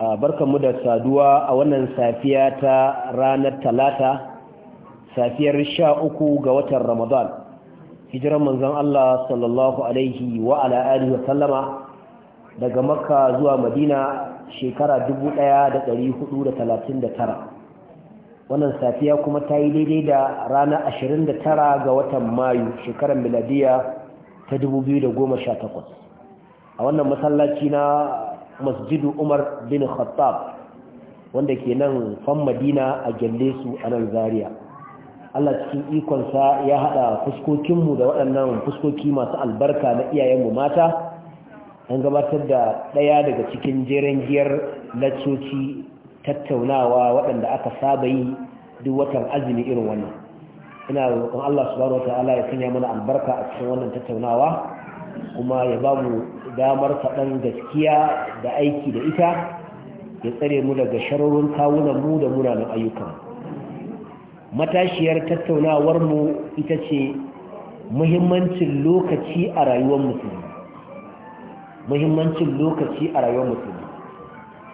A barkanmu da saduwa a wannan safiya ta ranar talata safiyar sha uku ga watan ramadan hijiran manzon Allah sallallahu alaihi wa ala alihi wa sallama daga makka zuwa madina shekara 1439 wannan safiya kuma ta yi daidai da ranar 29 ga watan mayu shekarar miladiya ta 2018 a wannan masallaci na masjidu umar bin khattab wanda ke nan fan madina a gyalle a nan zaria allah cikin ikonsa ya haɗa fuskokinmu da waɗannan fuskoki masu albarka na iyayenmu mata an gabatar da ɗaya daga cikin jeren giyar laccoci tattaunawa waɗanda aka saba yi duk watan azumi irin wannan ina roƙon allah subhanahu wa ta'ala ya sanya mana albarka a cikin wannan tattaunawa kuma ya ba mu damar faɗan gaskiya da aiki da ita ya tsare mu daga shararrun kawunan mu da muna munanan ayyukan matashiyar tattaunawar mu ita ce muhimmancin lokaci a rayuwar musulmi muhimmancin lokaci a rayuwar musulmi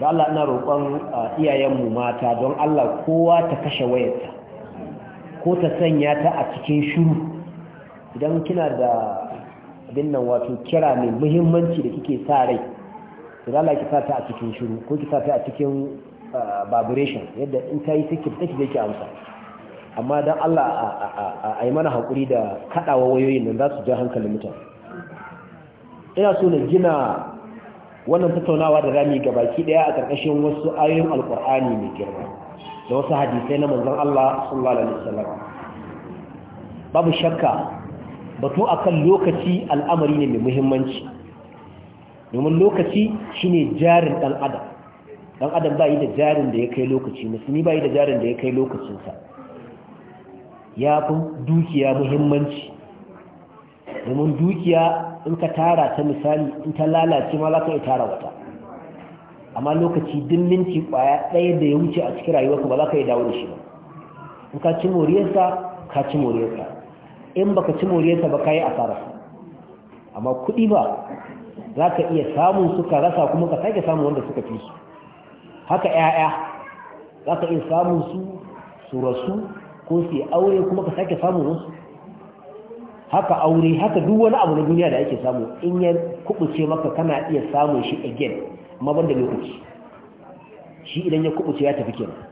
da Allah ina roƙon iyayenmu mata don Allah kowa ta kashe wayarta ko ta sanya ta a cikin shuru idan kina da nan wato kira mai muhimmanci da kike sa rai da Allah ki sa a cikin shiru ko ki sa a cikin vibration yadda in ta yi take take da amsa amma dan Allah a yi mana hakuri da kadawa wayoyin nan za su ja hankalin mutane ina so na gina wannan tattaunawa da rami ga baki daya a karkashin wasu ayoyin alkur'ani mai girma da wasu hadisai na manzon Allah sallallahu alaihi wasallam babu shakka batu akan lokaci al'amari ne mai muhimmanci domin lokaci shine jarin dan adam dan adam bai da jarin da ya kai lokaci musulmi bai da jarin da ya kai lokacinsa ya fi dukiya muhimmanci domin dukiya in ka tara ta misali in ta lalace ma za ka iya tara wata amma lokaci din minti kwaya ɗaya da ya wuce a cikin rayuwarka ba za ka yi dawo da shi ba in ka ci moriyarsa ka ci moriyarsa in baka ci moriyarsa ba kayi asara amma kuɗi ba za ka iya samun suka rasa kuma ka sake samun wanda suka fi su haka 'ya'ya za ka iya samun su su rasu ko su aure kuma ka sake samun wasu haka aure haka duk wani abu na duniya da ake samu in ya kubuce maka kana iya samun shi again amma banda lokaci shi idan ya kubuce ya tafi kenan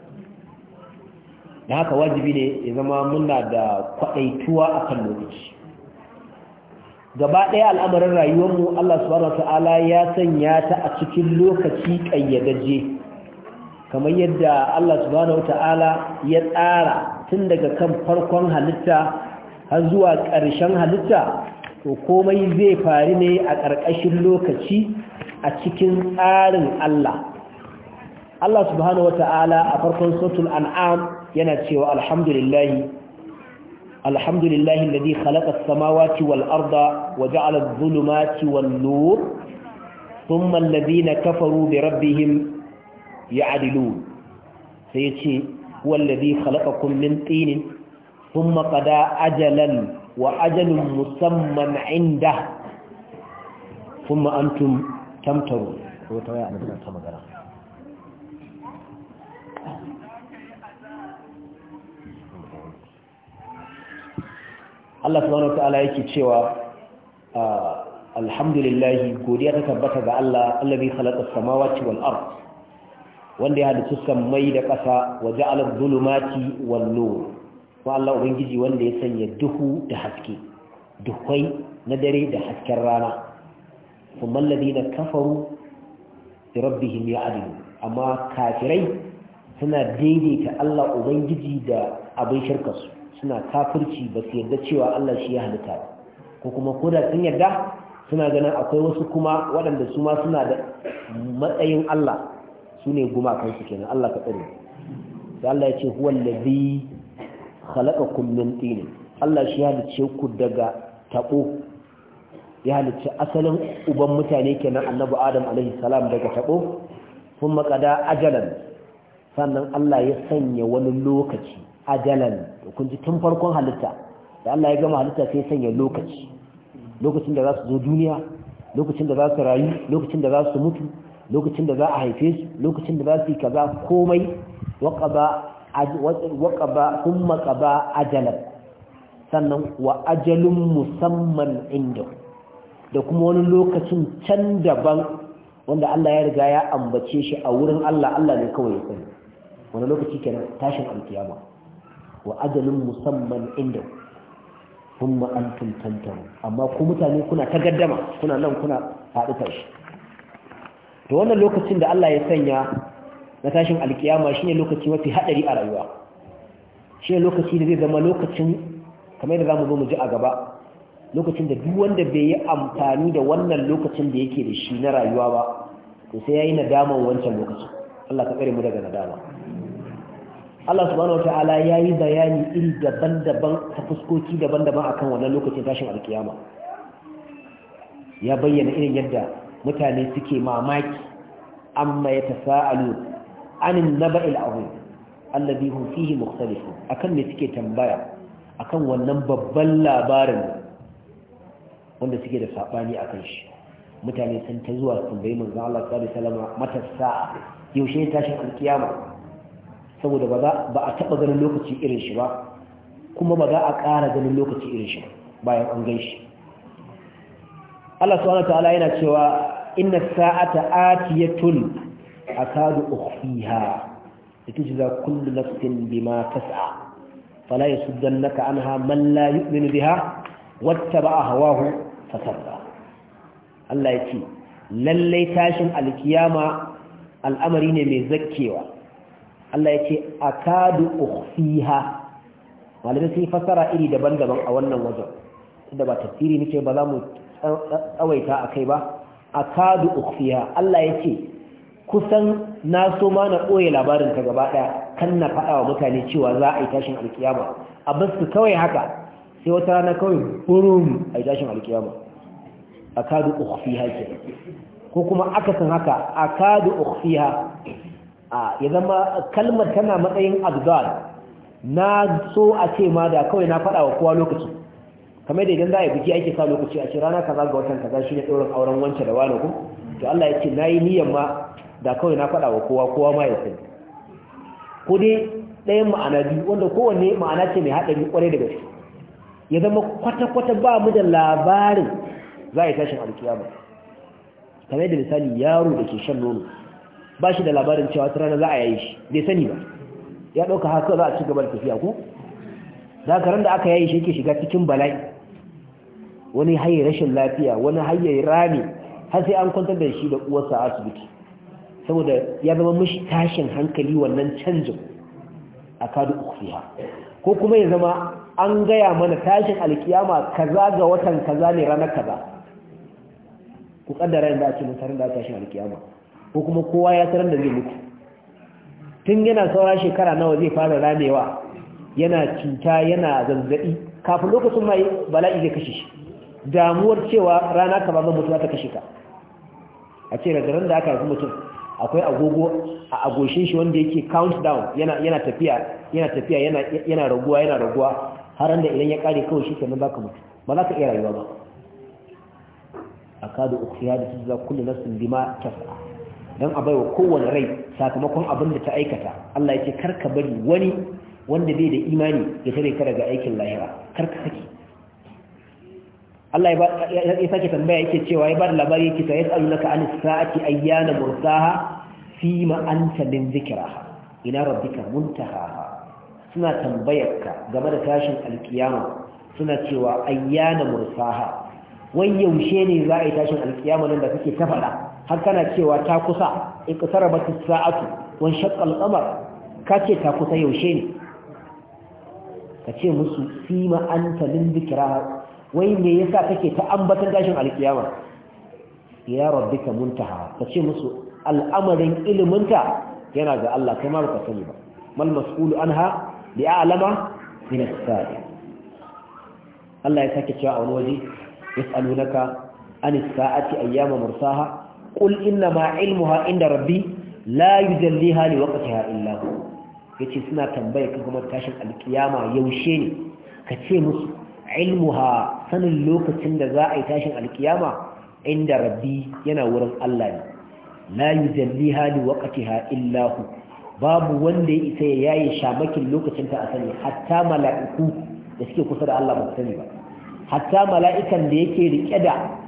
da haka wajibi ne ya zama muna da kwaɗaituwa a kan lokaci gaba ɗaya al'amarin rayuwarmu Allah subhanahu ta'ala ya sanya ta a cikin lokaci ƙayyadaje kamar yadda Allah subhanahu ta'ala ya tsara tun daga kan farkon halitta har zuwa ƙarshen halitta to komai zai faru ne a ƙarƙashin lokaci a cikin tsarin Allah Allah subhanahu ta'ala a farkon sautul an'am yana cewa alhamdulillahi alhamdulillahi alladhi khalaqa as-samawati wal arda wa ja'ala adh-dhulumati wan nur thumma alladhina kafaru bi rabbihim ya'dilun sai yace wallazi khalaqakum min tinin thumma qada ajalan wa ajalun musamman indah thumma antum tamtaru ko ta magana Allah subhanahu wataala yake cewa ah, alhamdulillah godiya ta tabbata ga Allah allazi khalaqa samawati wal ard wanda ya halicci sammai da ƙasa wa ja'ala dhulumati wan nur wa Allah ubangiji wanda ya sanya duhu da haske duhai na dare da hasken rana kuma alladhina kafaru bi rabbihim ya'dilun amma kafirai suna daidaita Allah ubangiji da abin shirkarsu suna kafirci ba su yarda cewa Allah shi ya halitta ba ko kuma koda sun yarda suna ganin akwai wasu kuma waɗanda su ma suna da matsayin Allah su ne gumakansu kenan Allah ka tsare da Allah ya ce huwa khalaqakum min tin Allah shi ya halicce ku daga tabo ya halicce asalin uban mutane kenan annabi Adam alaihi salam daga tabo kuma kada ajalan sannan Allah ya sanya wani lokaci ajalan kun ji tun farkon halitta da Allah ya gama halitta sai sanya lokaci lokacin da za su zo duniya lokacin da za su rayu lokacin da za su mutu lokacin da za a haife su lokacin da za su yi kaza komai waƙaba kuma ƙaba ajalan sannan wa ajalin musamman inda da kuma wani lokacin can daban wanda Allah ya riga ya ambace shi a wurin Allah Allah ne kawai ya sani wani lokaci kenan tashin alkiyama wa ajalin musamman inda sun ma'antun amma ku mutane kuna ta gaddama kuna nan kuna haɗu tashi da wannan lokacin da Allah ya sanya na tashin alkiyama ne lokaci mafi haɗari a rayuwa shi ne lokaci da zai zama lokacin kamar da za mu zo mu ji a gaba lokacin da duk wanda bai yi amfani da wannan lokacin da yake da shi na rayuwa ba to sai yi nadaman wancan lokacin Allah ka tsare mu daga nadama Allah subhanahu wataala ya yi bayani iri daban-daban ta fuskoki daban-daban akan wannan lokacin tashin alkiyama ya bayyana irin yadda mutane suke mamaki amma ya tasa'alu anin naba'il azim allazi hum fihi mukhtalifun akan me suke tambaya akan wannan babban labarin wanda suke da sabani akan shi mutane sun ta zuwa tambayi manzo Allah sallallahu alaihi wasallam mata sa'a yaushe tashin alkiyama saboda ba a taɓa ganin lokaci irin shi ba kuma ba za a ƙara ganin lokaci irin shi bayan an gan shi Allah subhanahu ta'ala yana cewa ina sa'ata atiyatun akadu ukhfiha na kullu nafsin bima tas'a fala yasuddannaka anha man la yu'minu biha wattaba'a hawahu fatarda Allah yace lalle tashin alkiyama al'amari ne mai zakkewa Allah ya ce a akadu ukhfiha malamai sai fassara iri daban-daban a wannan wajen inda ba tafsiri nake ba za mu tsawaita a kai ba a akadu ukhfiha Allah ya ce kusan na so ma na ɓoye labarin ta gaba ɗaya kan na faɗa wa mutane cewa za a yi tashin alkiyama a basu kawai haka sai wata rana kawai burum a yi tashin alkiyama akadu ukhfiha ke ko kuma aka san haka a akadu ukhfiha a ya zama kalmar tana matsayin abdal na so a ce ma da kawai na faɗa wa kowa lokaci kamar da idan za a yi biki ake sa lokaci a ce rana kaza ga watan kaza shi ne auren wancan da wani ku to Allah ya ce na yi niyyar ma da kawai na faɗa wa kowa kowa ma ya sani ko dai ɗayan ma'ana biyu wanda kowanne ma'ana ce mai haɗari ƙwarai da gaske ya zama kwata-kwata ba mu da labarin za a yi tashin alkiyama kamar da misali yaro da ke shan nono ba shi da labarin cewa ta rana za a yayi shi bai sani ba ya ɗauka haka za a ci gaba da tafiya ko za ka ran da aka yayi shi yake shiga cikin bala'i wani hayi rashin lafiya wani hayi rami har sai an kwantar da shi da uwarsa a asibiti saboda ya zama mishi tashin hankali wannan canjin a kadu fiha. ko kuma ya zama an gaya mana tashin alkiyama kaza ga watan kaza ne ranar kaza ku kaddara inda a mutarin da tashin alkiyama ko kuma kowa ya tarar da zai mutu tun yana saura shekara nawa zai fara ramewa yana cuta yana zazzabi kafin lokacin mai bala'i zai kashe shi damuwar cewa rana ka ba zan mutu za ta kashe ka a ce ran da aka haifi mutum akwai agogo a agoshin shi wanda yake countdown yana yana tafiya yana tafiya yana yana raguwa yana raguwa har da idan ya kare kawai shi kenan zaka mutu ba za ka iya rayuwa ba akadu ukhiyadu tujza kullu nafsin bima tas'a don a baiwa kowane rai sakamakon abin da ta aikata Allah ya ce karka bari wani wanda bai da imani ya tare ka daga aikin lahira karka saki Allah ya sake tambaya yake cewa ya ba da labari yake ta yas'alunaka an sa'ati ayyana mursaha fi ma anta min zikraha ila rabbika muntaha suna tambayarka game da tashin alkiyama suna cewa ayyana mursaha wai yaushe ne za a yi tashin alkiyama nan da kake ta faɗa har kana cewa ta kusa in kasar batu sa'atu wani shakkal kamar ka ce ta kusa yaushe ne ka ce musu sima an talin bikira wai me yasa kake ta ambatar gashin alkiyama ya rabbika muntaha ka ce musu al'amarin iliminta yana ga Allah kai ma ka sani ba mal mas'ulu anha bi a'lama min as-sa'il Allah ya sake cewa a wani waje yas'alunaka an as-sa'ati ayyama mursaha qul inna ma ilmuha inda rabbi la yujalliha li waqtiha illa hu yace suna tambaya kan kuma tashin alkiyama yaushe ne ka ce musu ilmuha sanin lokacin da za a yi tashin alkiyama inda rabbi yana wurin Allah ne la yujalliha li waqtiha illa hu babu wanda ya isa ya yaye shamakin lokacin ta a sani hatta mala'iku da suke kusa da Allah ba sani ba hatta mala'ikan da yake rike da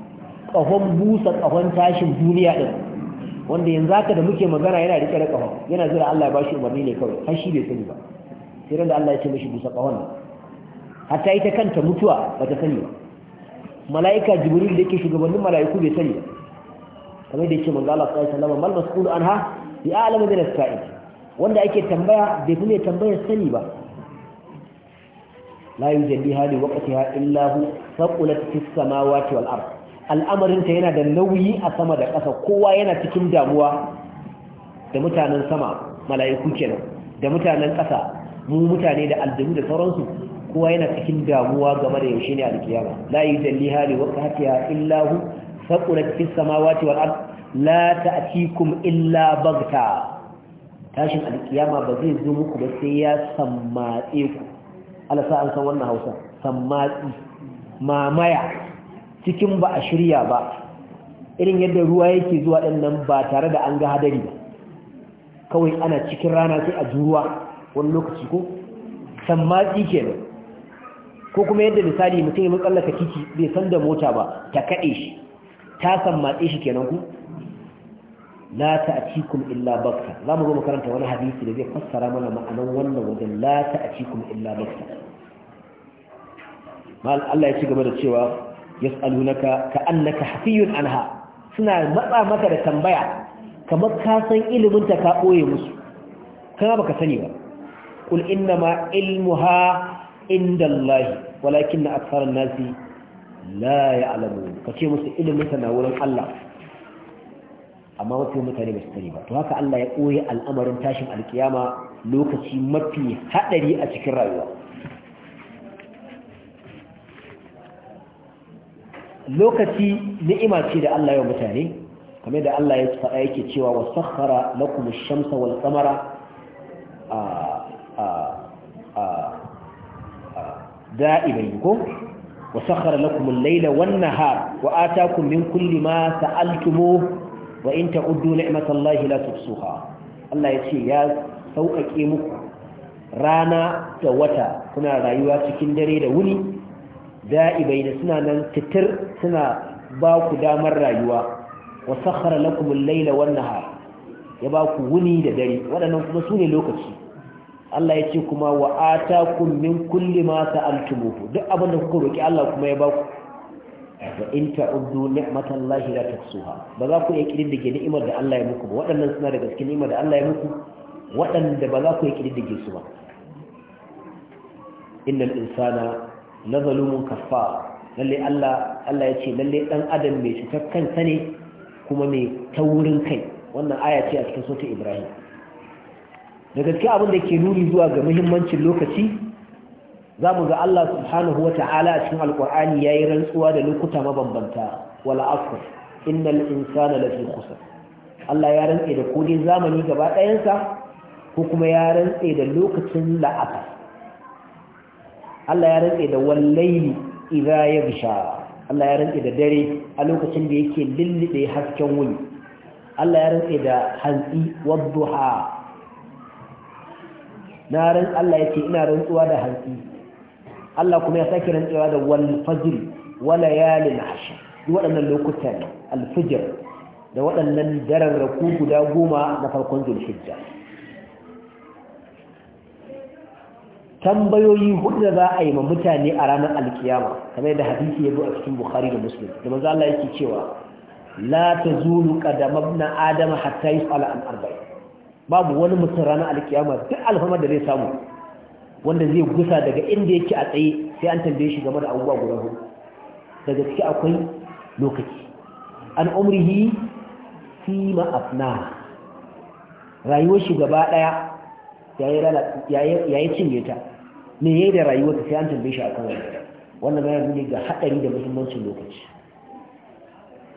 Kahon busa kahon tashin duniya din wanda yanzu haka da muke magana yana rike da kahon yana jira Allah ya ba shi umarni ne kawai har shi bai sani ba sai da Allah ya ce mishi busa kahon nan ta ita kanta mutuwa ba ta sani ba mala'ika jibril da yake shugabannin mala'iku bai sani ba kamar da yake manzo Allah sallallahu alaihi wasallam mal mas'ul anha bi a'lam min as-sa'il wanda ake tambaya bai kuma tambayar sani ba la yujalliha hali waqtiha illa hu faqulat fis samawati wal ardh al'amarinta yana da nauyi a sama da ƙasa kowa yana cikin damuwa da mutanen sama mala'iku kenan da mutanen ƙasa mu mutane da aljanu da sauransu kowa yana cikin damuwa game da yaushe ne alkiyama la yujalliha li waqtiha illa hu saqulat fis samawati wal ard la ta'tikum illa baghta tashin al'ƙiyama ba zai zo muku ba sai ya sammatse ku Allah sa an san wannan Hausa sammatsi mamaya cikin ba a shirya ba irin yadda ruwa yake zuwa ɗin nan ba tare da an ga hadari ba kawai ana cikin rana sai a juruwa wani lokaci ko ke kenan ko kuma yadda misali mutum ya matsallaka titi bai san da mota ba ta kaɗe shi ta san sammatse shi kenan ku la ta'tikum illa bakta za mu zo makaranta wani hadisi da zai fassara mana ma'anan wannan wajen la ta'tikum illa bakta mal Allah ya ci gaba da cewa yas'alunaka ka'annaka hafiyun anha suna matsa maka da tambaya kamar ka san ilimin ta ka boye musu kana baka sani ba qul inna ma ilmuha indallahi walakinna aktharan nasi la ya'lamun kace musu ilimin ta na wurin Allah amma wasu mutane ba su sani ba to haka Allah ya boye al'amarin tashin alkiyama lokaci mafi hadari a cikin rayuwa lokaci ni'ima ce da Allah ya mutane kamar da Allah ya faɗa yake cewa wa sakhara lakum ash-shamsa wal qamara da'ibai ko wa sakhara lakum al-layla wan nahar wa ataakum min kulli ma sa'altumuh wa in ta'uddu ni'matallahi la tuhsuha Allah ya ce ya sauƙaƙe muku rana da wata kuna rayuwa cikin dare da wuni da'ibai da suna nan titir suna ba ku damar rayuwa wa sakhara lakum al-layla wan nahar ya ba ku wuni da dare waɗannan kuma su ne lokaci Allah ya ce kuma wa atakum min kulli ma sa'altumuhu duk abin da kuka roki Allah kuma ya ba ku wa in ta'uddu ni'matallahi la tuhsuha ba za ku iya kididdige ni'imar da Allah ya muku ba waɗannan suna daga cikin ni'imar da Allah ya muku waɗanda ba za ku iya kididdige su ba innal insana na zalumun kaffar lalle Allah Allah ya ce lalle dan adam mai cutar kansa ne kuma mai taurin kai wannan aya ce a cikin sura Ibrahim da gaske abin da ke nuni zuwa ga muhimmancin lokaci za mu ga Allah subhanahu wa ta'ala a cikin alkur'ani ya yi rantsuwa da lokuta mabambanta wala asr innal insana lafi kusa Allah ya rantse da kodin zamani gaba ɗayansa ko kuma ya rantse da lokacin la'asar Allah ya rantse da wallahi idza yaghsha Allah ya rantse da dare a lokacin da yake lillibe hasken wuni Allah ya rantse da hantsi wadduha na ran Allah yake ina rantsuwa da hantsi Allah kuma ya sake rantsuwa da wal fajr wa layalin ashr waɗannan lokutan al fajr da waɗannan dararraku guda goma na farkon zulhijja tambayoyi hudu da za a yi ma mutane a ranar alkiyama kamar da hadisi ya zo a cikin bukhari da muslim da manzo Allah yake cewa la tazulu qadama ibn adam hatta yus'ala an arba'in babu wani mutum ranar alkiyama duk alhamar da zai samu wanda zai gusa daga inda yake a tsaye sai an tambaye shi game da abubuwa guda hudu daga ciki akwai lokaci an umrihi fi ma afna rayuwar shi gaba daya yayi cinye ta me yayi da rayuwarsa sai an tambaye shi akan wannan wannan bayan ne ga hadari da muhimmancin lokaci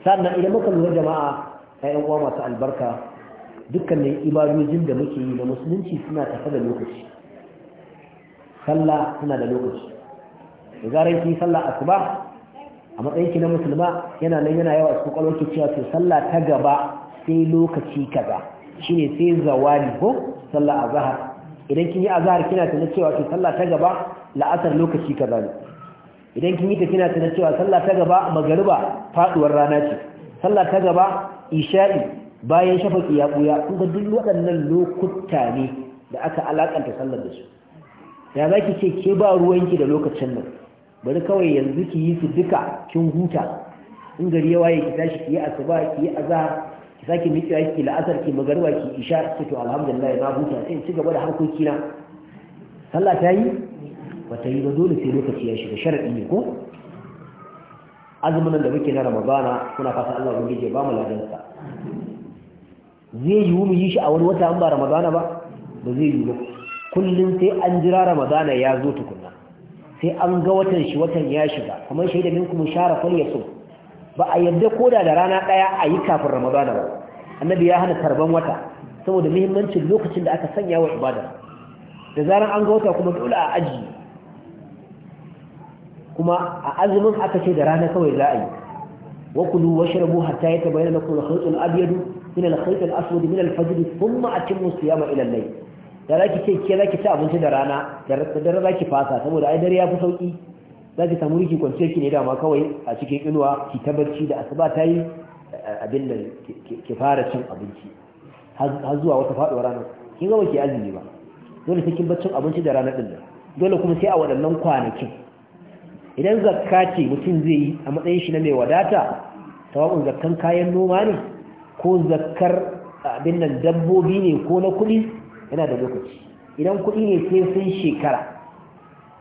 sannan idan muka lura jama'a 'yan uwa masu albarka dukkanin ibadojin da muke yi na musulunci suna tafa da lokaci sallah suna da lokaci da zarar ki sallah asuba a matsayin ki na musulma yana nan yana yawa cikin kwalwarki cewa to sallah ta gaba sai lokaci kaza shine sai zawali ko sallah azhar idan kin yi azhar kina tana cewa to sallah ta gaba la'asar lokaci kaza ne idan kin yi ta kina tana cewa sallah ta gaba magariba faduwar rana ce sallah ta gaba isha'i bayan shafaqi ya buya kun ga duk waɗannan lokuta ne da aka alakanta sallar da su ya zaki ce ke ba ruwanki da lokacin nan bari kawai yanzu ki yi su duka kin huta in gari ya waye ki tashi ki yi asuba ki yi azhar Za zaki miki aiki la'asar ki magarwa ki isha ki to alhamdulillah na huta sai ci gaba da harkoki na sallah ta yi bata yi ba dole sai lokaci ya shiga sharadi ne ko azumin da muke na ramadana kuna fata Allah ya ya ba mu ladan sa zai yi mu yi shi a wani wata an ba ramadana ba ba zai yi ba kullun sai an jira ramadana ya zo tukunna sai an ga watan shi watan ya shiga kamar shaida minkum shara fal yasum ba a yadda koda da rana ɗaya a yi kafin ramadana ba annabi ya hana tarban wata saboda muhimmancin lokacin da aka sanya wa ibada da zaran an ga wata kuma dole a aji kuma a azumin aka ce da rana kawai za a yi wa kulu washrabu hatta yatabayyana lakum al-khayt al-abyad min al-khayt al-aswad min al-fajr thumma atimmu siyama ila al-layl da zaki ce ke zaki ci abinci da rana da dare zaki fasa saboda ai dare ya fi sauki za ki samu riki kwanciyar ki ne dama kawai a cikin inuwa ki ta da asuba ta yi eh, abin da ke fara cin abinci har zuwa wata faɗuwar ranar kin gama ke azumi ba dole sai kin baccin abinci da ranar din dole kuma sai a waɗannan kwanakin idan zakka ce mutum zai yi a matsayin shi na mai wadata tawa'un zakkan kayan noma ne ko zakkar eh, abin nan dabbobi ne ko na kuɗi yana da lokaci idan kuɗi ne sai sun shekara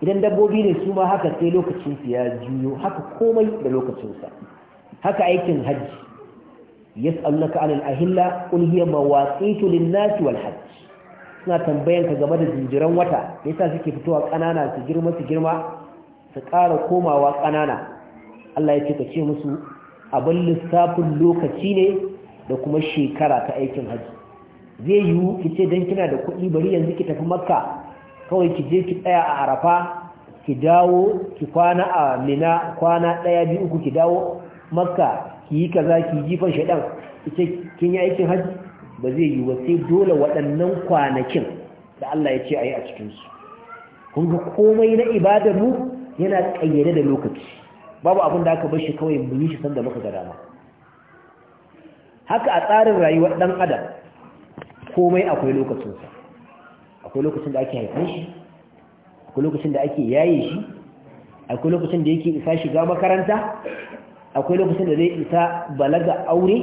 idan dabbobi ne su ma haka sai lokacin su ya juyo haka komai da lokacin sa haka aikin hajji yas'alunaka 'anil ahilla qul hiya mawaqitu lin-nasi wal-hajj suna tambayan ka game da jinjiran wata yasa suke fitowa kanana su girma su girma su ƙara komawa kanana Allah ya ce ka ce musu abin lissafin lokaci ne da kuma shekara ta aikin hajji zai yiwu ki ce dan kina da kuɗi bari yanzu ki tafi makka kawai ki je ki tsaya a arafa ki dawo ki kwana a mina kwana ɗaya biyu uku ki dawo makka ki yi kaza ki jifan shaɗan ita kin yi aikin hajji ba zai yi sai dole waɗannan kwanakin da Allah ya ce a yi a cikinsu kun ga komai na ibadar mu yana ƙayyade da lokaci babu abin da aka bashi kawai mu yi shi sanda muka ga dama haka a tsarin rayuwar ɗan adam komai akwai lokacinsa akwai lokacin da ake haifin shi akwai lokacin da ake yaye shi akwai lokacin da yake isa shiga makaranta akwai lokacin da zai isa balaga aure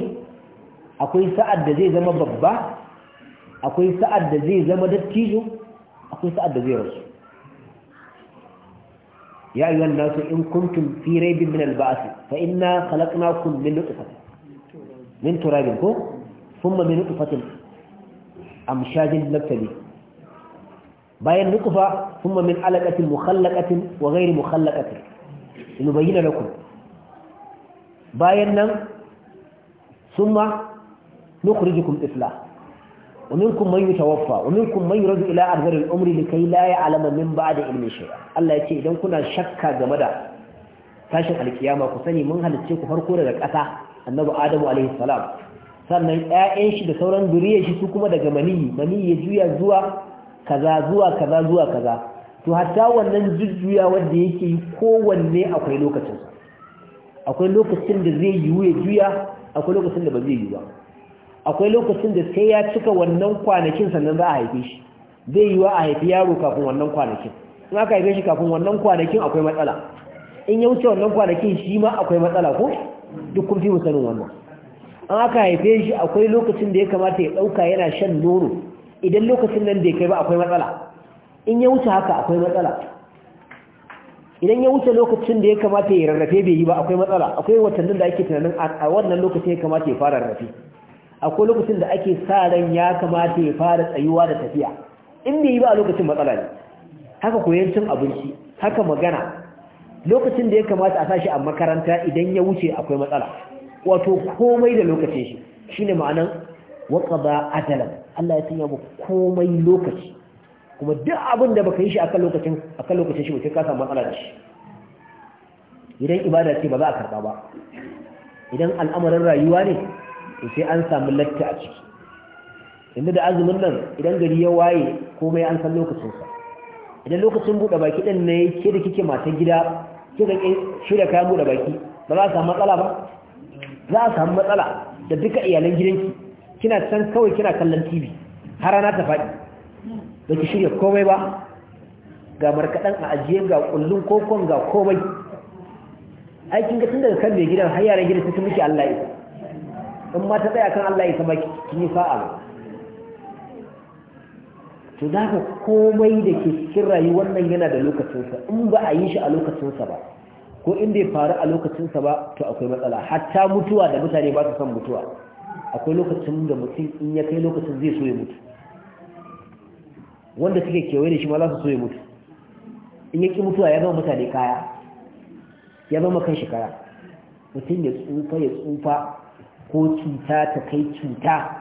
akwai sa'ad da zai zama babba akwai sa'ad da zai zama dattijo akwai sa'ad da zai rasu ya ayyuhan nasu in kuntum fi raibin min al-ba'th fa inna khalaqnakum min nutfatin min turabin ko thumma min nutfatin amshajin nabtali bayan nukufa thumma min alaqatin mukhallaqatin wa ghairi mukhallaqatin linubayyana lakum bayan nan thumma nukhrijukum islah ومنكم من يتوفى ومنكم من يرد الى ارذل الامر لكي لا يعلم من da علم شيئا Allah ya ce idan kuna shakka game da tashin alkiyama ku sani mun halicce ku farko daga ƙasa annabi adamu alaihi salam sannan ƴaƴan shi da sauran duriyar shi su kuma daga maniyi maniyi ya juya zuwa kaza zuwa kaza zuwa kaza to hatta wannan jujjuya wanda yake yi kowanne akwai lokacin akwai lokacin da zai yiwu ya juya akwai lokacin da ba zai yiwu ba akwai lokacin da sai ya cika wannan kwanakin sannan za a haife shi zai wa a haifi yaro kafin wannan kwanakin in aka haife shi kafin wannan kwanakin akwai matsala in ya wuce wannan kwanakin shi ma akwai matsala ko duk kun fi mu sanin wannan an aka haife shi akwai lokacin da ya kamata ya ɗauka yana shan nono idan lokacin nan bai kai ba akwai matsala in ya wuce haka akwai matsala idan ya wuce lokacin da ya kamata ya rarrafe bai yi ba akwai matsala akwai watannin da ake tunanin a wannan lokacin ya kamata ya fara rarrafe akwai lokacin da ake sa ran ya kamata ya fara tsayuwa da tafiya in bai yi ba a lokacin matsala ne haka koyon cin abinci haka magana lokacin da ya kamata a sa shi a makaranta idan ya wuce akwai matsala wato komai da lokacin shi shine ma'anan waqada adalan Allah ya sanya mu komai lokaci kuma duk abin da baka yi shi akan lokacin akan lokacin shi ba sai ka samu matsala da shi idan ibada ce ba za a karba ba idan al'amarin rayuwa ne to sai an samu latta a ciki inda da azumin nan idan gari ya waye komai an san lokacinsa idan lokacin buɗe baki ɗin ne ke da kike mata gida kika ƙin shirya kayan buɗe baki ba za a samu matsala ba za a samu matsala da duka iyalan gidanki kina san kawai kina kallon tv har rana ta faɗi Baki ki shirya komai ba ga markaɗan a ajiye ga ƙullun kokon ga komai aikin ga tun daga kan mai gidan har yaran gidan suka miki allah yi in ma ta tsaya kan allah ya sama kin yi sa'a to za ka komai da ke cikin rayuwar nan yana da lokacinsa in ba a yi shi a lokacinsa ba ko in bai faru a lokacinsa ba to akwai matsala hatta mutuwa da mutane ba su son mutuwa akwai lokacin da mutum in ya kai lokacin zai so ya mutu wanda suke kewaye da shi ma za su so ya mutu in ya ki mutuwa ya zama mutane kaya ya zama kan shi kaya mutum ya tsufa ya tsufa ko cuta ta kai cuta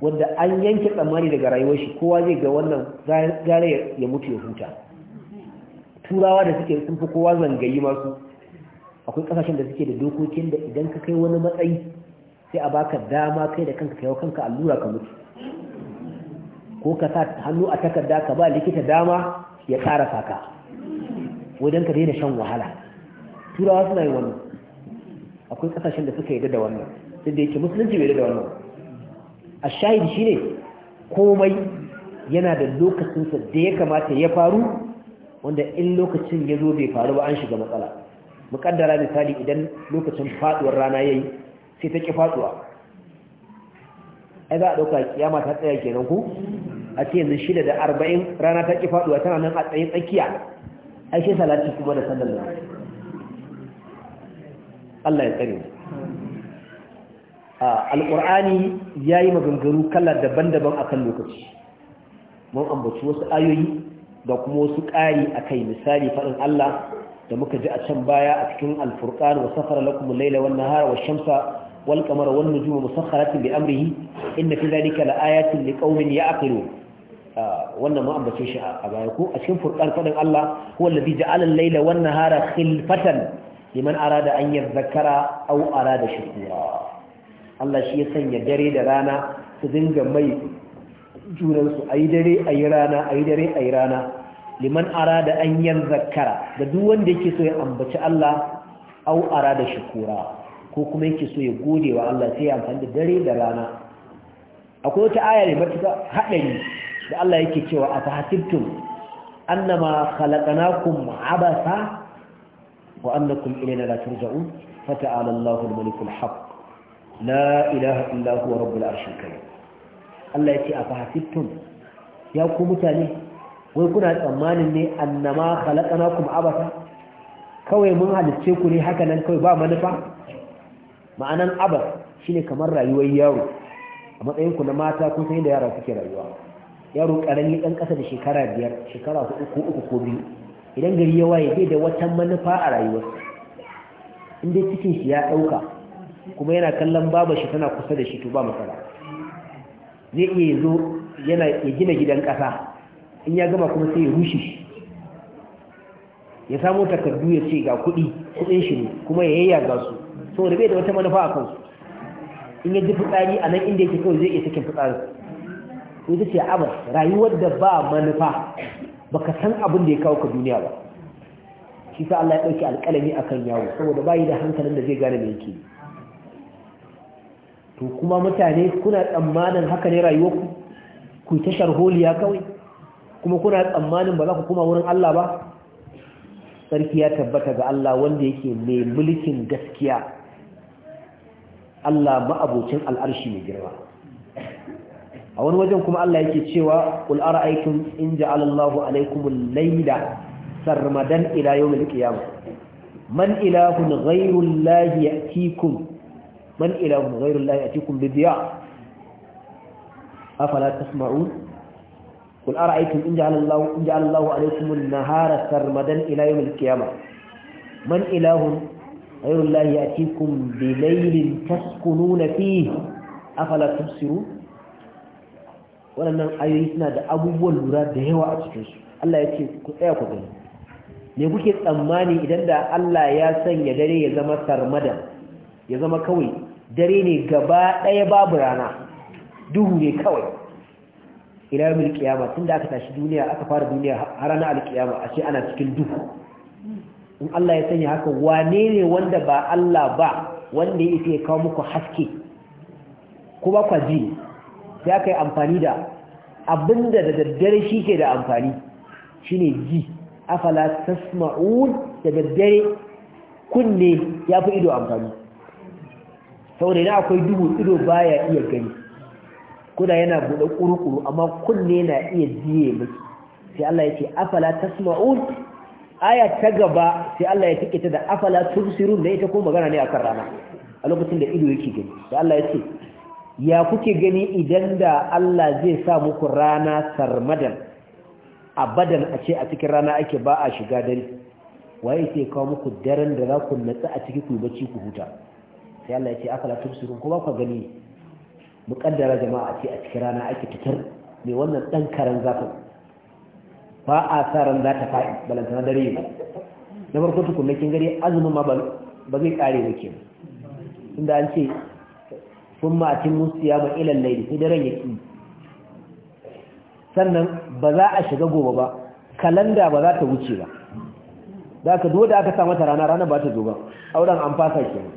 wanda an yanke tsammani daga rayuwar shi kowa zai ga wannan gare ya mutu ya huta turawa da suke sun fi kowa zangayi masu akwai kasashen da suke da dokokin da idan ka kai wani matsayi sai a baka dama kai da kanka kai kanka allura ka mutu ko ka sa hannu a takarda ka ba likita dama ya ƙara saka wajen ka daina shan wahala turawa suna yi wannan akwai kasashen da suka yarda da wannan sai da yake musulunci bai da wannan a shahidi shine komai yana da lokacinsa da ya kamata ya faru wanda in lokacin ya zo bai faru ba an shiga matsala muƙaddara misali idan lokacin faduwar rana yayi sai ta ki faduwa ai za a dauka kiyama ta tsaya kenan ku a ce yanzu shida da arba'in rana ta ki tana nan a tsaye tsakiya ai sai salati kuma da sallar da Allah ya tsare mu alqur'ani yayi maganganu kala daban-daban akan lokaci mun ambaci wasu ayoyi da kuma wasu ƙari akai misali faɗin Allah da muka ji a can baya a cikin alfurqan wa safara lakum al-laila wan nahara wash-shamsa wal qamara wan nujuma musakhkharatin bi amrihi inda fi dhalika la ayatin liqaumin ya'qilun wannan ma ambace shi a baya ko a cikin furqan fadin Allah huwa alladhi ja'ala al-layla wan nahara khilfatan liman arada an yadhakkara aw arada shukura Allah shi ya sanya dare da rana su dinga mai junansu ayi dare ayi rana ayi dare ayi rana liman arada an yan zakara da duk wanda yake so ya ambaci Allah au arada shukura ko kuma yake so ya gode wa Allah sai ya amfani da dare da rana akwai wata aya ne matuƙa haɗari da Allah yake cewa a fahasibtum annama khalaqnakum abasa wa annakum ilayna la turja'un fata'ala Allahu al-malik la ilaha illa huwa rabbul arshil karim Allah yake a fahasibtum ya ku mutane wai kuna tsammanin ne annama khalaqnakum abasa kawai mun halicce ku ne haka nan kawai ba manufa ma'anan abas ne kamar rayuwar yaro a matsayin na mata kun san yadda yara suke rayuwa yaro karami ɗan kasa da shekara biyar shekara ko uku ko biyu idan gari ya waye bai da wata manufa a rayuwarsa in dai cikin shi ya ɗauka kuma yana kallon baba shi tana kusa da shi to ba matsala zai iya zo yana ya gina gidan kasa in ya gama kuma sai ya rushe shi ya samo takardu ya ce ga kuɗi kuɗin shi ne kuma ya yayyaga su saboda bai da wata manufa a kansu in ya ji fitsari a nan inda yake kawai zai iya cikin fitsarin to ita ce abas rayuwar da ba manufa baka san abin da ya kawo ka duniya ba shi sa Allah ya dauki alƙalami akan yawo saboda bayi da hankalin da zai gane me yake to kuma mutane kuna tsammanin haka ne rayuwarku ku ta sharholiya kawai kuma kuna tsammanin ba za ku kuma wurin Allah ba sarki ya tabbata ga Allah wanda yake mai mulkin gaskiya Allah ma'abocin al'arshi mai girma a wani wajen kuma Allah yake cewa qul ara'aytum in sarmadan ila man ilahun man ilahun in nahara sarmadan ila man ilahun ghayrul lahi yatikum bi laylin taskununa fihi afala tubsirun waɗannan ayoyi suna da abubuwan lura da yawa a cikinsu Allah ya ce ku tsaya ku gani me kuke tsammani idan da Allah ya sanya dare ya zama tarmada? ya zama kawai dare ne gaba ɗaya babu rana duhu ne kawai ila yau milkiyama tun da aka tashi duniya aka fara duniya har ranar alkiyama a ce ana cikin duhu in Allah ya sanya haka wane ne wanda ba Allah ba wanda ya ita ya kawo muku haske kuma kwa ji sai aka amfani da abinda da daddare shi ke da amfani shi ne ji afala tasma'un da daddare kunne ya fi ido amfani da yana akwai duhu ido baya iya gani kuna yana buɗe ƙuruƙuru amma kunne na iya jiye mai sai Allah ya ce afala tasma'un aya ta gaba sai Allah ya take ta da afala tubsirun da ita ko magana ne akan rana a lokacin da ido yake gani Sai Allah ya ce ya kuke gani idan da Allah zai sa muku rana sarmadan abadan a ce a cikin rana ake ba a shiga dare waye sai kawo muku daren da za ku natsa a ciki ku yi bacci ku huta sai Allah ya ce afala tubsirun ko ba ku gani muƙaddara jama'a ce a cikin rana ake fitar mai wannan ɗan karen zafin ba a sa ran za ta faɗi balantana dare ba na farko tukunna kin gari azumin ma ba zai ƙare ba ke inda an ce sun ma'atin musiya ma ilan laidi sai daren ya ƙi sannan ba za a shiga gobe ba kalanda ba za ta wuce ba za ka da aka sa mata rana rana ba ta zo ba auren an fasa kenan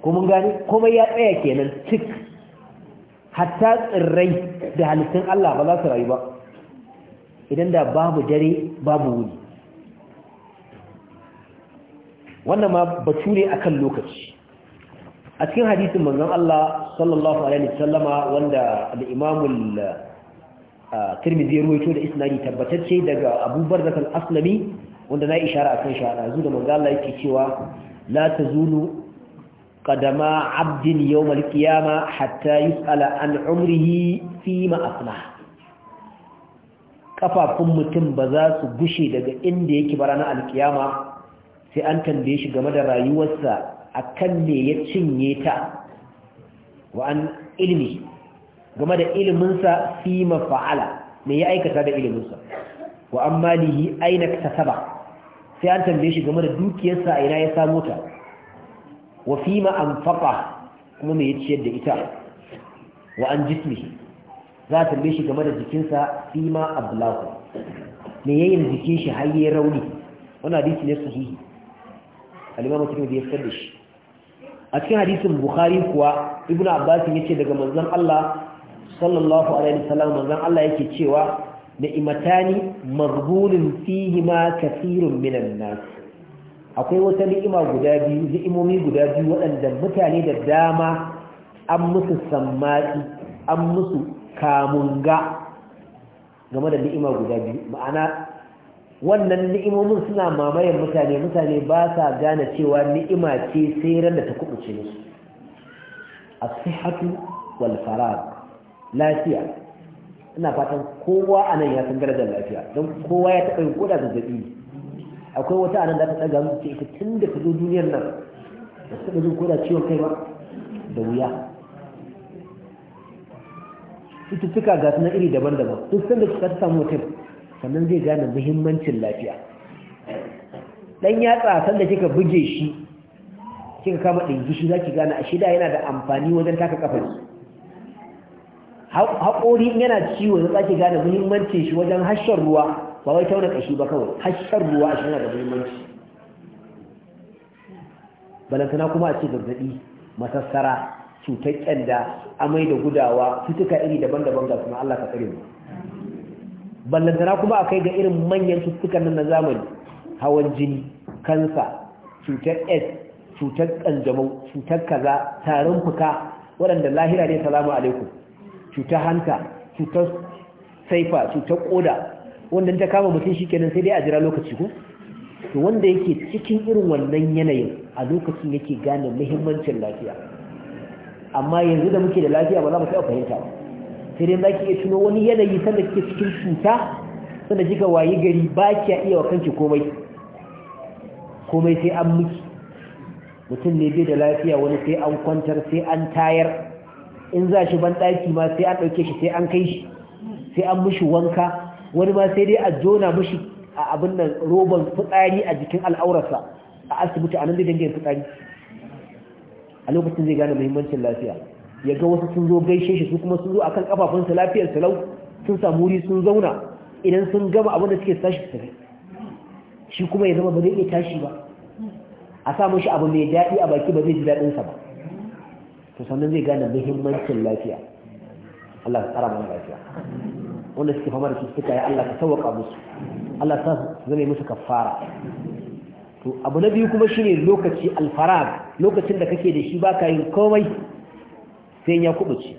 kuma gani kuma ya tsaya kenan cik hatta tsirrai da halittun Allah ba za su rayu ba idan da babu dare babu wuni wannan ma batu ne akan lokaci a cikin hadisin manzon Allah sallallahu alaihi wasallama wanda al-Imam al-Tirmidhi ruwaito da isnadi tabbatacce daga Abu Barzah al-Aslami wanda na ishara akan shi a da manzon Allah yake cewa la tazulu qadama 'abdin yawm al-qiyamah hatta yus'ala an 'umrihi fi ma kafafun mutum ba za su gushe daga inda yake ba ranar alkiyama sai an tambaye shi game da rayuwarsa akan me ya cinye ta wa an ilmi game da iliminsa fi mafa'ala me ya aikata da iliminsa wa an malihi aina saba sai an tambaye shi game da dukiyarsa a ina ya samu ta wa fi ma kuma me ya ciyar da ita wa an jismihi za a tambaye shi game da jikinsa fima abdulahu me yayin jikin shi har yayi rauni wannan hadisi ne sahihi al-imam Tirmidhi ya fitar da shi a cikin hadisin Bukhari kuwa Ibnu Abbas yace daga manzon Allah sallallahu alaihi wasallam manzon Allah yake cewa ni'matani maghbulun ma kathirun minan nas akwai wata ni'ima guda biyu ni'imomi guda biyu waɗanda mutane da dama an musu sammati an musu kamun ga game da ni'ima guda biyu ma'ana wannan ni'imomin suna mamayen mutane mutane ba sa gane cewa ni'ima ce sai ran da ta kubuce musu as-sihhatu wal farag lafiya ina fatan kowa anan ya san darajar lafiya don kowa ya taɓa yin koda zazzabi akwai wata anan da ta tsaga musu ce ita tun da ta zo duniyar nan ba ta taɓa yin koda ciwon kai ba da wuya cututtuka ga suna iri daban-daban duk sanda da ta samu mutum sannan zai gane muhimmancin lafiya ɗan yatsa sanda kika buge shi kika kama ɗinki shi zaki gane ashe da yana da amfani wajen taka kafar haƙori yana ciwo za zaki gane muhimmancin shi wajen hashar ruwa ba wai tauna kashi ba kawai hashar ruwa ashe yana da muhimmanci balantana kuma a ce zazzaɓi masassara cutar kyanda amai da gudawa cutuka iri daban-daban ga kuma Allah ka tsare mu ballantana kuma akai ga irin manyan cututtukan nan na zamani hawan jini kansa cutar s cutar kanjamau cutar kaza tarin fuka waɗanda lahira ne salamu alaikum cutar hanta cutar saifa cutar koda wanda ta kama mutum shi kenan sai dai a jira lokaci ko to wanda yake cikin irin wannan yanayin a lokacin yake gane muhimmancin lafiya amma yanzu da muke da lafiya ba za mu taɓa fahimta ba sai dai zaki iya tuno wani yanayi sanda kike cikin cuta sanda kika wayi gari ba kiya iya wa kanki komai komai sai an miki mutum ne bai da lafiya wani sai an kwantar sai an tayar in za shi ban ɗaki ma sai an ɗauke shi sai an kai shi sai an mishi wanka wani ma sai dai a jona mishi a abin nan roban fitsari a jikin al'aurarsa a asibiti a nan da dangin fitsari a lokacin zai gane muhimmancin lafiya ya ga wasu sun zo gaishe shi su kuma sun zo akan kafafunsa lafiyar lau, sun samu wuri sun zauna idan sun gama abin da suke tashi su shi kuma ya zama ba zai iya tashi ba a sa shi abu mai daɗi a baki ba zai ji daɗinsa ba to sannan zai gane muhimmancin lafiya Allah ka tsara mana lafiya wanda suke fama da cututtuka ya Allah ka sauwaka musu Allah ta zame musu kafara to abu na biyu kuma shine lokaci alfarag lokacin da kake da shi baka yin komai sai ya kubuce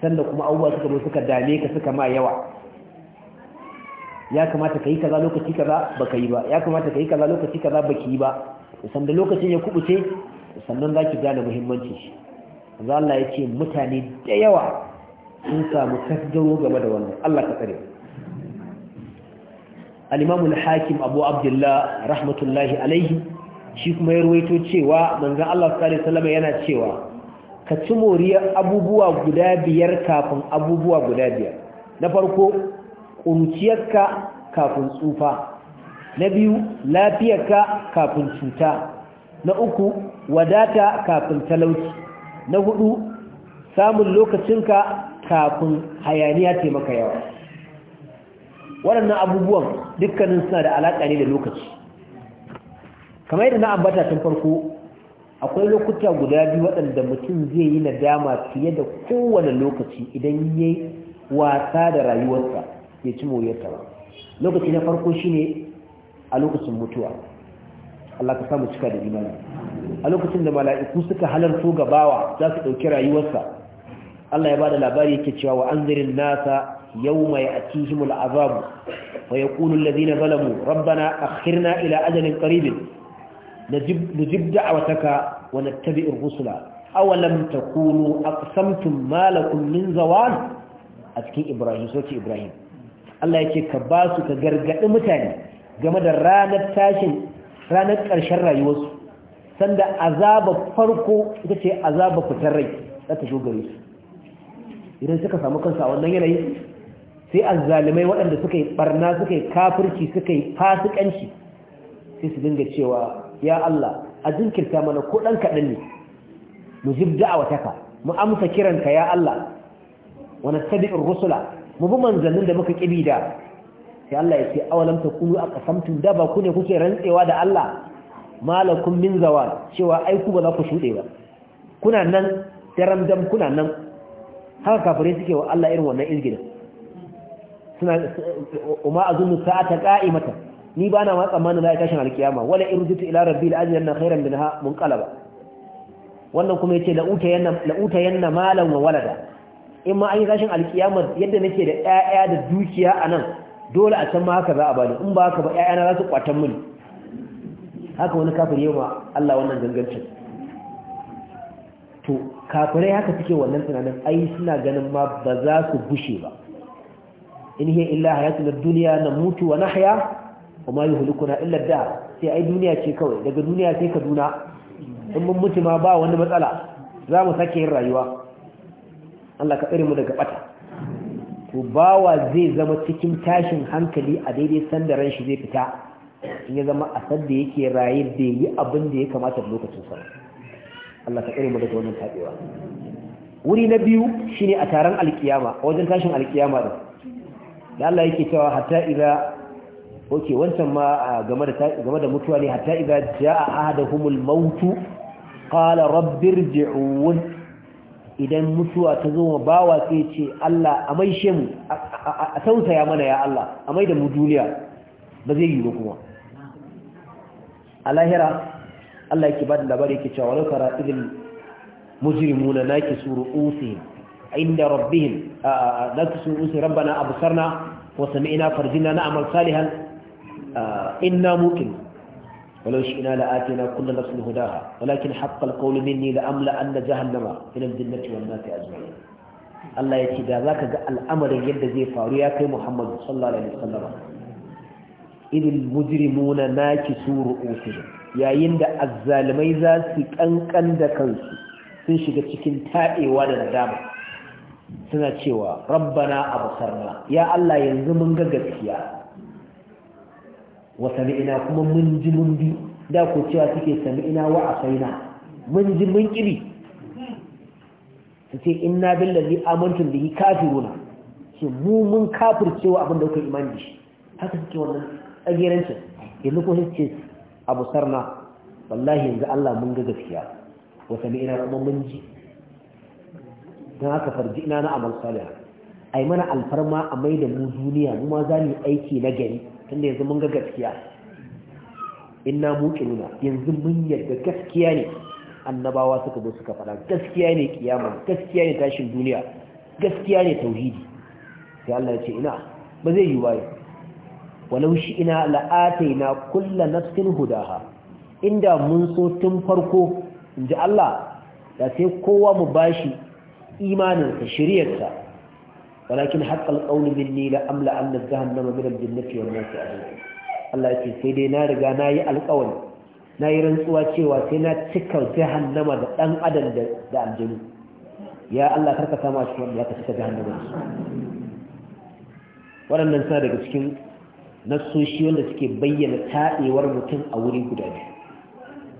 sannan kuma abubuwa suka zo suka dame ka suka ma yawa ya kamata ka yi kaza lokaci kaza baka yi ba ya kamata ka yi kaza lokaci kaza baki yi ba da lokacin ya kubuce sannan za ki gane muhimmanci shi Allah ya ce mutane da yawa sun samu kasgaro game da wannan Allah ka tsare al-imamu hakim abu abdullah rahmatullahi alaihi shi kuma ya ruwaito cewa manzon Allah S.A.W. yana cewa ka ci moriyar abubuwa guda biyar kafin abubuwa guda biyar na farko ƙuruciyarka kafin tsufa na biyu lafiyarka kafin cuta na uku wadata kafin talauci na hudu samun lokacinka kafin hayaniya taimaka yawa waɗannan abubuwan dukkanin suna da alaƙa ne da lokaci kamar yadda na ambata tun farko akwai lokuta guda biyu waɗanda mutum zai yi na dama fiye da kowane lokaci idan ya yi wasa da rayuwarsa ya ci moriyarsa ba lokaci na farko shi ne a lokacin mutuwa Allah ka samu cika da imani a lokacin da mala'iku suka halarto gabawa za su ɗauki rayuwarsa Allah ya ba da labari yake cewa wa anzirin nasa يوم يأتيهم العذاب ويقول الذين ظلموا ربنا أخرنا إلى أجل قريب نجب, نجب دعوتك ونتبع الرسل أولم تكونوا أقسمتم ما لكم من زوال أتكي إبراهيم سوتي إبراهيم الله يكي كباسك قرقع متاني game da ranar tashin ranar ƙarshen rayuwarsu sanda azaba farko ita ce azaba fitar rai za ta shugare su idan suka samu kansa a wannan yanayi sai azzalimai waɗanda suka yi ɓarna, suka yi kafirki suka yi fasikanci sai su dinga cewa ya Allah a jinkirta mana ko ɗan kaɗan ne mu jib taka mu amsa kiranka ya Allah Wani sabi'in rusula mu bi manzannin da muka ƙibi da sai Allah ya ce kulu a aqsamtum da ba ku ne kuke rantsewa da Allah malakun min zawa cewa ai ku ba za ku shuɗe ba kuna nan daram dam kuna nan haka kafirai suke wa Allah irin wannan izgirin suna umma azunnu sa'ata qa'imatan ni bana ma tsammanin za a tashin alkiyama wala irjitu ila rabbil ajrin na khairan minha munqalaba wannan kuma yace la uta yanna la uta yanna malan wa walada in ma an yi tashin alkiyama yadda nake da ƴaƴa da dukiya a nan, dole a can ma haka za a bani in ba haka ba na za su kwatan mini haka wani kafir yi ma Allah wannan gangancin to kafirai haka suke wannan tunanin ai suna ganin ma ba za su bushe ba in hiya illa hayatuna dunya namutu wa nahya wa ma yuhlikuna illa ad sai ai duniya ce kawai daga duniya sai Kaduna in mun mutu ma ba wani matsala za mu sake yin rayuwa Allah ka tsare mu daga bata to bawa zai zama cikin tashin hankali a daidai sanda ran shi zai fita in ya zama a sanda yake raye bai yi abin da ya kamata da lokacin sa Allah ka tsare mu daga wannan tabewa wuri na biyu shine a taron alkiyama wajen tashin alkiyama din da Allah yake cewa hatta idza oke wancan ma game da game da mutuwa ne hatta idza jaa ahaduhumul maut qala rabbirji'un idan mutuwa ta zo bawa sai ce Allah a maishe mu a tausaya mana ya Allah amai da mu duniya ba zai yi ba kuma a lahira Allah yake ba da labari yake cewa wani kara idil mujrimuna nakisu ru'usihim عند ربهم لا تسمعوا ربنا أبصرنا وسمعنا فرجنا نعمل صالحا إنا ممكن ولو شئنا لآتينا كل نفس هداها ولكن حق القول مني لأملأن جهنم من الجنة والناس أجمعين الله يتدى ذاك الأمر يد زي فارياك محمد صلى الله عليه وسلم إذ المجرمون ناكسوا رؤوسهم يا يند الظالمين ذا سكنكن دكنسوا sun shiga cikin taɗewa da nadama suna cewa rabbana absarna ya Allah yanzu mun ga gaskiya wa sami'na kuma mun ji mun bi da ku cewa suke sami'na wa asaina mun ji mun kiri su ce inna billazi amantu bihi kafiruna ce mu mun kafircewa abin da kuka imani da shi haka suke wannan tsagerancin yanzu ko ce abusarna wallahi yanzu Allah mun ga gaskiya wa sami'na kuma mun ji don haka farji ina na amal salih ai mana alfarma a mai da mu duniya mu ma za mu aiki na gari tunda yanzu mun ga gaskiya inna muqinuna yanzu mun yarda gaskiya ne annabawa suka zo suka fada gaskiya ne kiyama gaskiya ne tashin duniya gaskiya ne tauhidi sai Allah ya ce ina ba zai yi waye walau shi ina la'ataina kulla nafsin hudaha inda mun so tun farko inji Allah da sai kowa mu bashi imaninsa shiryarsa walakin haƙƙal qawli minni la amla an jahannama min bin jannati wan nasi ajma'in Allah ce sai dai na riga na yi alƙawari na yi rantsuwa cewa sai na cika jahannama da ɗan adam da aljanu ya Allah karka sama shi wanda zaka cika jahannama da waɗannan suna daga cikin nassoshi wanda suke bayyana taɗewar mutum a wuri guda biyu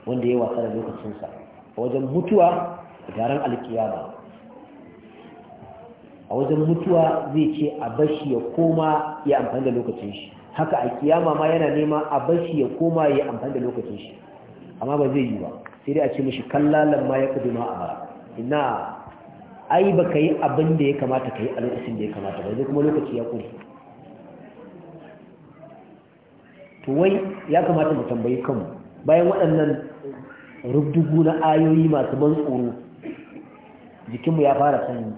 wanda ya wasa da lokacinsa a wajen mutuwa da taron alkiyama a wajen mutuwa zai ce a bashi ya koma ya amfani da lokacin shi haka a kiyama ma yana nema a bashi ya koma ya amfani da lokacin shi amma ba zai yi ba sai dai a ce mashi kallalan ma ya kudu ma a ba ina ai ba ka yi abin da ya kamata ka yi a lokacin da ya kamata ba zai kuma lokaci ya kuri to wai ya kamata mu tambayi kanmu bayan waɗannan rubdugu na ayoyi masu ban tsoro jikinmu ya fara sanyi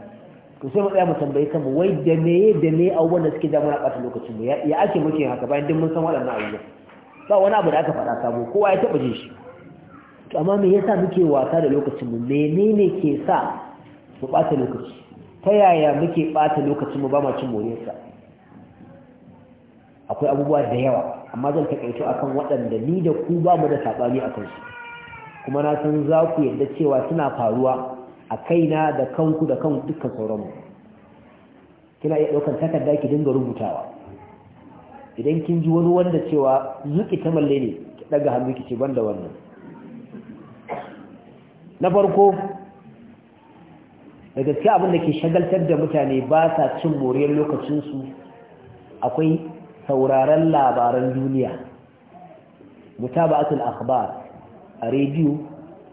to sai mu tsaya mu tambayi mu wai da me da me a da suke da mana ɓata lokacin mu ya ake muke haka bayan duk mun san waɗannan abubuwa ba wani abu da aka faɗa sabo kowa ya taɓa jin shi to amma me yasa muke wasa da lokacin mu menene ke sa mu ɓata lokaci ta yaya muke ɓata lokacin mu ba ma cin moriyarsa akwai abubuwa da yawa amma zan taƙaito akan waɗanda ni da ku ba mu da saɓani a kansu kuma na san za ku yarda cewa suna faruwa a kaina da kanku da kan dukkan sauranmu kina iya ɗaukar takarda ki dinga rubutawa idan kin ji wani wanda cewa zuki ta malle ne ki ɗaga hannu ki ce ban da wannan na farko da gaske abin da ke shagaltar da mutane ba sa cin moriyar lokacinsu akwai sauraron labaran duniya mutaba'atul akhbar a rediyo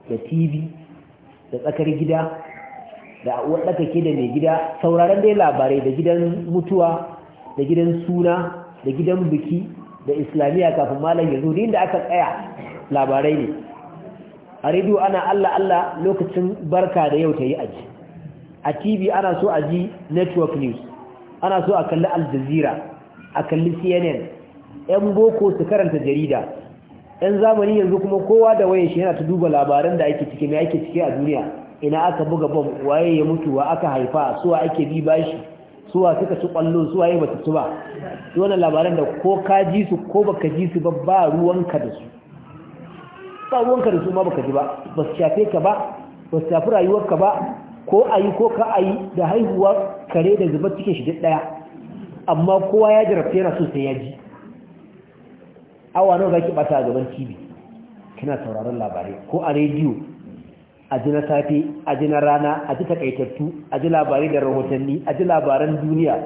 da tv da tsakar gida da wadda ke da mai gida sauraron dai labarai da gidan mutuwa da gidan suna da gidan biki da islamiyya kafin malam ya zo da inda aka tsaya labarai ne a rediyo ana allah allah lokacin barka da yau ta yi aji a tv ana so a ji network news ana so a kalli al jazeera a kalli cnn yan boko su karanta jarida ɗan zamani yanzu kuma kowa da wayan shi yana ta duba labaran da ake ciki mai ake ciki a duniya ina aka buga bom waye ya mutu wa aka haifa suwa ake bi bashi suwa suka ci kwallo suwa ya mutu su ba su labaran da ko ka ji su ko baka ji su ba ba ruwanka da su ba ruwanka da su ma baka ji ba ba su shafe ka ba ba su shafi rayuwarka ba ko a ko ka a da haihuwa kare da zubar cikin shi duk ɗaya amma kowa ya jarabta yana so sai ya ji awa nawa ki bata a gaban tv kina sauraron labarai ko a rediyo a ji na safe a ji na rana a ji takaitattu a ji labarai da rahotanni a ji labaran duniya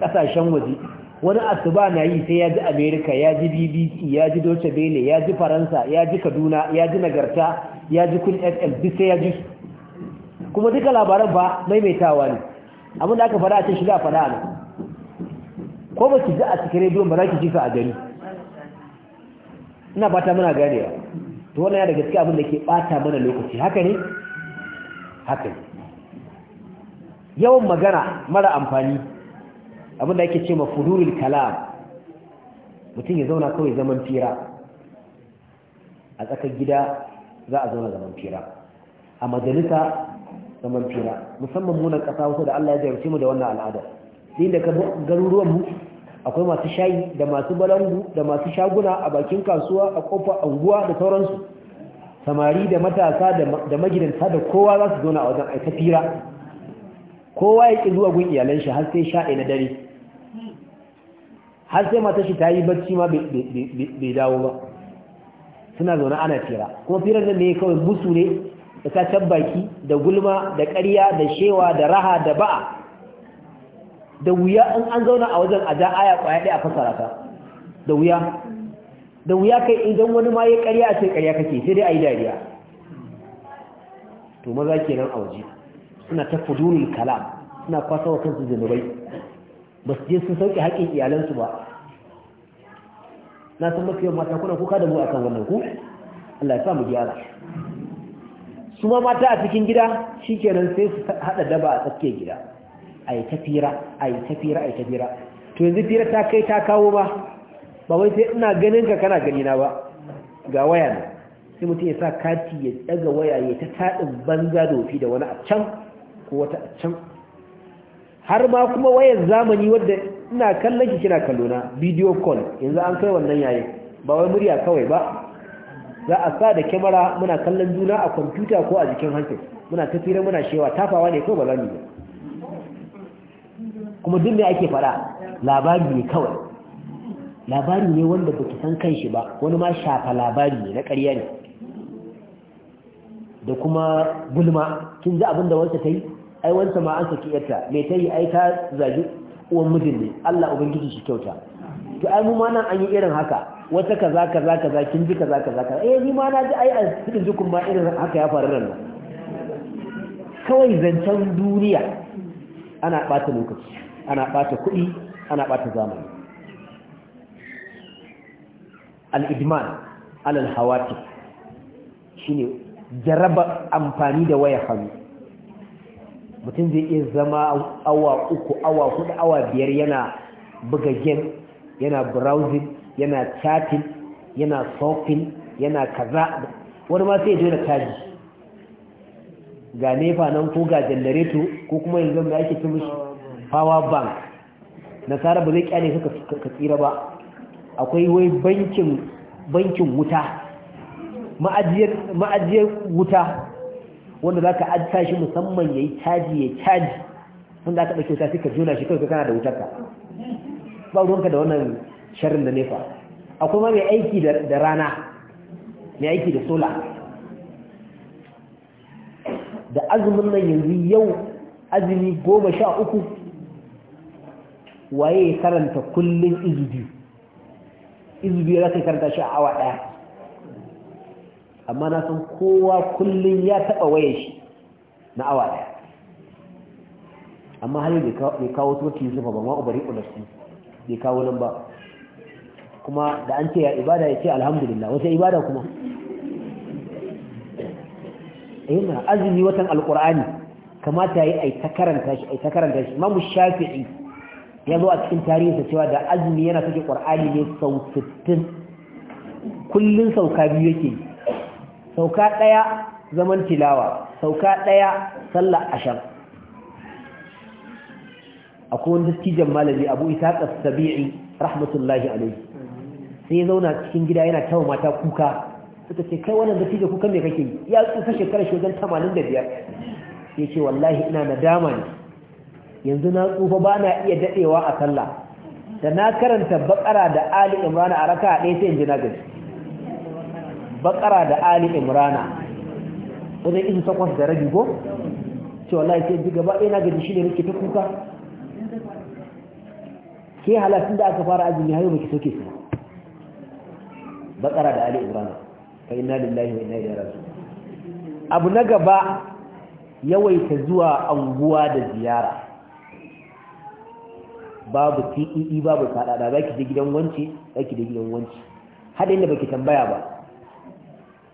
kasashen waje wani asuba na yi sai ya ji america ya ji bbc ya ji deutsche welle ya ji faransa ya ji kaduna ya ji nagarta ya ji kun fm duk sai ya ji kuma duka labaran ba maimaitawa ne da aka fara a cikin shiga fara ne ko ba ki ji a cikin rediyon ba za ki ji su a gari ina bata muna ganewa to wannan ya da gaske abin da ke bata mana lokaci haka ne haka ne yawan magana mara amfani abin da yake ce ma fudurul kalam mutum ya zauna kawai zaman fira a tsakar gida za a zauna zaman fira a majalisa zaman fira musamman munan ƙasa wasu da Allah ya jarumce mu da wannan al'ada sai da ka garuruwan mu akwai masu shayi da masu balangu da masu shaguna a bakin kasuwa a kofar anguwa da sauransu samari da matasa da magidanta da kowa za su zauna a wajen aika fira kowa ya ƙi zuwa gun iyalan shi har sai sha'i na dare har sai matar shi ta yi bacci ma bai dawo ba suna zaune ana fira kuma firar nan ne kawai musu ne da ta tabbaki, da gulma da ƙarya da shewa da raha da ba'a da wuya in an zauna a wajen a ja aya kwaya ɗaya a fasara ta da wuya da wuya kai idan wani ma ya karya a ce karya kake sai dai a yi dariya to maza ke nan a waje suna ta fudulul kalam suna kwasa wa kansu zunubai ba su je sun sauƙi haƙƙin iyalansu ba na san mafi mata kuna kuka da mu kan wannan ku Allah ya sa mu gyara su ma mata a cikin gida shikenan sai su haɗa daba a tsakiyar gida a tafira a tafira a tafira to yanzu fira ta kai ta kawo ba ba sai ina ganin ka kana gani na ba ga waya ne. sai mutum ya sa kati ya daga waya ya ta taɗin banza dofi da wani a can ko wata a can har ma kuma wayan zamani wadda ina kallon shi kina kallo na video call yanzu an kai wannan yayin ba wai murya kawai ba za a sa da kyamara muna kallon juna a kwamfuta ko a jikin hankali muna tafira muna shewa tafawa ne kawai ba za mu yi kuma duk me ake fara labari ne kawai labari ne wanda baki san shi ba wani ma shafa labari ne na ƙarya ne da kuma gulma kin ji abin da ta yi ai wansa ma an saki yarta mai ta yi ai ta zagi uwan mijin ne Allah ubangiji shi kyauta to ai mu ma nan an yi irin haka wata kaza kaza kaza kin ji kaza kaza kaza eh ni ma na ji ai a cikin jikun ma irin haka ya faru nan kawai zancen duniya ana ɓata lokaci ana ɓata kuɗi ana ɓata zamani al'idman alal hawati shine jaraba amfani da waya hannu mutum zai iya zama awa uku awa hudu awa biyar yana buga game yana browsing yana chatting yana surfing yana kaza wani ma sai ya jona taji ga nefa nan ko ga janareto ko kuma yanzu da ake tumishi power bank nasara ba zai kyale ka tsira ba akwai wai bankin bankin wuta ma'ajiyar wuta wanda za ka adta shi musamman ya yi caji ya caji wanda aka ɗauke wuta sai ka jona shi kawai kana da wutarka ba ruwanka da wannan sharrin da nefa akwai ma mai aiki da rana mai aiki da sola da azumin nan yanzu yau azumi goma sha uku waye ya karanta kullum izubi? Izubi ya biyu za ka karanta shi a awa ɗaya amma na san kowa kullum ya taɓa waye shi na awa ɗaya amma hali bai kawo turki zuba ba ma ubari ularsu bai kawo nan ba kuma da an ce ya ibada ya ce alhamdulillah wata ibada kuma yana eh, azumi watan alkur'ani kamata ya yi ta karanta shi ai ta karanta shi mamu shafi'i ya zo a cikin tarihinsa cewa da azumi yana sake ƙwar'ani ne sau 60 kullum sauka biyu yake sauka ɗaya zaman tilawa sauka ɗaya sallah ashar A kowane dattijan malami abu isaƙa sabi'i rahmatullahi alaihi sai ya zauna cikin gida yana tawa mata kuka suka ce kai wannan dattijan kuka mai kake ya tsufa shekarar shi wajen 85 ya ce wallahi ina nadama ne yanzu na tsufa ba na iya daɗewa a sallah da na karanta bakara da ali imrana a raka ɗaya sai yanzu na gaji bakara da ali imrana wajen izu takwas da rabi ko ce wallahi sai yanzu gaba ɗaya na gaji shi ne rike ta kuka ke halattun da aka fara azumi har yau muke soke su bakara da ali imrana fa inna lillahi wa inna ilaihi raji'un abu na gaba yawaita zuwa anguwa da ziyara babu TEE e, babu sadada zaki je gidan wanci zaki je gidan wanci har inda baki tambaya ba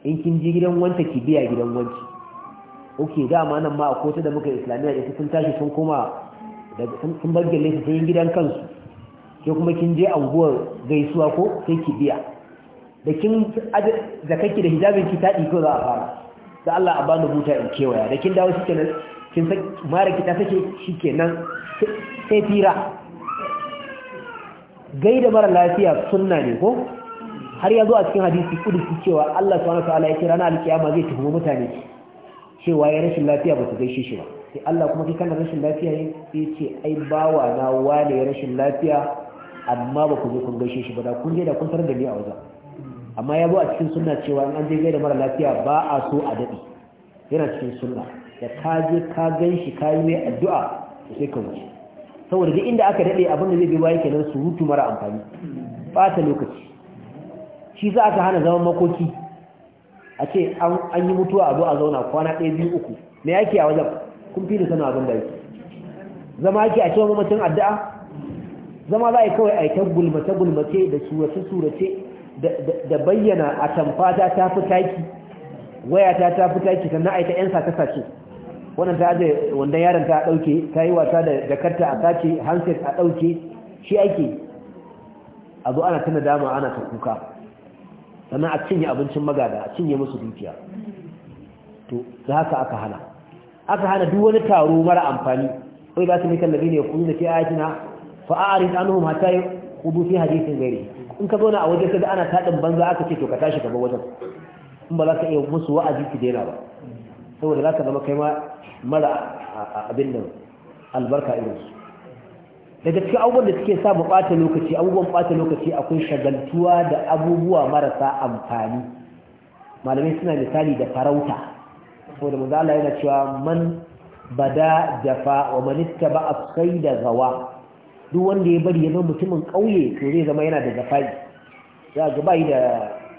in kin ji gidan wanta ki biya gidan wanci okay dama nan ma a ta da muka islamiyya da sun tashi sun koma sun bar gelle su yin gidan kansu ke kuma kin je anguwar gaisuwa ko sai ki biya da kin da kake da hijabin ki ta ko za a fara da Allah a bani buta in kewaya da kin dawo shi kenan kin mara ki ta sake shi kenan sai fira gaida mara lafiya sunna ne ko har ya zo a cikin hadisi kudusi cewa Allah subhanahu Ta'ala ya ce ranar alkiyama zai tuhumi mutane cewa ya rashin lafiya ba su gaishe shi ba sai Allah kuma kai kana rashin lafiya ne sai ce ai bawa na wane ya rashin lafiya amma ba ku zo kun gaishe shi ba da kun je da kun tarar da ni a wajen amma ya zo a cikin sunna cewa in an je da mara lafiya ba a so a daɗe yana cikin sunna da ka je ka gan shi ka yi mai addu'a sai ka wuce saboda duk inda aka daɗe abin da zai bi baya kenan surutu mara amfani Bata lokaci shi za aka hana zaman makoki a ce an yi mutuwa a zo a zauna kwana ɗaya biyu uku me yake a wajen kun fi da sanar abin da yake zama yake a cewa mamacin addu'a zama za a yi kawai a yi ta gulmace gulmace da surace surace da bayyana a tamfata ta fi taki wayata ta fi taki sannan a yi ta 'yan sace wannan ta aje wanda yaron ta dauke ta yi wata da jakarta a sace handset a dauke shi ake a zo ana tana dama ana ta kuka sannan a cinye abincin magada a cinye musu dukiya to da haka aka hana aka hana duk wani taro mara amfani wai za su mikan labi ne kuma fi ayatina fa a'rid anhum hatta yaqudu fi hadithin gairi. in ka zauna a waje da ana tadin banza aka ce to ka tashi ka bar wajen in ba za ka iya musu wa'azi ki daina ba saboda za ka zama kai ma mara abin da albarka irin daga cikin abubuwan da suke sa mu ɓata lokaci abubuwan ɓata lokaci akwai shagaltuwa da abubuwa marasa amfani malamai suna misali da farauta saboda mu zala yana cewa man bada dafa wa ba a sai da zawa. duk wanda ya bari ya zama mutumin ƙauye to zai zama yana da zafai a ga yi da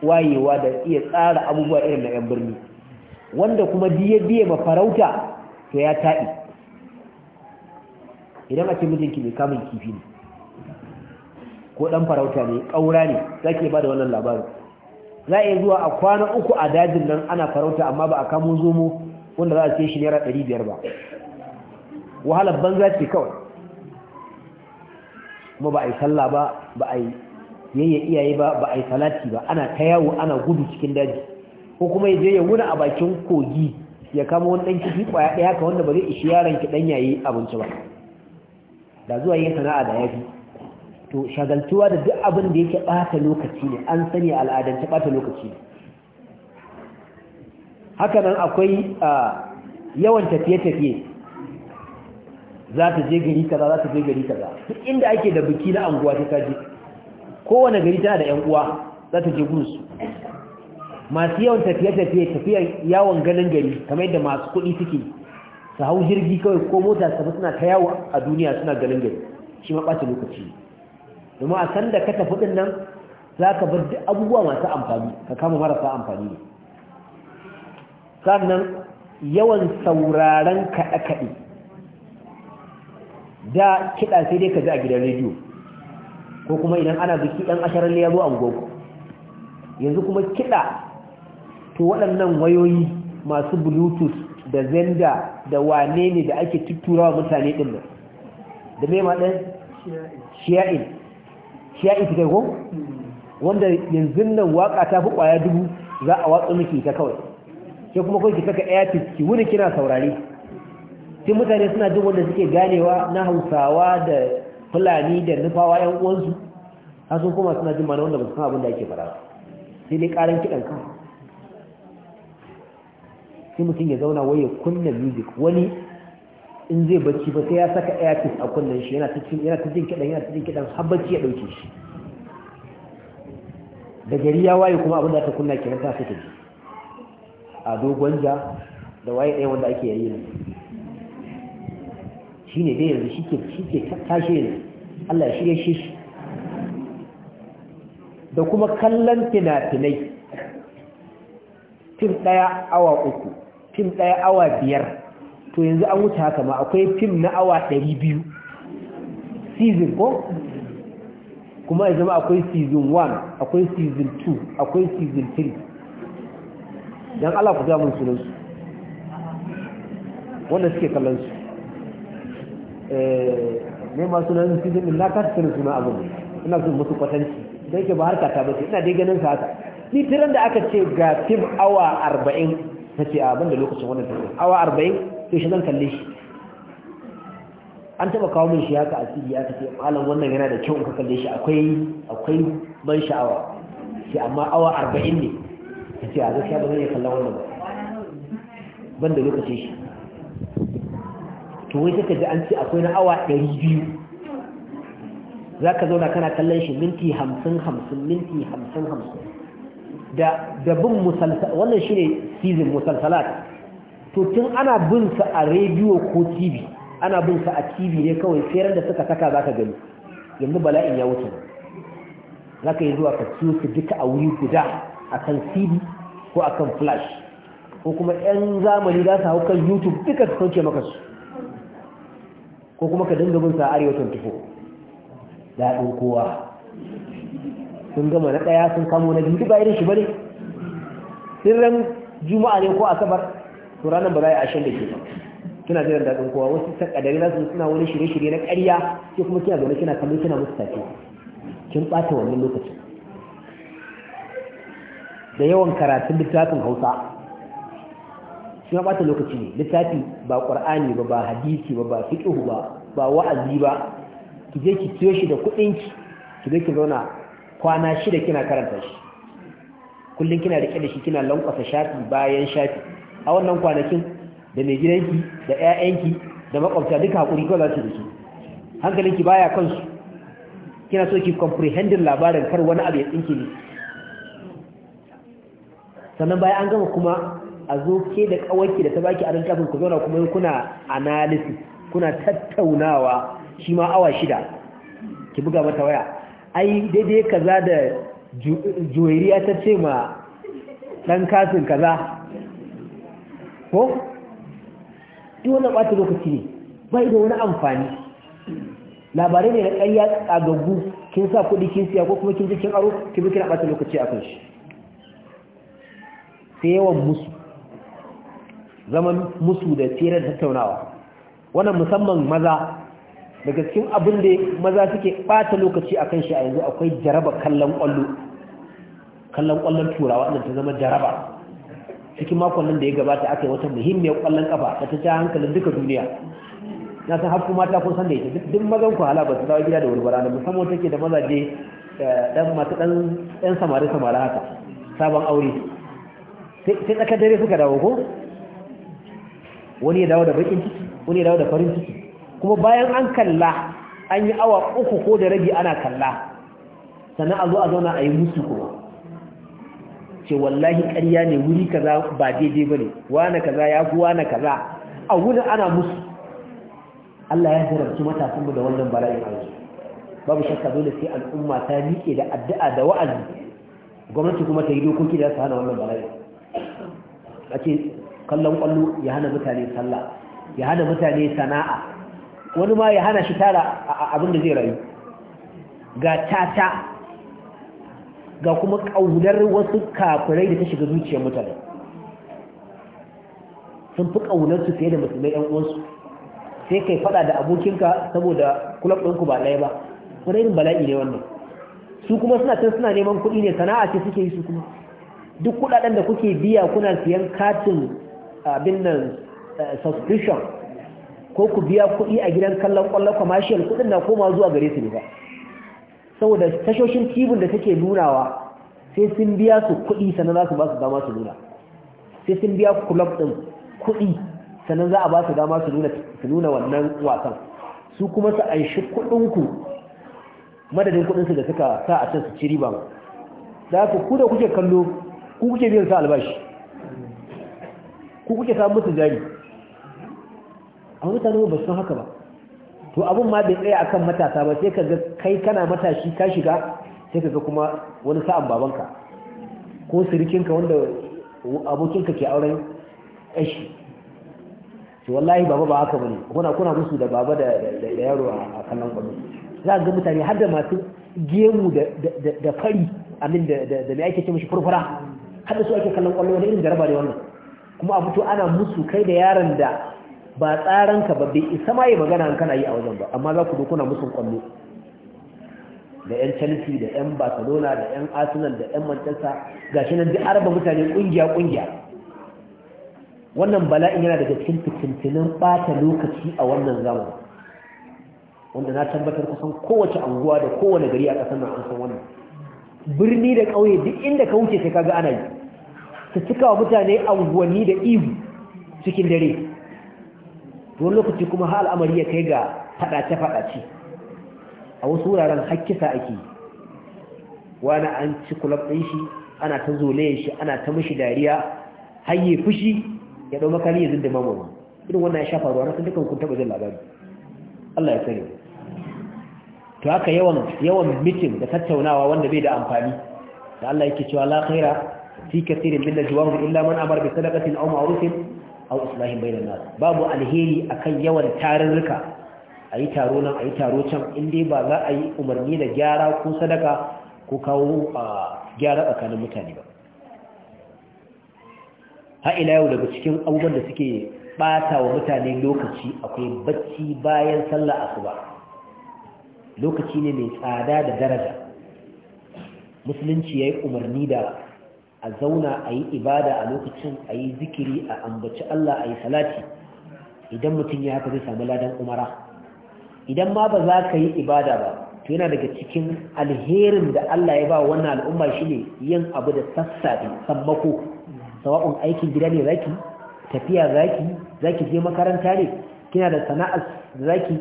wayewa da iya tsara abubuwa irin na 'yan birni wanda kuma biye biye ba farauta to ya taɗi idan a ce mijinki mai kamun kifi ne ko ɗan farauta ne ƙaura ne za ke ba da wannan labarin za a yi zuwa a kwana uku a dajin nan ana farauta amma ba a kamo zomo wanda za a ce shi naira ɗari biyar ba wahalar banza ce kawai kuma ba a yi sallah ba ba a yi yayye iyaye ba ba a yi salati ba ana ta yawo ana gudu cikin daji ko kuma ya je ya wuna a bakin kogi ya kama wani ɗan kifi ƙwaya ɗaya ka wanda ba zai ishi yaron ki ɗan yayi abinci ba da zuwa yin sana'a da yafi to shagaltuwa da duk abin da yake ɓata lokaci ne an sani al'adance ɓata lokaci ne haka nan akwai yawan tafiye-tafiye za ta je gari kaza za ta je gari kaza duk inda ake da biki na anguwa ta kaje kowane gari tana da yan uwa za ta je su. masu yawan tafiye-tafiye tafiyar yawon ganin gari kamar yadda masu kuɗi suke su hau jirgi kawai ko mota su suna ta yawo a duniya suna ganin gari shi ma ɓata lokaci domin a san da ka tafi ɗin nan za ka bar duk abubuwa masu amfani ka kama marasa amfani ne sannan yawan sauraren kaɗe-kaɗe da kiɗa sai dai ka ji a gidan rediyo ko kuma idan ana biki ɗan asharar ya zo a yanzu kuma kiɗa to waɗannan wayoyi masu bluetooth da zenda da wane ne da ake tuttura wa mutane ɗin nan da mai maɗan shia'in shia'in fita ko wanda yanzu nan waka ta fi ƙwaya dubu za a watsa miki ta kawai sai kuma kawai ki saka airpid ki wuni kina saurari. sai mutane suna jin wanda suke ganewa na hausawa da fulani da nufawa yan uwansu har sun kuma suna jin mana wanda ba su san abin da ake fara sai dai ƙaran kiɗan kan sai mutum ya zauna wai ya kunna music wani in zai bacci ba sai ya saka airpiece a kunnen shi yana ta jin yana cikin kidan yana cikin kidan har bacci ya dauke shi da gari ya waye kuma abin da ta kunna kenan ta fita ji a dogon ja da waye ɗaya wanda ake yayi ne shine dai yanzu shike shike tashi ne Allah ya shirye shi da kuma kallon fina-finai fim ɗaya awa uku fim ɗaya awa biyar to yanzu an wuce haka ma akwai fim na awa ɗari biyu season ko kuma ya zama akwai season 1 akwai season 2 akwai season 3 don Allah ku zamun sunansu wanda suke kallon su ne eh, ma sunan season din laka ka suna suna abu ina sun musu kwatanci don yake ba harka ta bace ina dai ganin sa haka ni tiran da aka ce ga fim awa arba'in. ta ce a da lokacin wannan tafiya awa arba'in to shi zan kalle shi an taba kawo min shi haka a siri aka ce malam wannan yana da kyau in ka kalle shi akwai akwai ban sha'awa sai amma awa arba'in ne ta ce a gaskiya ba zan iya kallon wannan ba ban da lokacin shi to wai suka ji an ce akwai na awa ɗari biyu za ka zauna kana kallon shi minti hamsin hamsin minti hamsin hamsin da bin musalsal wannan shine season musalsalat to tun ana bin sa a rediyo ko TV ana bin sa a TV ne kawai sai da suka saka zaka gani yanzu bala'in ya wuce zaka yi zuwa ka ciyo su duka a wuri guda a kan CD ko a kan flash ko kuma yan zamani za su hau kan YouTube duka su sauke maka su ko kuma ka dinga bin sa a Arewa 24 daɗin kowa sun gama na ɗaya sun kamo na biyu ba irin shi bane ran juma'a ne ko asabar to ranar ba za a yi ashen da ke ba kina jiran daɗin kowa wasu takadari za su suna wani shirye-shirye na ƙarya sai kuma kina zaune kina kallon kina musu tafi kin ɓata wannan lokacin da yawan karatun littafin hausa shi ma ɓata lokaci ne littafi ba ƙwar'ani ba ba hadisi ba ba fiƙihu ba ba wa'azi ba ki je ki ciyo shi da kuɗinki ki je ki zauna kwana shida kina karanta shi kullum kina rike da shi kina lankwasa shafi bayan shafi a wannan kwanakin da mai gidanki da ƴaƴanki da makwabta duka hakuri ko za su dace hankalinki baya kansu kina so ki comprehending labarin kar wani abu ya tsinke ne sannan bayan an gama kuma a zo ke da kawarki da ta baki a kafin ku zauna kuma kuna analysis kuna tattaunawa shi ma awa shida ki buga mata waya ai daidai kaza da juwairiya ta ce ma ɗan kasin kaza ko? ɗi wannan ɓata lokaci ne ba da wani amfani labarai ne na ƙarya gaggu kin sa kuɗi kin siya ko kuma kin jikin kin aro kin bukina ɓata lokaci a kan shi sai yawan musu zaman musu da tsere da tattaunawa wannan musamman maza daga cikin abin da maza suke ɓata lokaci a kan shi a yanzu akwai jaraba kallon ƙwallo kallon ƙwallon turawa wannan ta zama jaraba cikin makon nan da ya gabata aka yi wata muhimmiyar ƙwallon ƙafa da ta ja hankalin duka duniya na san har kuma ta san da ita duk mazan ku hala ba su dawo gida da walwala na musamman take da mazaje eh, mata dan ɗan samari samari haka sabon aure sai tsakar dare suka dawo ko wani ya dawo da bakin ciki wani ya dawo da farin ciki kuma bayan an kalla an yi awa uku ko da rabi ana kalla sannan a zo a zauna a yi musu kuma ce wallahi ƙarya ne wuri kaza ba daidai ba ne wane kaza ya fi wane kaza a wurin ana musu Allah ya zarabci matasanmu da wannan bala'in yanzu. babu shakka dole sai al'umma ta miƙe da addu'a da wa'azi gwamnati kuma ta yi dokoki da su hana wannan bala'in a ce kallon ƙwallo ya hana mutane sallah ya hana mutane sana'a wani ma ya hana shi tara abin da zai rayu ga tata ga kuma ƙaunar wasu kafirai da ta shiga zuciyar mutane sun fi ƙaunarsu fiye da musulmai ɗan uwansu sai kai fada da abokinka saboda kulab ɗinku ba ɗaya ba wani irin bala'i ne wannan su kuma suna can suna neman kuɗi ne sana'a ce suke yi su kuma duk kuɗaɗen da kuke biya kuna siyan katin abin nan eh, subscription ko ku biya kuɗi a gidan kallon ƙwallon commercial kuɗin na koma zuwa gare su ne ba saboda tashoshin tibin da take nunawa sai sun biya su kuɗi sannan za su ba su dama su nuna sai sun biya club ɗin kuɗi sannan za a ba su dama su nuna su nuna wannan wasan su kuma su anshi kuɗin ku madadin kuɗin su da suka sa a can su ci riba da ku ku da kuke kallo ku kuke biyan sa albashi ku kuke samu musu jari amma mutane ba san haka ba to abun ma bai tsaya akan matasa ba sai ka ga kai kana matashi ka shiga sai ka ga kuma wani sa'an babanka ko sirikinka wanda abokinka ke auren ƙashi to wallahi baba ba haka bane kuna kuna musu da baba da yaro a kallon kwallo za ga mutane har da masu gemu da fari amin da mai me ake ce mashi furfura har da su ake kallon kwallo wani irin jaraba ne wannan kuma a fito ana musu kai da yaron da ba tsaran ka ba bai isa ma yi magana an kana yi a wajen ba amma za ku duk kuna musun kwallo da 'yan chelsea da 'yan barcelona da 'yan arsenal da 'yan manchester gashi nan duk araba mutane kungiya-kungiya wannan bala'in yana daga cikin fitintunan bata lokaci a wannan zamani wanda na tabbatar kusan kowace anguwa da kowane gari a ƙasar nan an san wannan birni da ƙauye duk inda ka wuce sai kaga ana yi ta cika wa mutane anguwanni da ihu cikin dare Duan lokaci kuma ha al'amari ya kai ga faɗace-faɗace a wasu wuraren hakkisa ake wani an ci kulab ɗin shi ana ta zolayen shi ana ta mashi dariya hanyar fushi ya ɗau makari ya da mawa irin wannan ya shafa ruwa na sun kun taɓa jin labari Allah ya sani to haka yawan yawan mitin da tattaunawa wanda bai da amfani da Allah yake cewa la khaira fi kathirin min najwahum illa man amara bi sadaqatin aw ma'rufin au islahin bainan nas babu alheri akan yawan tarurruka ayi taro nan ayi taro can in dai ba za a yi umarni da gyara ko sadaka ko kawo gyara tsakanin mutane ba ha ila yau daga cikin abubuwan da suke bata wa mutane lokaci akwai bacci bayan sallah asuba lokaci ne mai tsada da daraja musulunci yayi umarni da a zauna a yi ibada a lokacin a yi zikiri a ambaci Allah a yi salati idan mutum ya haka zai sami ladan umara idan ma ba za ka yi ibada ba to yana daga cikin alherin da Allah ya ba wannan al'umma shine yin abu da sassafe sammako sawa'un aikin gida ne zaki tafiya zaki zaki je makaranta ne kina da sana'ar zaki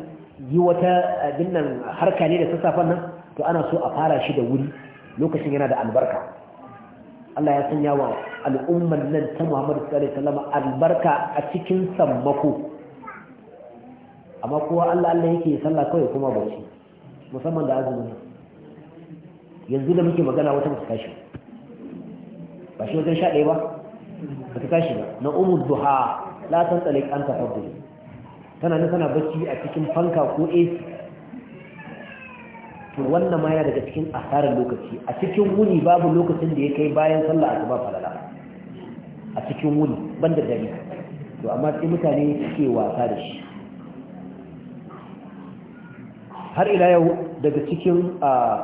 yi wata abin nan harka ne da sassafen nan to ana so a fara shi da wuri lokacin yana da albarka Allah ya sanya wa al'ummar nan ta Muhammadu sallallahu alaihi wasallam albarka a cikin sammako amma kuwa Allah Allah yake sallah kawai kuma bauci musamman da azumi yanzu da muke magana wata ba tashi ba shi wajen sha ɗaya ba ba tashi ba na umar duha la san tsalik an tafaddali tana nan tana bacci a cikin fanka ko AC to wannan ma yana daga cikin asarar lokaci a cikin wuni babu lokacin da ya kai bayan sallah asuba falala a cikin wuni banda dare to amma sai mutane suke wasa da shi har ila yau daga cikin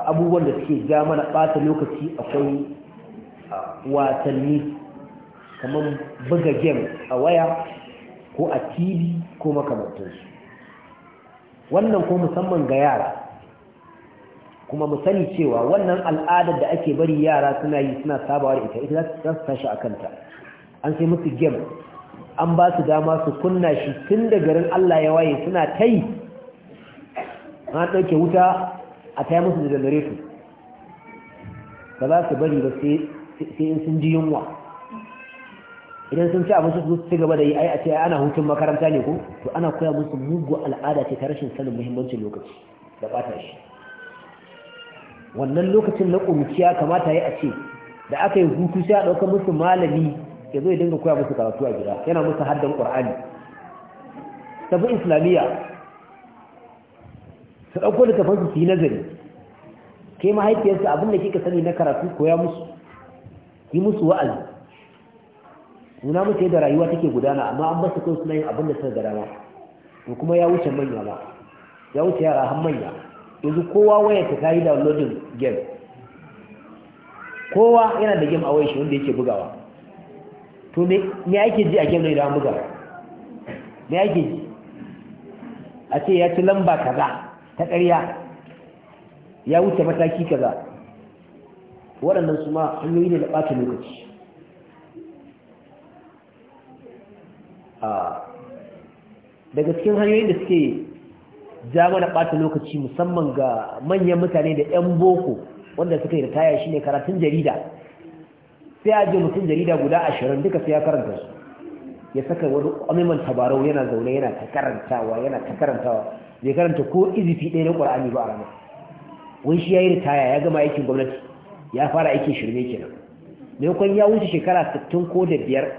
abubuwan da suke ja mana ɓata lokaci akwai wasanni kamar buga game a waya ko a tv ko makamantarsu wannan ko musamman ga yara kuma mu sani cewa wannan al'adar da ake bari yara suna yi suna sabawa da ita ita za su tashi a kanta an sai musu game an ba su dama su kunna shi tun da garin Allah ya waye suna ta yi an ɗauke wuta a ta musu da janareto ba za su bari ba sai in sun ji yunwa idan sun ci abinci su ci gaba da yi a ce ana hutun makaranta ne ko to ana koya musu mugu al'ada ce ta rashin sanin muhimmancin lokaci da ɓata shi wannan lokacin na ƙunciya kamata ya a ce da aka yi hutu sai a ɗaukar musu malami ya zai ya dinga koya musu karatu a gida yana musu haddan ƙur'ani tafi islamiyya su ɗauko da tafansu su yi nazari ke mahaifiyarsa abinda da kika sani na karatu koya musu yi musu wa'azi nuna musu yadda rayuwa take gudana amma an basu kai suna yin abin da suka ga dama kuma ya wuce manya ba ya wuce yara har manya yanzu kowa waya ta kayi downloading game kowa yana da game a wayar shi wanda yake bugawa to me ake ji a game idan an buga me ake ji a ce ya ci lamba kaza ta ƙarya ya wuce mataki kaza waɗannan su ma hanyoyi ne da ɓata lokaci ah, daga cikin hanyoyin da suke ja mana ɓata lokaci musamman ga manyan mutane da 'yan boko wanda suka yi ritaya ne karatun jarida sai ajiye mutum jarida guda ashirin duka sai ya karanta su ya saka wani kwamiman tabarau yana zaune yana ta karantawa yana ta karantawa Zai karanta ko izifi ɗaya na ƙwar'ani ba a ranar wani shi ya yi ritaya ya gama aikin gwamnati ya fara aikin shirme kenan maimakon ya wuce shekara sittin ko da biyar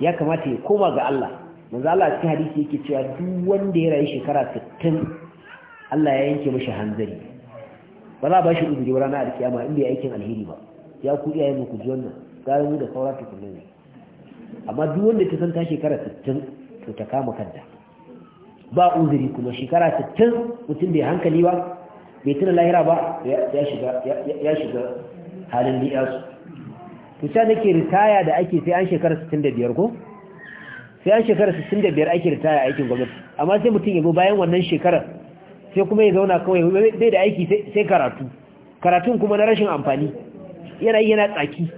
ya kamata ya koma ga Allah manzo Allah a cikin hadisi yake cewa duk wanda ya rayu shekara sittin Allah ya yanke mashi hanzari ba za ba shi uzuri rana a kiyama in bai aikin alheri ba ya ku iyaye mu ku ji wannan gari mu da saura ta kullum amma duk wanda ta san ta shekara 60 to ta kama kanta ba uzuri kuma shekara 60 mutum bai hankali ba bai tuna lahira ba ya shiga ya shiga halin liyasu to sai nake ritaya da ake sai an shekara 65 ko sai an shekara 65 ake ritaya aikin gwamnati amma sai mutum ya go bayan wannan shekarar sai kuma ya zauna kawai bai da aiki sai karatu karatun kuma na rashin amfani yana yana tsaki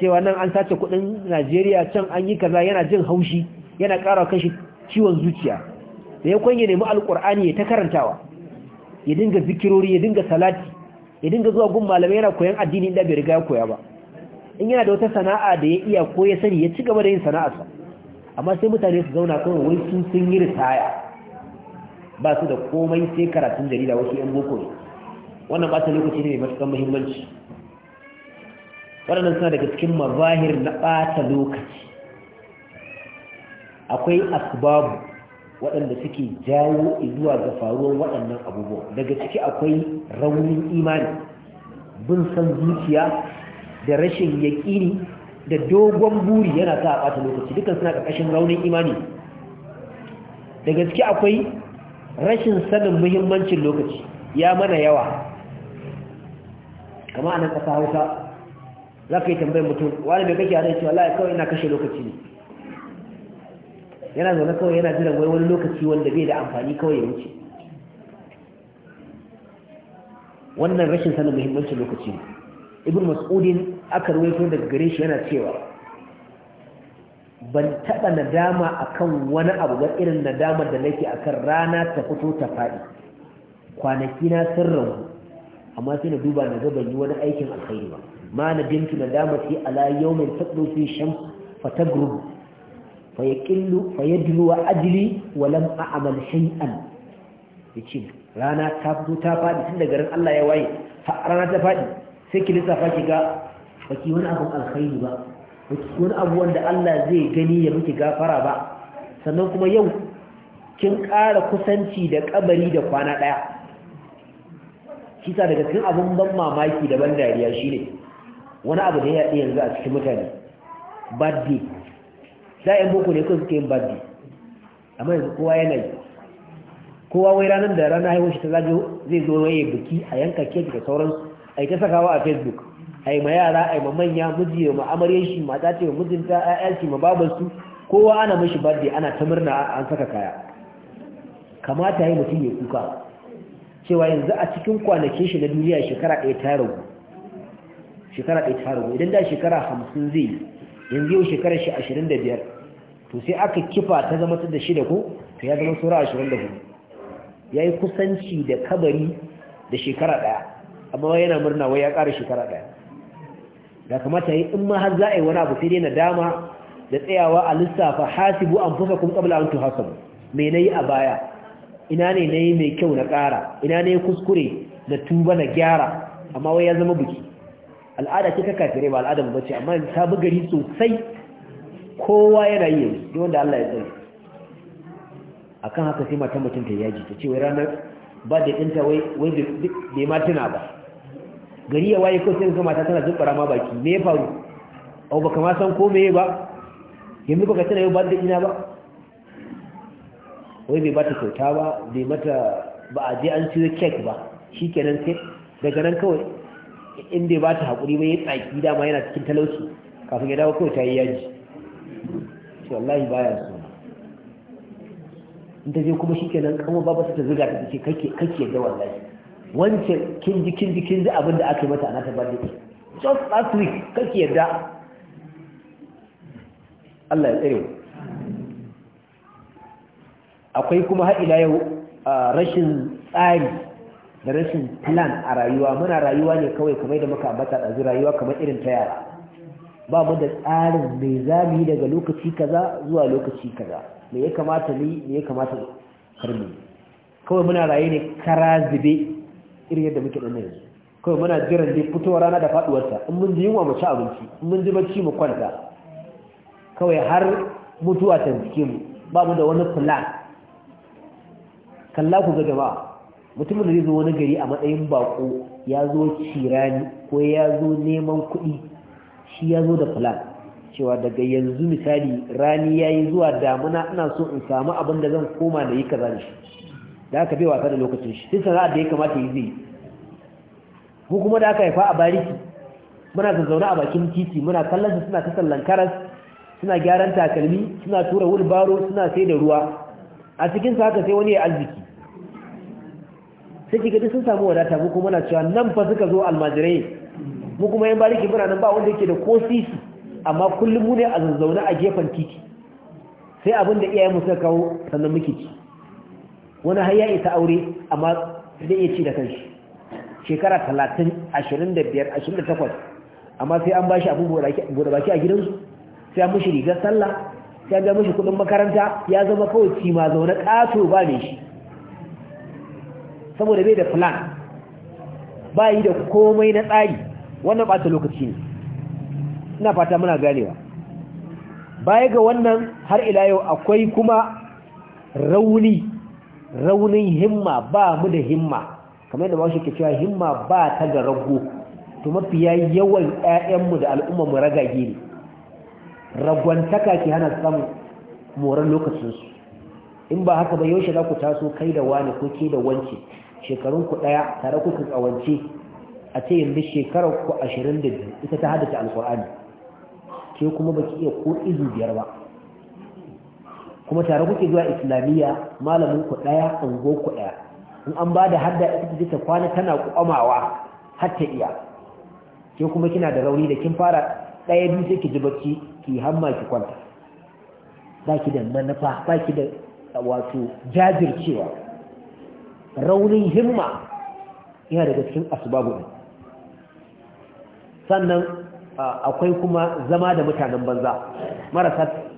cewa nan an sace kudin Najeriya can an yi kaza yana jin haushi yana ƙara kashi ciwon zuciya da ya kwanye nemi alkur'ani ya ta karantawa ya dinga zikirori ya dinga salati ya dinga zuwa gun malamai yana koyan addini da bai riga ya koya ba in yana da wata sana'a da ya iya ko ya sani ya ci gaba da yin sana'arsa amma sai mutane su zauna kawai wai sun yi ritaya ba su da komai sai karatun jarida wasu yan boko ne wannan ba ta lokaci ne mai matukan muhimmanci waɗannan suna daga cikin mazahir na ɓata lokaci akwai asbabu waɗanda suke jawo zuwa ga faruwar waɗannan abubuwa daga ciki akwai raunin imani bin san zuciya da rashin yaƙini da dogon buri yana sa a ɓata lokaci dukkan suna ƙarƙashin raunin imani daga ciki akwai rashin sanin muhimmancin lokaci ya mana yawa kama anan ƙasa hausa za ka yi tambayin mutum wani mai kake hannun cewa la'ai kawai ina kashe lokaci ne yana zaune kawai yana jiran wani lokaci wanda bai da amfani kawai ya wuce wannan rashin sanin muhimmancin lokaci ne ibn mas'udin aka ruwaito daga gare shi yana cewa ban taɓa nadama akan wani abu ba irin nadamar da nake akan rana ta fito ta faɗi kwanaki na sun rabu. amma sai na duba na ga ban yi wani aikin alkhairi ba ma na bintu nadama sai ala mai taqdu fi shan fa tagrub fa yaqillu fa wa ajli wa lam a'mal shay'an ce rana ta fito ta faɗi tun daga ran Allah ya waye rana ta faɗi sai ki lissafa ki ga baki wani abin alkhairi ba wani abu wanda Allah zai gani ya miki gafara ba sannan kuma yau kin ƙara kusanci da kabari da kwana ɗaya kisa daga cikin abun ban mamaki da ban dariya shine wani abu da ya yi yanzu a cikin mutane za da yan boko ne kuma suke yin birthday amma yanzu kowa yana yi kowa wai ranar da ranar haihuwar shi ta zai zo waye biki a yanka kek da sauransu a yi ta sakawa a facebook ai ma yara ai ma manya miji ma amare shi mata ce mijinta shi, ma su kowa ana mishi birthday ana ta murna an saka kaya kamata yayi mutum ya kuka cewa yanzu a cikin kwanake shi na duniya shekara ɗaya ta ragu shekara ɗaya ta ragu idan da shekara hamsin zai yanzu yau shekara shi ashirin da biyar to sai aka kifa ta zama ta da shi da ko to ya zama sura ashirin da ya yi kusanci da kabari da shekara ɗaya amma yana murna wai ya ƙara shekara ɗaya da kamata yi in ma har za a yi wani abu sai dai nadama da tsayawa a lissafa hasibu an fusa kuma kabla an hasabu me na yi a baya ina ne na yi mai kyau na ƙara ina ne kuskure na tuba na gyara amma wai ya zama buki al'ada ce ta kafirai ba al'ada ba ce amma ta buga sosai kowa yana yi yi, wanda Allah ya tsare akan haka sai mata mutum ta yaji ta ce wai ranar ba da ɗinta wai bai ma tuna ba gari ya waye ko sai mata tana zubbara ma baki me ya faru au baka ma san ko me ba yanzu baka tana yau ba da ina ba wai bai bata kyauta ba bai mata ba a je an siyo kek ba shi kenan sai daga nan kawai in bai bata hakuri ba ya tsaki dama yana cikin talauci kafin ya dawo kawai ta yi yaji shi wallahi baya so in ta je kuma shi shikenan kuma babu ta zuga ta ce kake kake da wallahi wance kin ji kin ji kin ji abin da aka yi mata a nata birthday just last week kake yadda Allah ya tsare akwai kuma har ila yau rashin tsari da rashin plan a rayuwa muna rayuwa ne kawai kamar da muka ambata ɗazu rayuwa kamar irin ta yara ba mu da tsarin mai zami daga lokaci kaza zuwa lokaci kaza me ya kamata ni me ya kamata karmi kawai muna raye ne kara zube irin yadda muke ɗan yanzu kawai muna jiran dai fitowar rana da faɗuwarta in mun ji yunwa mu ci abinci in mun ji bacci mu kwanta kawai har mutuwa ta jike mu ba mu da wani plan kalla ku ga jama'a mutumin da zai zo wani gari a matsayin bako ya zo cirani ko ya zo neman kuɗi shi ya zo da plan cewa daga yanzu misali rani ya yi zuwa damuna ina so in samu abin da zan koma da yi kaza da shi da aka bai wasa da lokacin shi sai sana'ar da ya kamata yi zai ko kuma da aka haifa a bariki muna zazzauna a bakin titi muna kallon su suna ta sallan suna gyaran takalmi suna tura wulbaro suna sai da ruwa a cikin su haka sai wani ya arziki sai kika duk sun samu wadata mu kuma na cewa nan fa suka zo almajirai mu kuma yan bariki muna nan ba wanda yake da ko sisi amma kullum mu ne a zazzauna a gefen titi sai abin da iyayen mu suka kawo sannan muke ci wani har ya isa aure amma zai iya ci da kanshi shekara talatin ashirin da biyar ashirin da takwas amma sai an ba shi abubuwa da baki a gidansu sai an mushi rigar sallah sai an ga mushi kuɗin makaranta ya zama kawai cima ma zaune ƙato ba ne shi saboda bai da plan ba yi da komai na tsari wannan bata lokaci ne ina fata muna ganewa baya ga wannan har ila yau akwai kuma rauni raunin himma ba mu da himma kamar yadda bashi ke cewa himma ba ta da rago to mafiya yawan ƴaƴanmu da al'ummarmu ragage ne ragwantaka ke hana samun moran lokacinsu in ba haka ba yaushe za ku taso kai da wani ko ke da wance shekarun ku ɗaya tare ku tsawance a ce yanzu shekarar ku ashirin da biyu ita ta haddace alƙur'ani ke kuma baki iya ko izu biyar ba kuma tare kuke zuwa islamiyya malamin ku daya ango ku daya in an ba da hadda ita ta kwana tana kwamawa har ta iya ke kuma kina da rauni da kin fara daya biyu sai ki ji bacci ki hamma ki kwanta baki da manufa baki da wato jajircewa raunin himma yana daga cikin asbabu ne sannan akwai kuma zama da mutanen banza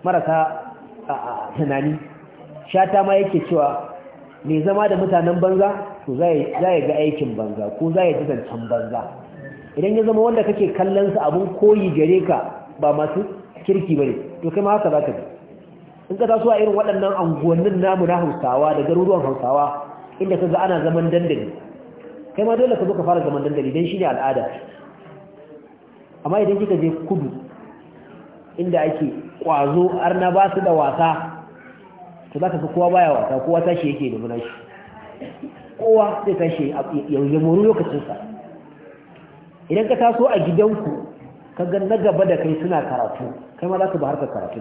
marasa tunani shata ma yake cewa mai zama da mutanen banza to za ya ga aikin banza ko za ya ji zancen banza idan ya zama wanda kake kallon su abun koyi gare ka ba masu kirki ba ne, to kai ma haka za ka ji in ka taso a irin waɗannan anguwannin namu na hausawa da garuruwan hausawa inda ka za ana zaman dandali kai ma dole ka zo ka fara zaman dandali don shi ne al'ada amma idan kika je kudu inda ake ƙwazo na ba su da wasa to za ka fi kowa baya wasa kowa tashi yake da muna shi kowa zai tashi ya lokacin lokacinsa idan ka taso a gidanku ka ga na gaba da kai suna karatu kai ma za ba harka karatu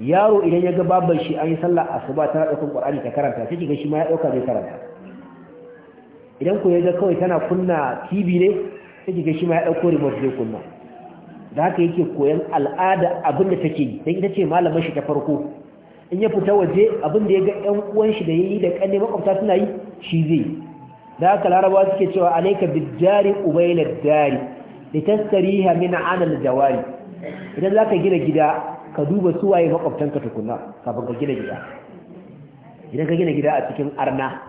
yaro idan ya ga babban shi an yi sallah asuba tana ɗaukar qur'ani ta karanta sai kiga shi ma ya ɗauka zai karanta idan ku ya ga kawai tana kunna tv ne sai kiga shi ma ya ɗauko remote zai kunna da haka yake koyan al'ada abin da take yi don ita ce malamar shi ta farko in ya fita waje abin da ya ga ƴan uwan shi da yayi da kanne makwabta suna yi shi zai da haka larabawa suke cewa alayka bijari ubayna dari litastariha min anal jawari idan zaka gina gida ka duba su waye ka tukunna kafin ka gina gida idan ka gina gida a cikin arna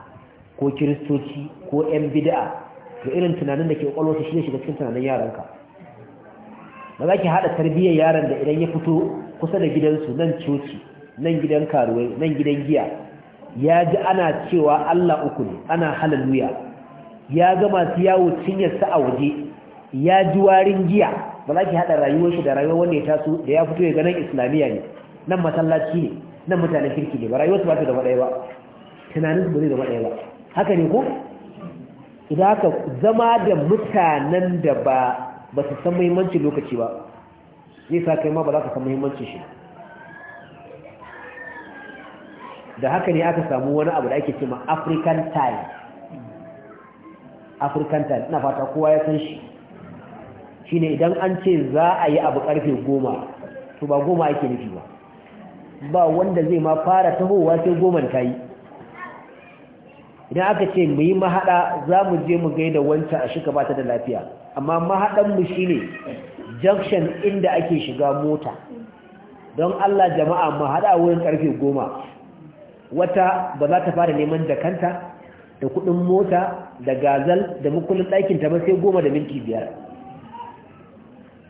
ko kiristoci ko ƴan bid'a to irin tunanin da ke kwakwalwarsa shi ne shiga cikin tunanin yaranka ba za ki haɗa tarbiyyar yaron da idan ya fito kusa da gidansu nan coci nan gidan karuwai nan gidan giya ya ji ana cewa Allah uku ne ana halaluya ya ga masu yawo cinyarsa a waje ya ji warin giya ba za ki haɗa rayuwarsu shi da rayuwar wanda ya taso da ya fito ya ga nan islamiyya ne nan masallaci ne nan mutanen kirki ne ba rayuwarsu ba ta gaba ɗaya ba tunaninsu ba zai gaba ɗaya ba haka ne ko idan haka zama da mutanen da ba ba su san muhimmancin lokaci ba zai sa kai ma ba za ka san muhimmancin shi da haka ne aka samu wani abu da ake cewa african time african time ina fata kowa ya san shi shine idan an ce za a yi abu karfe goma to ba goma ake nufi ba ba wanda zai ma fara tahowa sai goman ta yi idan aka ce mu yi mahaɗa za mu je mu gaida wancan a shika ba ta da lafiya amma mahaɗanmu shi ne junction inda ake shiga mota don Allah jama'a mu haɗa wurin ƙarfe goma wata ba za ta fara neman da kanta da kuɗin mota da gazal da mukullin ɗakin ta ba sai goma da minti biyar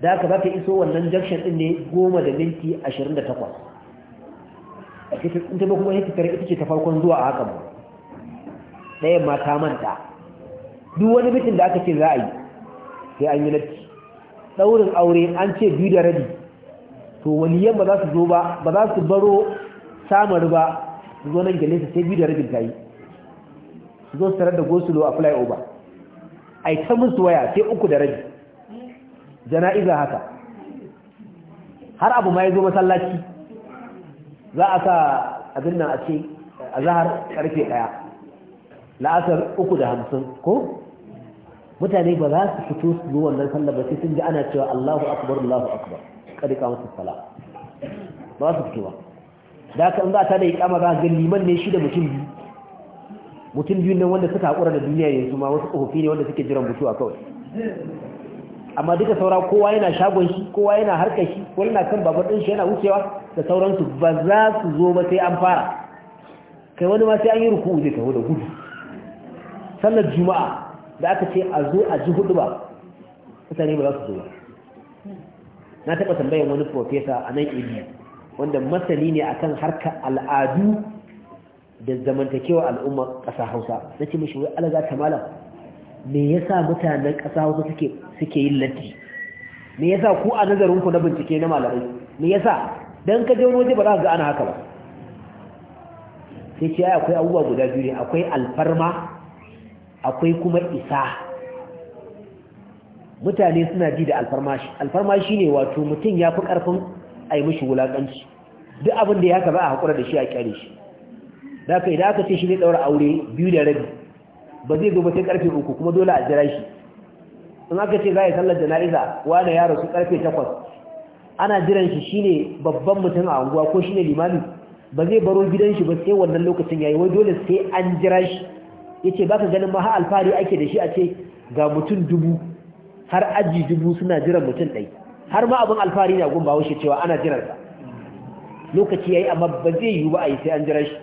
da aka za ta iso wannan junction ɗin ne goma da minti ashirin da takwas in ta kuma yake tare ita ce ta farkon zuwa a haka ba ɗayan ma ta manta duk wani bitin da aka ce za a yi sai an yi latti daurin aure an ce biyu da rabi to waliyan ba za su zo ba ba za su baro samar ba su zo nan gale su sai biyu da rabin ta yi su zo su tarar da gosulo a flyover a yi ta musu waya sai uku da rabi jana'iza haka har abu ma ya zo masallaci za a sa abin nan a ce a zahar karfe ɗaya la'asar uku da hamsin ko mutane ba za su fito su zo wannan sallar ba sai sun ji ana cewa Allahu akbar Allahu akbar kada ka musu sala ba su fito ba da ka za ta da ikama za ga liman ne shi da mutum biyu mutum biyu ne wanda suka hakura da duniya yanzu ma wasu tsofofi ne wanda suke jiran mutuwa kawai amma duka saura kowa yana shagon shi kowa yana harkar shi wani na kan babar ɗin shi yana wucewa da sauransu ba za su zo ba sai an fara kai wani ma sai an yi ruku da kawo da gudu sallar juma'a da aka ce a zo a ji hudu ba mutane ba za su zo ba na taɓa tambayar wani profesa a nan ibi wanda masani ne akan harkar al'adu da zamantakewa al'umma ƙasa hausa na ce mashi wai alaga ta malam me yasa mutanen ƙasa hausa suke yin latti me yasa ku a nazarinku na bincike na malamai me yasa don ka je waje ba za ga ana haka ba sai ce akwai abubuwa guda biyu ne akwai alfarma akwai kuma isa mutane suna ji da alfarmashi alfarmashi ne wato mutum ya fi ƙarfin a yi mashi wulaƙanci duk abin da ya kaba a haƙura da shi a ƙyare shi da ka idan aka ce shi ne ɗaura aure biyu da rabi ba zai ba sai ƙarfe uku kuma dole a jira shi in aka ce za a yi sallar jana'iza wane yaro su karfe takwas ana jiran shi shine babban mutum a unguwa ko shine limami ba zai baro gidan shi ba sai wannan lokacin yayi wai dole sai an jira shi yace baka ganin ma har alfari ake da shi a ce ga mutum dubu har aji dubu suna jiran mutum dai har ma abun alfari na gun bahaushe cewa ana sa lokaci yayi yi amma ba zai yiwu ba a sai an jira shi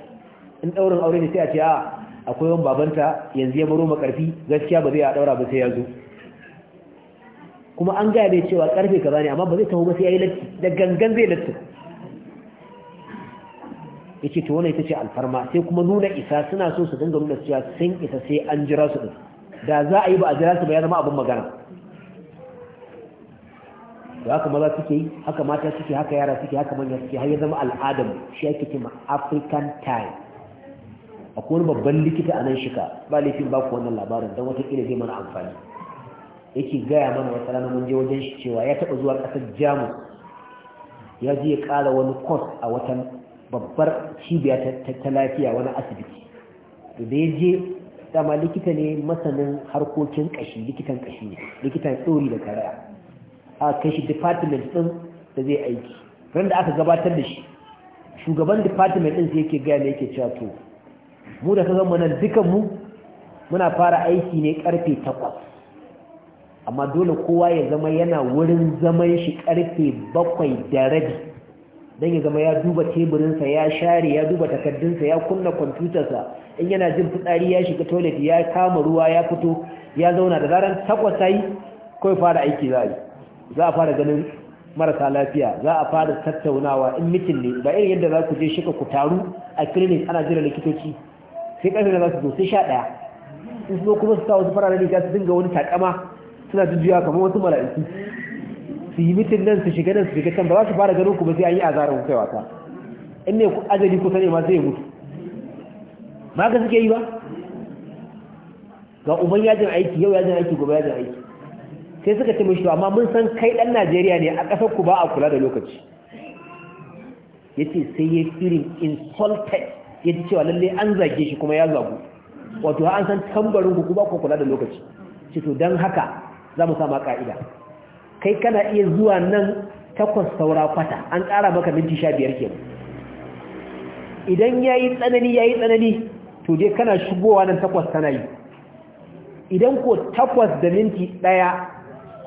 in daurin aure ne sai a ce a ah, akwai wani babanta yanzu ya baro makarfi gaskiya ba zai ya daura ba sai ya zo kuma an ga ne cewa karfe ka bani amma ba zai tawo ba sai ya yi latti da gangan zai latti yace to wannan ita ce alfarma sai kuma nuna isa suna so su dinga nuna cewa sun isa sai an jira su din da za a yi ba a jira su ba ya zama abin magana da haka maza suke yi haka mata suke haka yara suke haka manya suke har ya zama al'adam shi ake cewa African time akwai wani babban likita a nan shika ba laifin ba ku wannan labarin don watakila zai mana amfani yake gaya mana wata rana mun je wajen shi cewa ya taɓa zuwa ƙasar jamus ya je ya ƙara wani kwas a watan babbar cibiya ta lafiya wani asibiti to da ya je dama likita ne masanin harkokin kashi likitan kashi ne likitan tsori da karaya a kashi department din da zai aiki ran da aka gabatar da shi shugaban department din sai yake gaya ne yake cewa to mu da ka zama nan dukan mu muna fara aiki ne karfe 8 amma dole kowa ya zama yana wurin zaman shi karfe bakwai da rabi don ya zama ya duba teburinsa ya share ya duba takardunsa ya kunna kwamfutarsa in yana jin fitsari ya shiga toilet ya kama ruwa ya fito ya zauna da zaran takwas sai yi kawai fara aiki za za a fara ganin marasa lafiya za a fara tattaunawa in mitin ne ba irin yadda za ku je shika ku taru a clinic ana jira likitoci sai ƙarfe da za su zo sai sha ɗaya in su kuma su sa wasu fararen riga su dinga wani takama suna jujjuya kamar wasu mala'iku su yi mitin nan su shiga nan su shiga can ba za su fara ganin ku ba sai an yi azarar ku kai wata in ne ajali kusa ne ma zai mutu ba ka suke yi ba ga uban yajin aiki yau yajin aiki gobe yajin aiki sai suka ce mishi amma mun san kai dan Najeriya ne a ƙasar ku ba a kula da lokaci yace sai ya irin insulted ya ce cewa lalle an zage shi kuma ya zagu wato an san tambarin ku ba ku kula da lokaci ce to dan haka za mu sa ma ka'ida kai kana iya zuwa nan takwas saura kwata an ƙara maka minti sha biyar ke idan ya yi tsanani ya yi tsanani to dai kana shigowa nan takwas tana yi idan ko takwas da minti ɗaya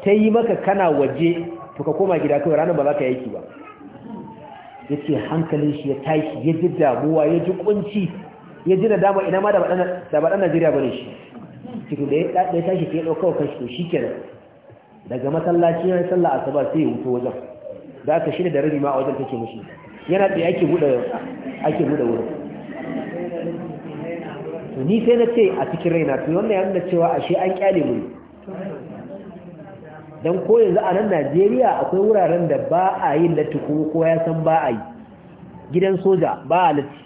ta yi maka kana waje to ka koma gida kawai ranar ba za ka yi yaki ba ya ce hankalin shi ya tashi ya ji damuwa ya ji kunci ya ji nadama ina ma da baɗan najeriya ba ne shi cikin da ya tashi ke ɗaukawa kashi to shi kenan daga masallaci 'yan sallah asuba sai ya wuce wajen Za aka shirya da rabi ma a wajen take mushi yana da ake bude ake bude wurin to ni sai na ce a cikin raina to wannan ya nuna cewa ashe an kyale mu dan ko yanzu a nan Najeriya akwai wuraren da ba a yi latti kuma ko ya san ba a yi gidan soja ba a latti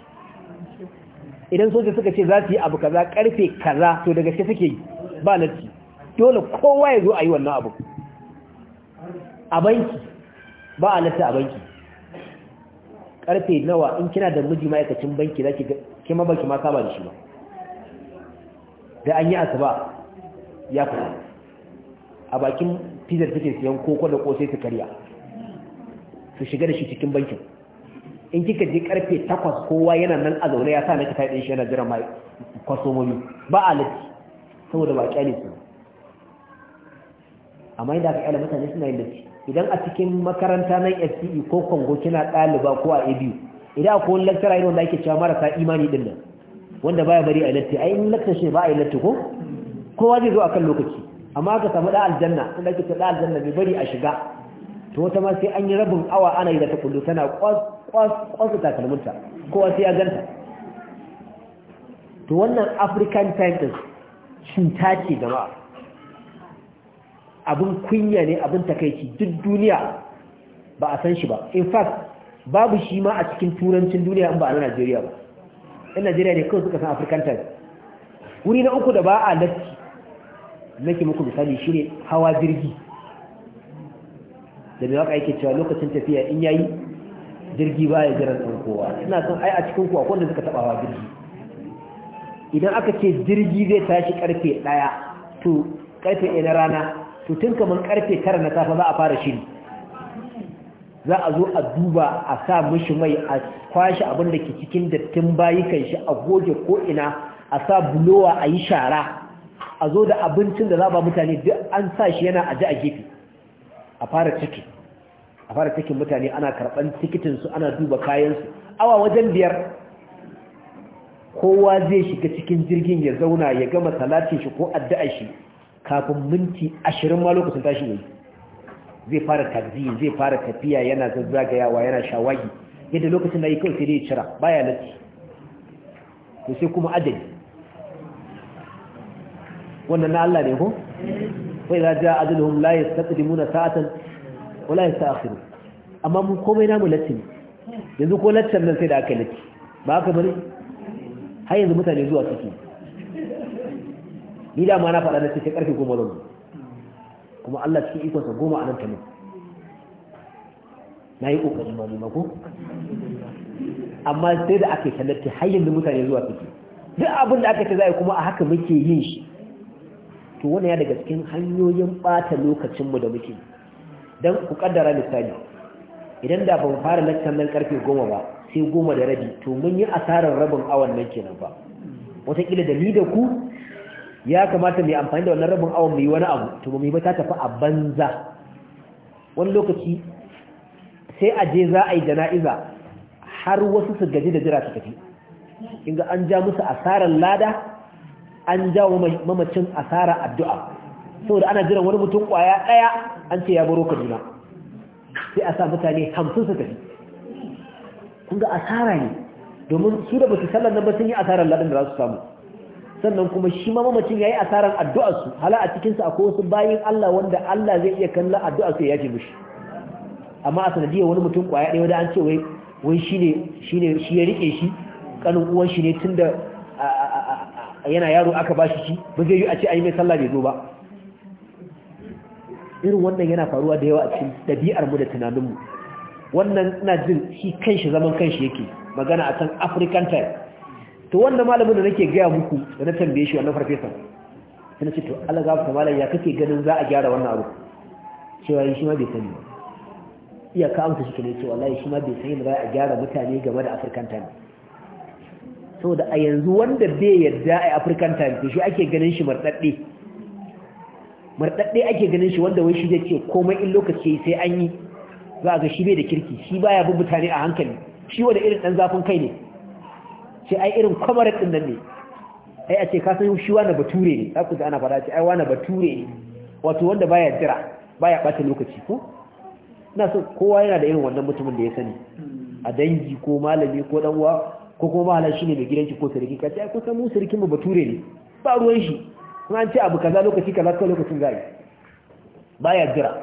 idan soja suka ce za su yi abu kaza karfe kaza to daga shi suke yi ba latti dole kowa ya zo a yi wannan abu a banki ba a lasta a banki karfe nawa in kina da miji ma'aikacin banki za ki kima banki ma kama da shi ba da an yi asuba ya fita a bakin fizar take siyan koko da kosai su karya su shiga da shi cikin bankin in kika je karfe takwas kowa yana nan a zaune ya sa na kita ɗin shi yana jiran mai kwasomomi ba a lati saboda ba kyale su amma inda aka kyala mutane suna yin latti idan a cikin makaranta nan SCE ko Kongo kina ɗaliba ko a ABU idan akwai wani lecturer irin wanda ake cewa marasa imani din nan wanda baya bari a latti ai in lecture shi ba a latti ko kowa zai zo akan lokaci amma aka samu da aljanna da ake cewa da aljanna bai bari a shiga to wata ma sai an yi rabin awa ana yi da ta kullu tana kwasu takalminta kowa sai ya ganta to wannan african time din cuta ce jama'a abin kunya ne abin takaici duk duniya ba a san shi ba in fact babu shi ma a cikin turancin duniya in ba a Najeriya ba in Najeriya ne kawai suka san African wuri na uku da ba a latti nake muku misali shine hawa jirgi da mai waka yake cewa lokacin tafiya in yayi jirgi ba ya jiran ɗan kowa ina son ai a cikin kowa wanda suka taɓa hawa jirgi idan aka ce jirgi zai tashi karfe ɗaya to karfe ɗaya na rana to tun kamar karfe tara na safe za a fara shiri za a zo a duba a sa mishi mai a kwashe abin da ke cikin dattin kan shi a goge ko'ina a sa bulowa a yi shara a zo da abincin da za ba mutane duk an sa shi yana aji a gefe a fara ciki a fara cikin mutane ana karɓar tikitinsu ana duba kayansu awa wajen biyar kowa zai shiga cikin jirgin ya zauna ya gama salatin shi ko addu'a shi kafin minti ashirin ma lokacin tashi ne zai fara tabzi zai fara tafiya yana zazzagayawa yana shawagi yadda lokacin da yi kawai sai dai cira baya lati ko sai kuma adadi wannan na Allah ne ko wai za ja ajaluhum la yastaqdimuna sa'atan wa la yasta'khiru amma mun komai namu lati yanzu ko lattan nan sai da aka lati ba ka bari? har yanzu mutane zuwa suke ni da ma na faɗa na ce sai ƙarfe goma zan kuma Allah cikin ikonsa goma a nan ta min na yi ƙoƙari ma nema ko amma sai da aka yi har yanzu mutane zuwa suke duk abin da aka ce za a kuma a haka muke yin shi to wani ya daga cikin hanyoyin ɓata lokacinmu da muke don ku ƙaddara misali idan da ban fara lakcan nan ƙarfe goma ba sai goma da rabi to mun yi asarar rabin awan nan kenan ba wataƙila da ni da ku ya kamata mai amfani da wannan rabin awon mai wani abu to mai ta tafi a banza wani lokaci sai a je za a yi jana'iza har wasu su gaji da jira su tafi ga an ja musu asarar lada an ja wa mamacin asara addu'a saboda ana jiran wani mutum kwaya ɗaya an ce ya baro ka juna, sai a sa mutane hamsin su tafi ga asara ne domin su da basu sallar nan ba sun yi asarar ladan da za su samu sannan kuma shi ma mamacin yayi asaran addu'ar su hala a cikin su akwai wasu bayin Allah wanda Allah zai iya kalla addu'ar su ya ji mishi amma a sanadiyar wani mutum kwaya ɗaya wadda an ce wai wai shine shi ya rike shi kanin uwan shi ne tunda yana yaro aka bashi shi ba zai yi a ce ai mai sallah bai zo ba irin wannan yana faruwa da yawa a cikin dabi'ar mu da tunanin mu wannan ina jin shi kanshi zaman kanshi yake magana a kan African time to wanda malamin da nake gaya muku da na tambaye shi wannan farfesa sai na ce to Allah za ku malam ya kake ganin za a gyara wannan abu cewa shi ma bai sani ba iya ka amsa shi ne cewa wallahi shi ma bai sani ba a gyara mutane game da African time saboda a yanzu wanda bai yarda a African time to shi ake ganin shi martadde martadde ake ganin shi wanda wai shi zai ce komai in lokaci sai an yi za a ga shi bai da kirki shi baya bin mutane a hankali shi wanda irin dan zafin kai ne ce ai irin kwamarar ɗin nan ne ai a ce ka san shi wani bature ne za ku ji ana fara ce ai wani bature ne wato wanda baya jira baya ɓata lokaci ko ina so kowa yana da irin wannan mutumin da ya sani a dangi ko malami ko dan uwa ko kuma mahalar shi ne mai gidanki ko sarki ka ce ai kusan mu sarki mu bature ne ba ruwan shi kuma an ce abu kaza lokaci kaza ko lokacin zai baya jira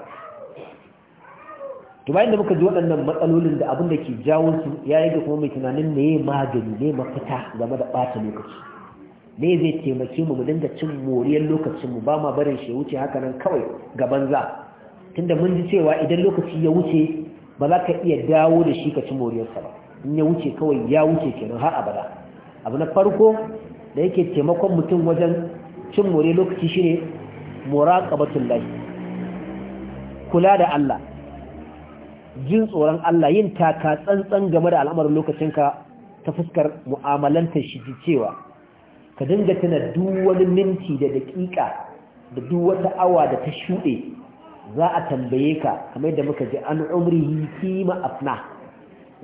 to bayan da muka ji waɗannan matsalolin da abin da ke jawo su ya yi kuma mai tunanin ne magani ne mafita game da ɓata lokaci ne zai taimake mu mu dinga cin moriyar lokacin mu ba ma barin shi wuce haka nan kawai ga banza tunda mun ji cewa idan lokaci ya wuce ba za ka iya dawo da shi ka ci moriyarsa ba in ya wuce kawai ya wuce kenan har abada abu na farko da yake taimakon mutum wajen cin more lokaci shine muraqabatul lahi kula da Allah jin tsoron Allah yin taka tsantsan game da al'amarin lokacinka ta fuskar mu'amalanta shi cewa ka dinga tana duk wani minti da daƙiƙa da duk wata awa da ta shuɗe za a tambaye ka kamar da muka ji an umrihi kima afna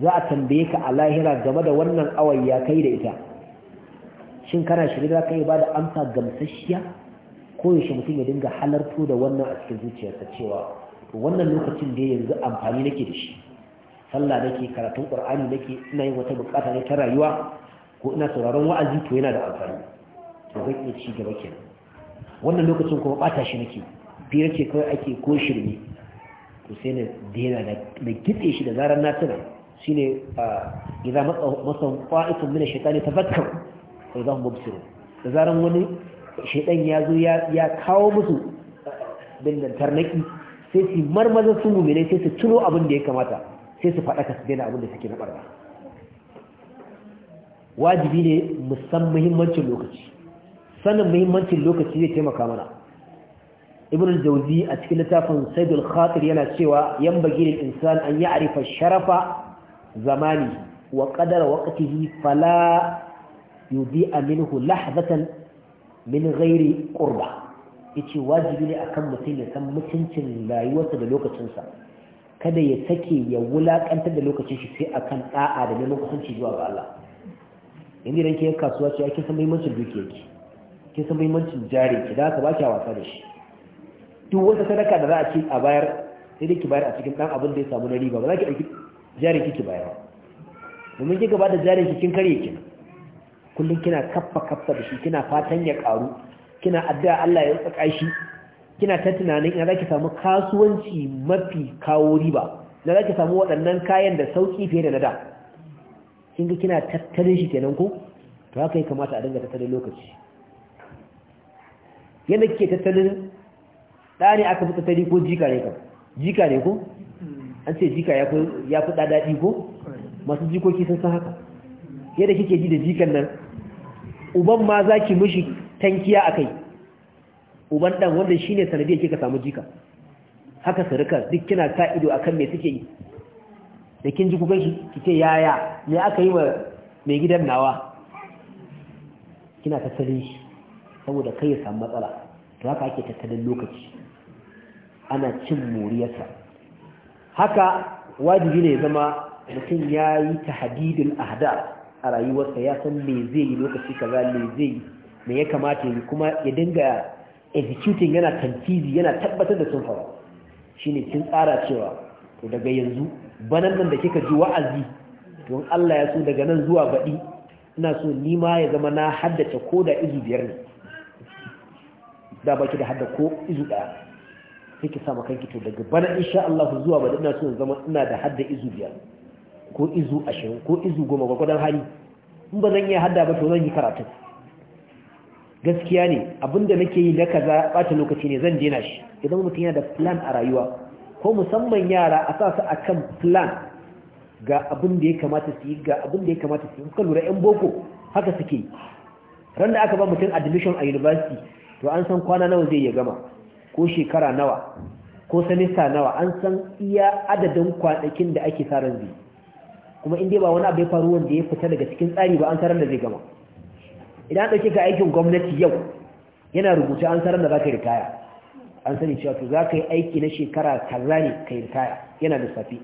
za a tambaye ka a lahira game da wannan awa ya kai da ita shin kana shirya za ka yi ba da amsa gamsasshiya ko yaushe mutum ya dinga halarto da wannan a cikin zuciyarsa cewa wannan lokacin da yanzu amfani nake da shi sallah nake karatun qur'ani nake ina yin wata bukata ne ta rayuwa ko ina sauraron wa'azi to yana da amfani to zan iya ci gaba kenan wannan lokacin kuma bata shi nake bi ce kawai ake ko shirme to sai na da gitse shi da zarar na tuna shine idza masan qa'itun min ash-shaytani tafakkar fa idza hum mubsirun da zaran wani shaytan ya zo ya kawo musu bin tarnaki sai su marmaza su mumine sai su tuno abin da ya kamata sai su faɗaka su daina abin da suke na wajibi ne mu san muhimmancin lokaci sanin muhimmancin lokaci zai taimaka mana ibn Jauzi a cikin littafin saidul khatir yana cewa yan baginin insan an ya arifa sharafa zamani wa qadara waqtihi fala yudi minhu lahzatan min ghairi yace wajibi ne akan mutum ya san mutuncin rayuwarsa da lokacinsa kada ya sake ya wulakantar da lokacin shi sai akan da'a da neman kusanci zuwa ga Allah yanzu idan ke kasuwa ce ake san muhimmancin dukiyarki ke san muhimmancin jari ki da ka ba ki wasa da shi duk wata sadaka da za a ci a bayar sai dai ki bayar a cikin dan abin da ya samu na riba ba za ki ɗauki jari kike bayar ba domin kika ba da jari kin karye ki kullum kina kaffa kaffa da shi kina fatan ya karu kina addu'a Allah ya tsaka shi kina ta tunanin ina zaki samu kasuwanci mafi kawo riba na zaki samu waɗannan kayan da sauki fiye da na da kin ga kina tattalin shi kenan ko to haka ya kamata a dinga tattalin lokaci yadda kike tattalin ɗa ne aka fi tattali ko jika ne kan jika ne ko an ce jika ya fi ɗaɗaɗi daɗi ko masu jikoki sun san haka yadda kike ji da jikan nan uban ma za ki mishi tankiya a kai uban ɗan wanda shi ne sanadiyar ke ka samu jika haka sarika duk kina sa ido a kan mai suke yi da kin ji kuka shi kike yaya me aka yi wa mai gidan nawa kina tattalin shi saboda kai ya samu matsala to haka ake tattalin lokaci ana cin moriyarsa haka wajibi ne zama mutum ya yi tahadidin ahada a rayuwarsa ya san me zai yi lokaci kaza me zai yi me ya kamata yi kuma ya dinga executing yana tantizi yana tabbatar da sun faru shine kin tsara cewa to daga yanzu banan nan da kika ji wa'azi don Allah ya so daga nan zuwa baɗi ina so ni ma ya zama na haddace ko da izu biyar ne da baki da hadda ko izu ɗaya sai ki sama kanki to daga bana insha Allah zuwa baɗi ina so zama ina da hadda izu biyar ko izu ashirin ko izu goma gwagwadon hali in ba zan iya hadda ba to zan yi karatun gaskiya ne abinda nake yi na kaza bata lokaci ne zan dena shi idan mutum yana da plan a rayuwa ko musamman yara a sa su akan plan ga abin da ya kamata su yi ga abin da ya kamata su yi kuka lura yan boko haka suke yi ran da aka ba mutum admission a university to an san kwana nawa zai ya gama ko shekara nawa ko semester nawa an san iya adadin kwanakin da ake sa ran zai kuma in dai ba wani abu ya faru wanda ya fita daga cikin tsari ba an san ran da zai gama idan ɗauke ka aikin gwamnati yau yana rubuta an sanar da za ka yi ritaya an sani cewa to za ka yi aiki na shekara kaza ne ka yi ritaya yana lissafi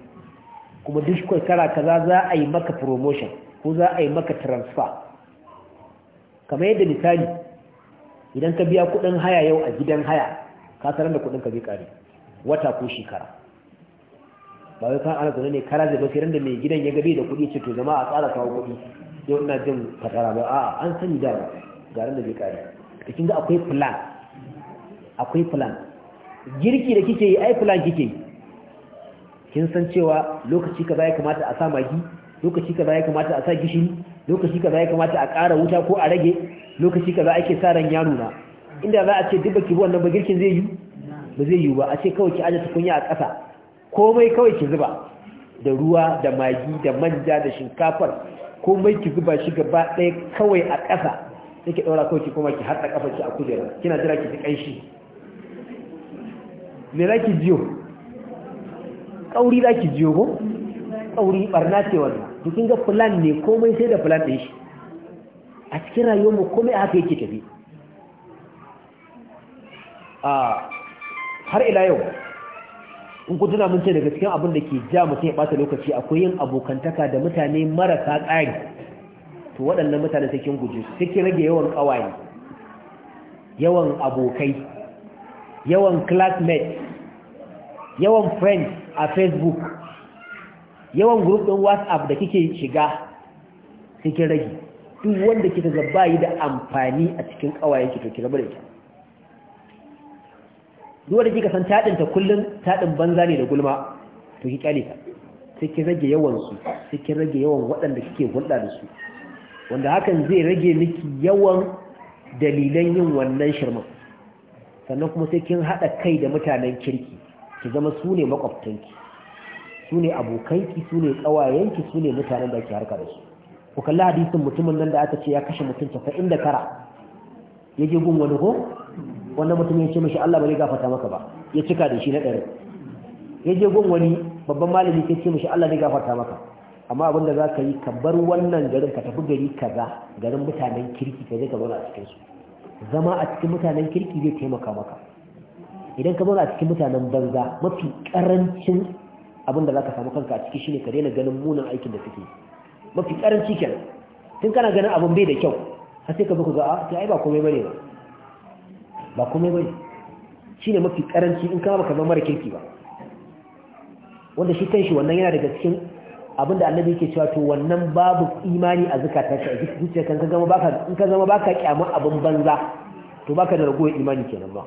kuma duk shekara kaza za a yi maka promotion ko za a yi maka transfer kamar yadda misali idan ka biya kuɗin haya yau a gidan haya ka sanar da kuɗin ka zai ƙare wata ko shekara ba wai kan ana zaune ne kara zai basirin da mai gidan ya gabe da kuɗi ce to zama a tsara kawo kuɗi yau ina jin fatara ba a'a an sani da garin da bai kare da kin ga akwai plan akwai plan girki da kike yi ai plan kike yi kin san cewa lokaci kaza ya kamata a sa magi lokaci kaza ya kamata a sa gishiri lokaci kaza ya kamata a ƙara wuta ko a rage lokaci kaza ake sa ran yaro na inda za a ce duk baki wannan ba girkin zai yi ba zai yi ba a ce kawai ki aje tukunya a ƙasa komai kawai ki zuba da ruwa da magi da manja da shinkafar komai ki zuba shi gaba ɗaya kawai a ƙasa sai ki ɗaura kawai ki kuma ki haɗa ƙafa ki a kujera kina jira ki ji ƙanshi me za ki jiyo ƙauri za ki jiyo ko ƙauri ɓarna ce wannan duk kin ga plan ne komai sai da plan ɗin shi a cikin rayuwar mu komai haka yake tafi a ah, har ila yau in ku tuna mun ce daga cikin abin da ke ja mutum ya bata lokaci akwai yin abokantaka da mutane marasa tsari to waɗannan mutane sai kin guje su sai rage yawan ƙawaye, yawan abokai yawan classmates yawan friends a facebook yawan group ɗin whatsapp da kike shiga sai kin rage duk wanda kika zaba bayi da amfani a cikin kawayen to ki rabu da ita duwa da kika san taɗin ta kullum taɗin banza ne da gulma to ki kyale ta sai ki rage yawan su sai ki rage yawan waɗanda kike hulɗa da su wanda hakan zai rage miki yawan dalilan yin wannan shirman sannan kuma sai kin haɗa kai da mutanen kirki ki zama su ne makwabtanki su ne abokanki su ne ƙawayenki su ne mutanen da ke harka da su ku kalli hadisin mutumin nan da aka ce ya kashe mutum casa'in da kara ya je gun wani ko wannan mutum ya ce mashi Allah ba zai gafarta maka ba ya cika da shi na ɗari ya je gun wani babban malami ya ce mashi Allah zai gafarta maka amma abin da za ka yi ka bar wannan garin ka tafi gari kaza garin mutanen kirki ka je ka zauna a cikin su zama a cikin mutanen kirki zai taimaka maka idan ka zauna a cikin mutanen banza mafi karancin abin da za ka samu kanka a ciki shine ka daina ganin munin aikin da suke mafi karanci kenan tun kana ganin abin bai da kyau har sai ka zo ka ga a ah, ai ba komai bane ba ba kuma komai bane ne mafi karanci in ka zama mara kirki ba wanda shi kanshi wannan yana daga cikin abinda annabi yake cewa to wannan babu imani a zakatarka zuciya kan ka zama baka in ka zama baka kyama abin banza to baka da ragowar imani kenan ba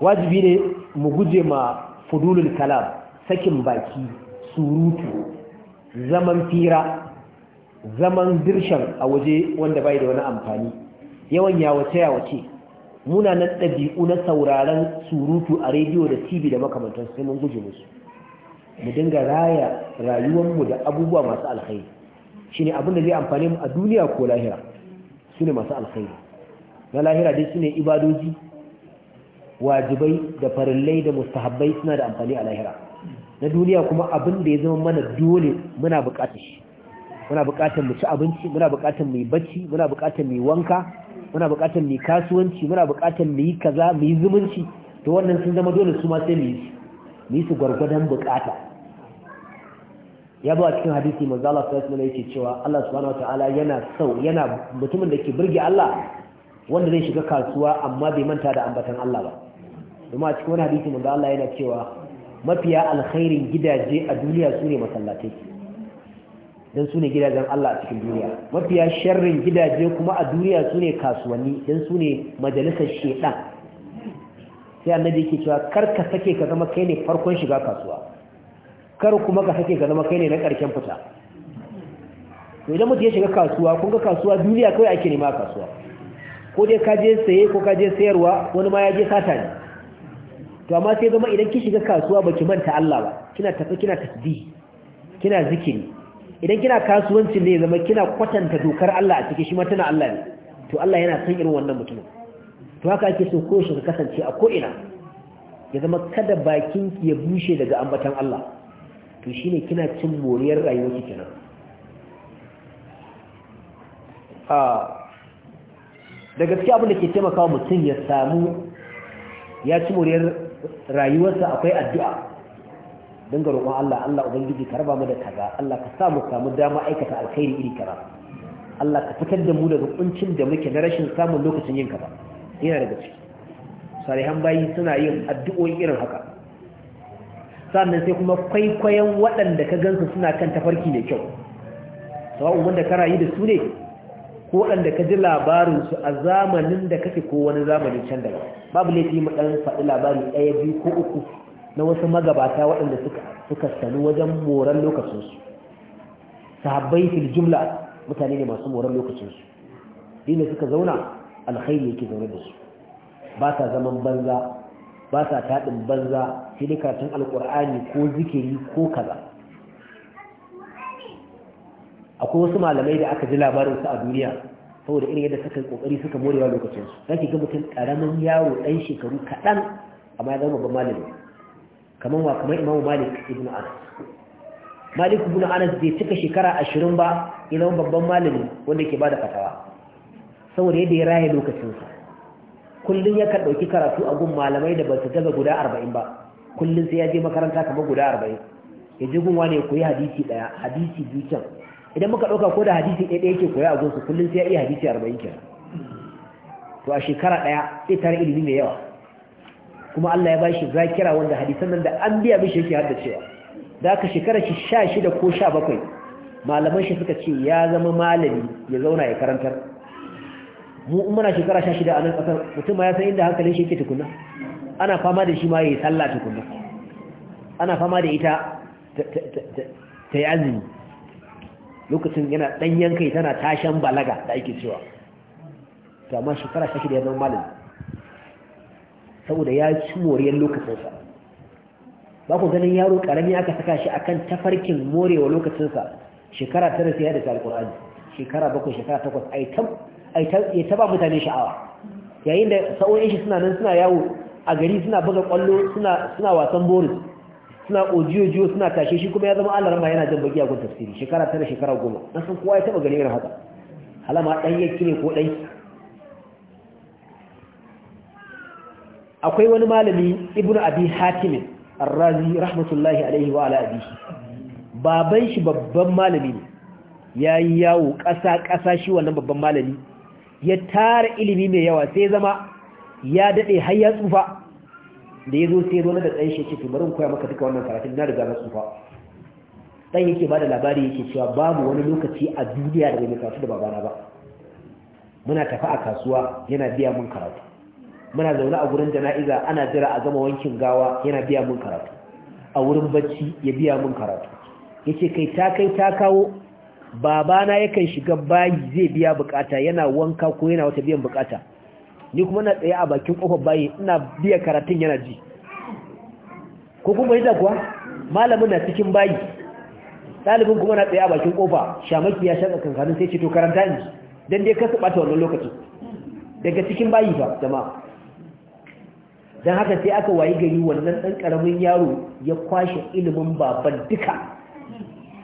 wajibi ne mu guje ma fudulul kalam sakin baki surutu zaman fira zaman dirshan a waje wanda bai da wani amfani yawan yawace yawace muna munanan ɗabi'u na sauraron surutu a rediyo da tv da makamantar sai mun guje musu mu dinga raya mu da abubuwa masu alkhairi shine abin da zai amfane mu a duniya ko lahira ne masu alkhairi na lahira dai sune ibadoji wajibai da farillai da mustahabbai suna da amfani a lahira na duniya kuma abin da ya zama mana dole muna buƙatar shi muna buƙatar mu ci abinci muna buƙatar mu yi bacci muna buƙatar mu yi wanka muna buƙatar mu yi kasuwanci muna buƙatar mu yi kaza mu yi zumunci to wannan sun zama dole su ma sai mu yi mu yi su gwargwadon buƙata ya ba cikin hadisi manzo Allah sallallahu alaihi wasallam cewa Allah subhanahu wataala yana sau yana mutumin da ke burge Allah wanda zai shiga kasuwa amma bai manta da ambatan Allah ba kuma a cikin wani hadisi manzo Allah yana cewa mafiya alkhairin gidaje a duniya sune masallatai don su ne gidajen Allah a cikin duniya mafiya sharrin gidaje kuma a duniya su ne kasuwanni don su ne majalisar shedan sai annabi yake cewa kar ka sake ka zama kai ne farkon shiga kasuwa kar kuma ka sake ka zama kai ne na ƙarshen fita to idan mutum ya shiga kasuwa kun ga kasuwa duniya kawai ake nema kasuwa ko dai ka je saye ko ka je sayarwa wani ma ya je sata ne to amma sai zama idan ki shiga kasuwa baki manta Allah ba kina tafi kina tasbih kina zikiri idan kina kasuwancin ne zama kina kwatanta dokar Allah a cikin shi ma tana Allah ne to Allah yana san irin wannan mutumin to haka ake so ko ka kasance a ko'ina. ina ya zama kada bakin ki ya bushe daga ambatan Allah to shine kina cin moriyar rayuwar ki kenan a da gaskiya abin da ke taimakawa mutum ya samu ya ci moriyar rayuwarsa akwai addu'a dinga roƙon Allah Allah ubangiji ka raba mu da kaza Allah ka sa mu samu dama aikata alkhairi iri kaza Allah ka fitar da mu daga kuncin da muke na rashin samun lokacin yin kaza Ina daga ciki Sarihan bayi suna yin addu'o'i irin haka sannan sai kuma kwaikwayon waɗanda ka gansu suna kan tafarki mai kyau sawa'un wanda ka rayu da su ne ko waɗanda ka ji labarin su a zamanin da kake ko wani zamanin can daga babu laifi mu ɗan faɗi labari ɗaya biyu ko uku na wasu magabata waɗanda suka sanu wajen moran lokacinsu sahabbai fil jumla mutane ne masu moran lokacinsu inda suka zauna alkhairi yake zaune da su ba ta zaman banza ba ta taɗin banza sai dai karatun alƙur'ani ko zikiri ko kaza akwai wasu malamai da aka ji labarin su a duniya saboda irin yadda suka kokari suka morewa lokacinsu zaki ga mutum ƙaramin yaro ɗan shekaru kaɗan amma ya zama babban malami kamar wa kamar imamu malik ibn anas malik ibn anas bai cika shekara ashirin ba idan babban malami wanda ke bada fatawa saboda yadda ya raye lokacinsa kullum ya kan ɗauki karatu a gun malamai da ba su gaza guda arba'in ba kullum sai ya je makaranta kamar guda arba'in ya je gunwa ne koyi hadisi ɗaya hadisi biyu can idan muka ɗauka ko da hadisi ɗaya ɗaya yake koya a gunsu kullum sai ya iya hadisi arba'in kenan to a shekara ɗaya sai tare ilimi mai yawa kuma Allah ya bashi zakira wanda hadisan nan da an biya mishi yake haddacewa da aka shekara shi 16 ko 17 malaman shi suka ce ya zama malami ya zauna ya karantar mu in muna shekara 16 a nan kasar mutum ya san inda hankalin shi yake tukunna ana fama da shi ma yayi sallah tukunna ana fama da ita ta yi azumi lokacin yana ɗanyen kai tana tashan balaga da ake cewa to amma shekara 16 ya zama malami saboda ya ci moriyar lokacinsa ba ku ganin yaro karami aka saka shi akan tafarkin morewa lokacinsa shekara tara sai ya da alkur'ani shekara bakwai shekara takwas ya taba mutane sha'awa yayin da sa'o'in shi suna nan suna yawo a gari suna buga kwallo suna wasan boris suna ojiyo-jiyo suna tashe shi kuma ya zama allah rama yana jan baki a gun tafsiri shekara tara shekara goma na san kowa ya taba gani irin haka halama ɗan yake ne ko ɗan akwai wani malami ibnu abi hatim ar-razi rahmatullahi alaihi wa ala abihi baban shi babban malami ne yayi yawo ƙasa ƙasa shi wannan babban malami ya tara ilimi mai yawa sai zama ya dade har ya tsufa da yazo sai zo na da tsayin shi ce in koya maka duka wannan karatun na riga na tsufa dan yake bada labari yake cewa babu wani lokaci a duniya da bai karatu da babana ba muna tafi a kasuwa yana biya mun karatu muna zaune a gurin jana'iza ana jira a gama wankin gawa yana biya mun karatu a wurin bacci ya biya mun karatu yace kai ta kai ta kawo babana yakan shiga bayi zai biya bukata yana wanka ko yana wata biyan bukata ni kuma na tsaye a bakin kofar bayi ina biya karatun yana ji ko kuma yadda kuwa malamin na cikin bayi ɗalibin kuma na tsaye a bakin kofa shamaki ya shaka kankanin sai ce to karanta ni dan dai kasu bata wannan lokacin daga cikin bayi ba jama'a don haka sai aka wayi gari wannan ɗan ƙaramin yaro ya kwashe ilimin baban duka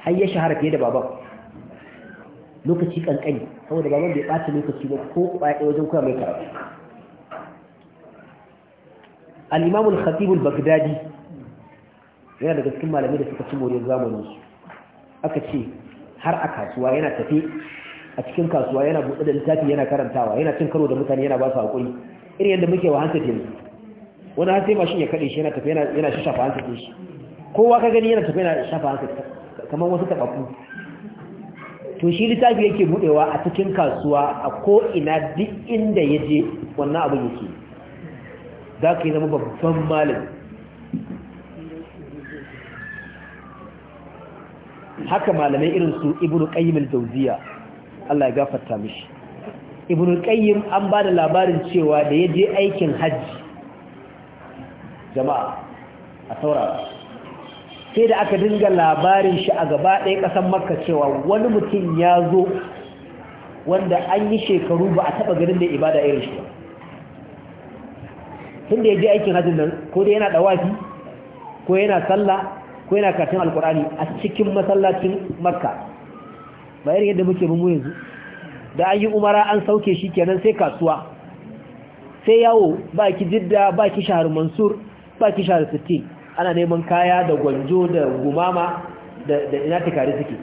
har ya shahara fiye da baban lokaci ƙanƙani saboda baban bai ɓata lokaci ba ko ƙwaye wajen kuma mai karatu Alimamul imam al yana daga cikin malamai da suka ci moriyar zamani aka ce har a kasuwa yana tafi a cikin kasuwa yana buɗe da littafi yana karantawa yana cin karo da mutane yana ba su haƙuri irin yadda muke wa hankali yanzu wani har sai mashin ya kaɗe shi yana tafi yana shafa hansa shi kowa ka gani yana tafi yana shafa hansa kamar wasu taɓaɓɓu to shi littafi yake buɗewa a cikin kasuwa a ko'ina duk inda ya je wannan abin yake za ka yi zama babban malin haka malamai irin su ibnu qayyim al-jawziya Allah ya gafarta mishi ibnu qayyim an ba da labarin cewa da ya je aikin hajji jama'a a saurara sai da aka dinga labarin shi a gaba ɗaya ƙasar makka cewa wani mutum ya zo wanda an yi shekaru ba a taɓa ganin da ibada irin shi tun da ya je aikin hajji nan ko da yana ɗawafi ko yana sallah ko yana karatun alkur'ani a cikin masallacin makka ba irin yadda muke mu yanzu da an yi umara an sauke shi kenan sai kasuwa sai yawo ba ki jidda ba ki shahar mansur ba kisha da sittin ana neman kaya da gwanjo da gumama da ina ta kare suke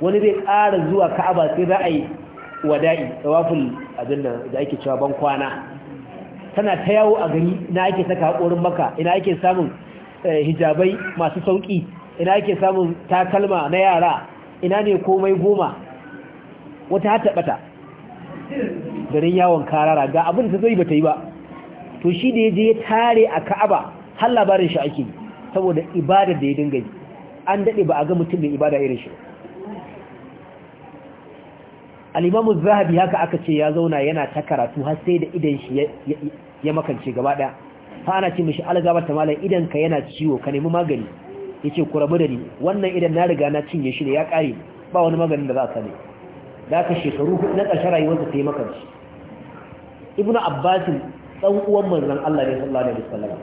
wani zai ƙara zuwa ka'aba sai za a yi wada'i tsawafin abin da ake cewa ban kwana tana ta yawo a gani na ake saka haƙorin maka ina ake samun eh, hijabai masu sauƙi ina ake samun takalma na yara ina ne komai goma wata hata ɓata garin yawon karara ga abin da ta zai ba yi ba to shi da ya je ya tare a ka'aba har labarin shi ake saboda ibada da ya dinga yi an daɗe ba a ga mutum da ibada irin shi al'imamu zahabi haka aka ce ya zauna yana ta karatu har sai da idan shi ya makance gaba ɗaya fa ana ce mishi algabar ta malam idan ka yana ciwo ka nemi magani yace ku rabu da ni wannan idan na riga na cinye shi ne ya kare ba wani maganin da za a sani da aka shekaru na ƙarshen rayuwarsa ta yi ibnu abbasin Ɗan uwan manzon Allah ne sallallahu alaihi wasallam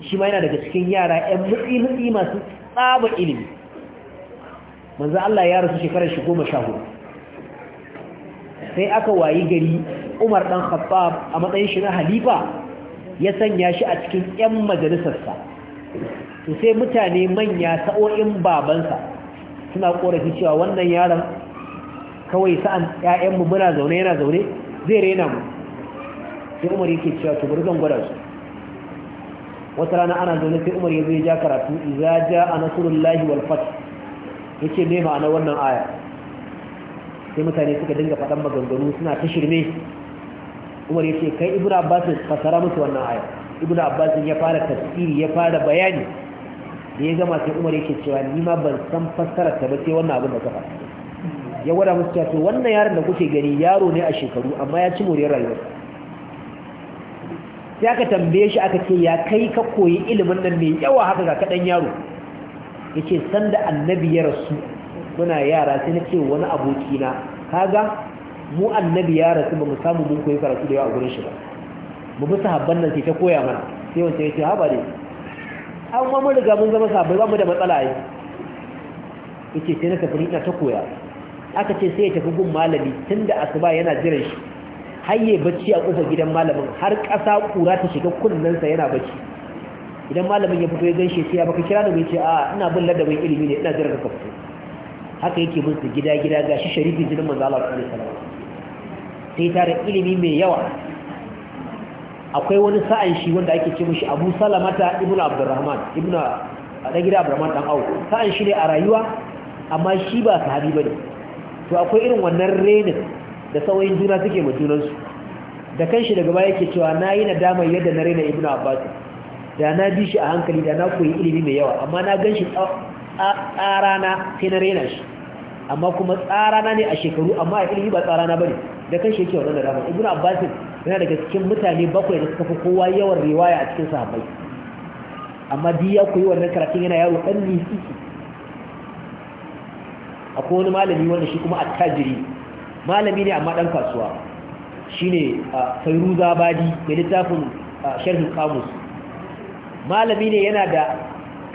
shi ma yana daga cikin yara ƴan mutsi-mutsi masu tsaba ilimi manzon Allah ya rasu shekarar shi 14 sai aka wayi gari Umar dan Khattab a matsayin shi na halifa ya sanya shi a cikin ƴan majalisarsa to sai mutane manya sa'o'in babansa suna korafi cewa wannan yaron kawai sa'an ƴaƴanmu muna zaune yana zaune zai rena mu sai umar yake cewa to bari zan gwada su wata rana ana zaune sai umar yazo ya ja karatu idza jaa nasrullahi wal fat yake me ma'ana wannan aya sai mutane suka dinga faɗan maganganu suna ta shirme umar yake kai ibnu abbas fasara musu wannan aya ibnu abbas ya fara tafsiri ya fara bayani da ya gama sai umar yake cewa ni ma ban san fassarar ta ba sai wannan abin da ka faɗa ya gwada musu cewa wannan yaron da kuke gani yaro ne a shekaru amma ya ci moriyar rayuwarsa sai aka tambaye shi aka ce ya kai ka koyi ilimin nan mai yawa haka ga kaɗan yaro ya ce sanda annabi ya rasu muna yara sai na ce wani abokina kaga mu annabi ya rasu ba mu samu mun koyi karatu da yawa a gurin shi ba mu bi sahabban nan sai ta koya mana sai wanda ya ce ha ba dai an ma mun riga mun zama sahabbai ba mu da matsala ya yace sai na tafi ina ta koya aka ce sai ya tafi gun malami tun da asuba yana jiran shi yi bacci a kusa gidan malamin har ƙasa kura ta shiga kunnensa yana bacci idan malamin ya fito ya gan sai ya baka kira da mai ce a ina bin ladabin ilimi ne ina jira ka fito haka yake bin su gida gida gashi sharifin jinin manzo Allah sallallahu alaihi wasallam sai tare ilimi mai yawa akwai wani sa'an shi wanda ake ce mishi Abu Salamata Ibn Abdurrahman Ibn da gida Abdurrahman dan Awu sa'an shi ne a rayuwa amma shi ba sahabi bane to akwai irin wannan renin da sauyin juna suke ma junansu da kanshi daga baya yake cewa na yi na nadamar yadda na raina ibnu abbas da na bi shi a hankali da na koyi ilimi mai yawa amma na gan shi tsarana sai na raina shi amma kuma tsarana ne a shekaru amma a ilimi ba tsarana ba ne da kanshi yake wannan nadamar ibnu abbas yana daga cikin mutane bakwai da suka fi kowa yawan riwaya a cikin sahabbai amma duk ya koyi wannan karatun yana yaro dan nisisi akwai wani malami wanda shi kuma attajiri malami ne amma dan kasuwa shine Sairu badi mai littafin sharhin kamus malami ne yana da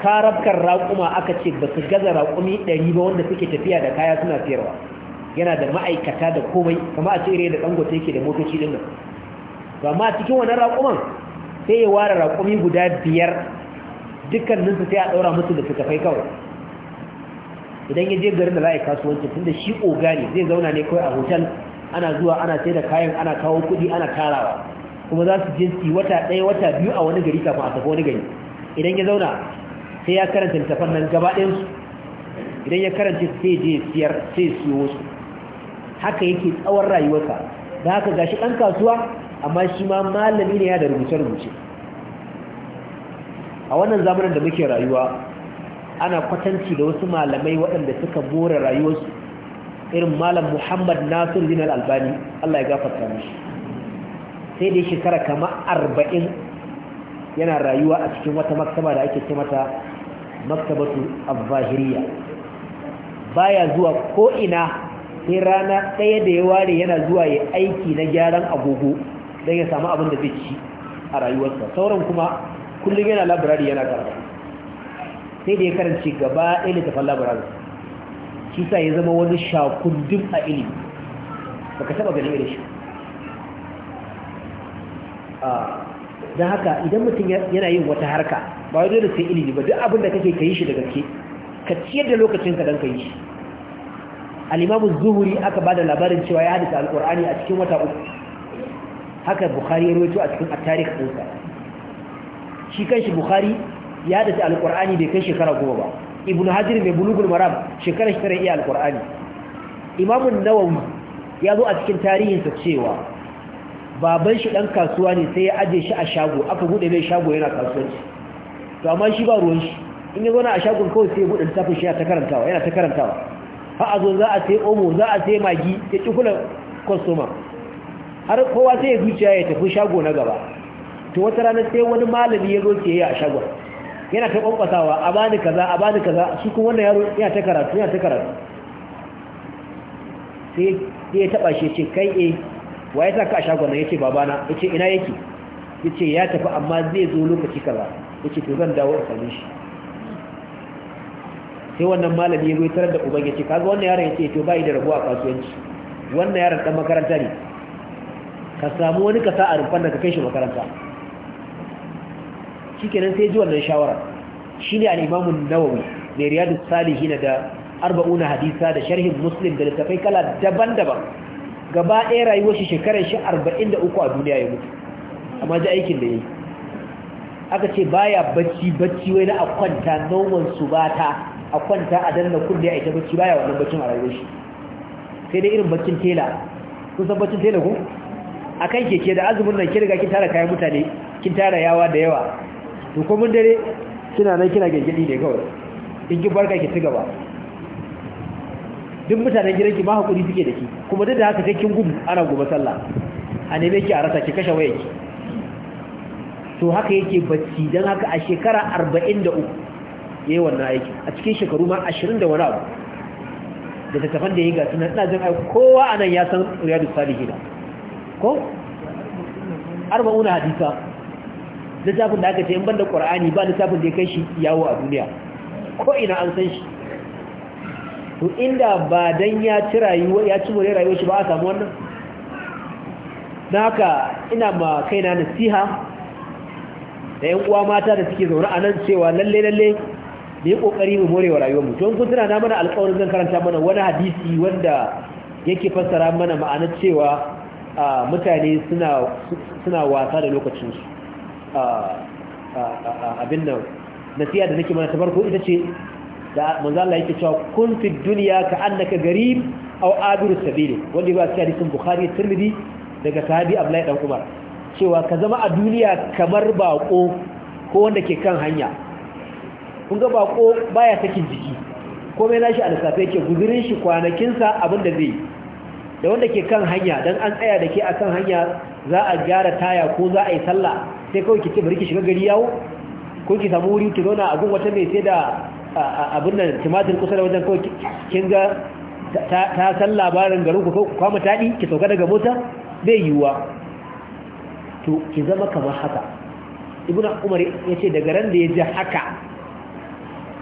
karabkar raƙuma aka ce ba su gaza raƙumi ɗari ba wanda suke tafiya da kaya suna siyarwa yana da ma'aikata da komai kuma a cire da dangote yake da motoci din nan ba ma cikin wani raƙuman sai ya ware raƙumi guda biyar dukkaninsu sai a ɗaura musu da suka kawai idan ya je garin da za a yi kasuwanci tunda shi oga ne zai zauna ne kawai a hotel ana zuwa ana sai da kayan ana kawo kuɗi ana tarawa kuma za su jinsi wata ɗaya wata biyu a wani gari kafin a tafi wani gari idan ya zauna sai ya karanta littafan nan gaba su idan ya karanta sai je siyar sai siyo wasu haka yake tsawon rayuwarsa da haka gashi ɗan kasuwa amma shi ma malami ne ya da rubuce-rubuce a wannan zamanin da muke rayuwa ana kwatanci da wasu malamai waɗanda suka bora rayuwarsu irin malam muhammad Nasiru bin albani allah ya gafarta sai dai shekara kama arba'in yana rayuwa a cikin wata maktaba da ake ce mata maktabatu al Ba baya zuwa ko'ina sai rana ɗaya da ya ware yana zuwa ya aiki na gyaran agogo don ya samu abin da zai ci a rayuwarsa sauran kuma kullum yana labirari yana karfa sai da ya karance gaba ɗaya littafin labarai shi sa ya zama wani shakundin a ilimi baka taba ganin irin shi don haka idan mutum yana yin wata harka ba wajen da sai ilimi ba duk abin da kake kayi shi da ke ka ciyar da lokacin ka don ka yi shi alimamu zuhuri aka ba da labarin cewa ya hadisa al'ur'ani a cikin wata uku haka bukhari ya rawaito a cikin attarikh ɗinsa shi kanshi bukhari ya da ta alƙur'ani bai kai shekara goma ba ibn hajir mai bulugul maram shekara shekara iya alƙur'ani an nawawi ya zo a cikin sa cewa baban shi ɗan kasuwa ne sai ya aje shi a shago aka gude mai shago yana kasuwanci to amma shi ba ruwan shi in ya zauna a shagon kawai sai ya buɗe littafin shi yana ta karantawa yana ta karantawa har a zo za a sai omo za a sai magi ya ki kula kwastoma har kowa sai ya zuciya ya tafi shago na gaba to wata ranar sai wani malami ya zo ke yi a shagon yana ta kwankwasawa a bani kaza a bani kaza shi kuma wannan yaro yana ta karatu yana ta karatu sai ya taba shi ce kai e wa ya saka a shagon ya ce babana ya ce ina yake ce ya tafi amma zai zo lokaci kaza ce to zan dawo a sami shi sai wannan malami ya zo tarar da uban ce kaga wannan yaron ce to bayi da rabuwa a kasuwanci wannan yaron dan makaranta ne ka samu wani kasa a rufan da ka kai shi makaranta shikenan sai ji wannan shawara shine al-Imam an-Nawawi da Riyadu Salihin da 40 hadisa da sharhin Muslim da littafai kala daban-daban gaba ɗaya rayuwar shi shekarar shi 43 a duniya ya mutu amma ji aikin da yayi aka ce baya bacci bacci wai na a kwanta noman subata a kwanta a danna kunne a ita bacci baya wannan baccin a rayuwar shi sai dai irin baccin tela kun san baccin tela ko akan keke da azumin nan ki riga kin tara kayan mutane kin tara yawa da yawa to ko mun dare kina nan kina gaggidi ne kawai in ki barka ki ci gaba duk mutanen gidan ki ba hakuri suke da ki kuma duk da haka sai kin gudu ana gobe sallah a neme ki a rasa ki kashe ki to haka yake bacci don haka a shekara 43 yayi wannan aiki a cikin shekaru ma 20 da wani abu da tattafan da ya ga suna ina jin aiki kowa a nan ya san riyadu salihina ko arba'una hadisa littafin da aka ce in banda ƙwar'ani ba littafin da ya kai shi yawo a duniya ko ina an san shi to inda ba dan ya ci rayuwa ya ci rayuwar shi ba a samu wannan na haka ina ma kaina nasiha da yan uwa mata da suke zaune a nan cewa lalle lalle da ya kokari mu morewa rayuwar mu don kun na mana alƙawarin zan karanta mana wani hadisi wanda yake fassara mana ma'anar cewa mutane suna wasa da lokacinsu abin nan nasiya da nake mana ta farko ita ce da manzo Allah yake cewa kun fi dunya ka annaka garib aw abiru sabili wanda ba cikin hadisin bukhari tirmidhi daga sahabi abdullahi dan umar cewa ka zama a duniya kamar bako ko wanda ke kan hanya kun ga bako baya sakin jiki komai nashi a lissafe yake guzurin shi kwanakin sa abin da zai da wanda ke kan hanya dan an tsaya da ke akan hanya za a gyara taya ko za a yi sallah sai kawai ki bari ki shiga gari yawo ko ki samu wuri ki zauna a gun wata mai sai da abin nan tumatir kusa da wajen kawai kin ga ta san labarin garin ku kwamu taɗi ki sauka daga mota bai yiwuwa to ki zama kamar haka ibn umar ya ce daga ran da ya ji haka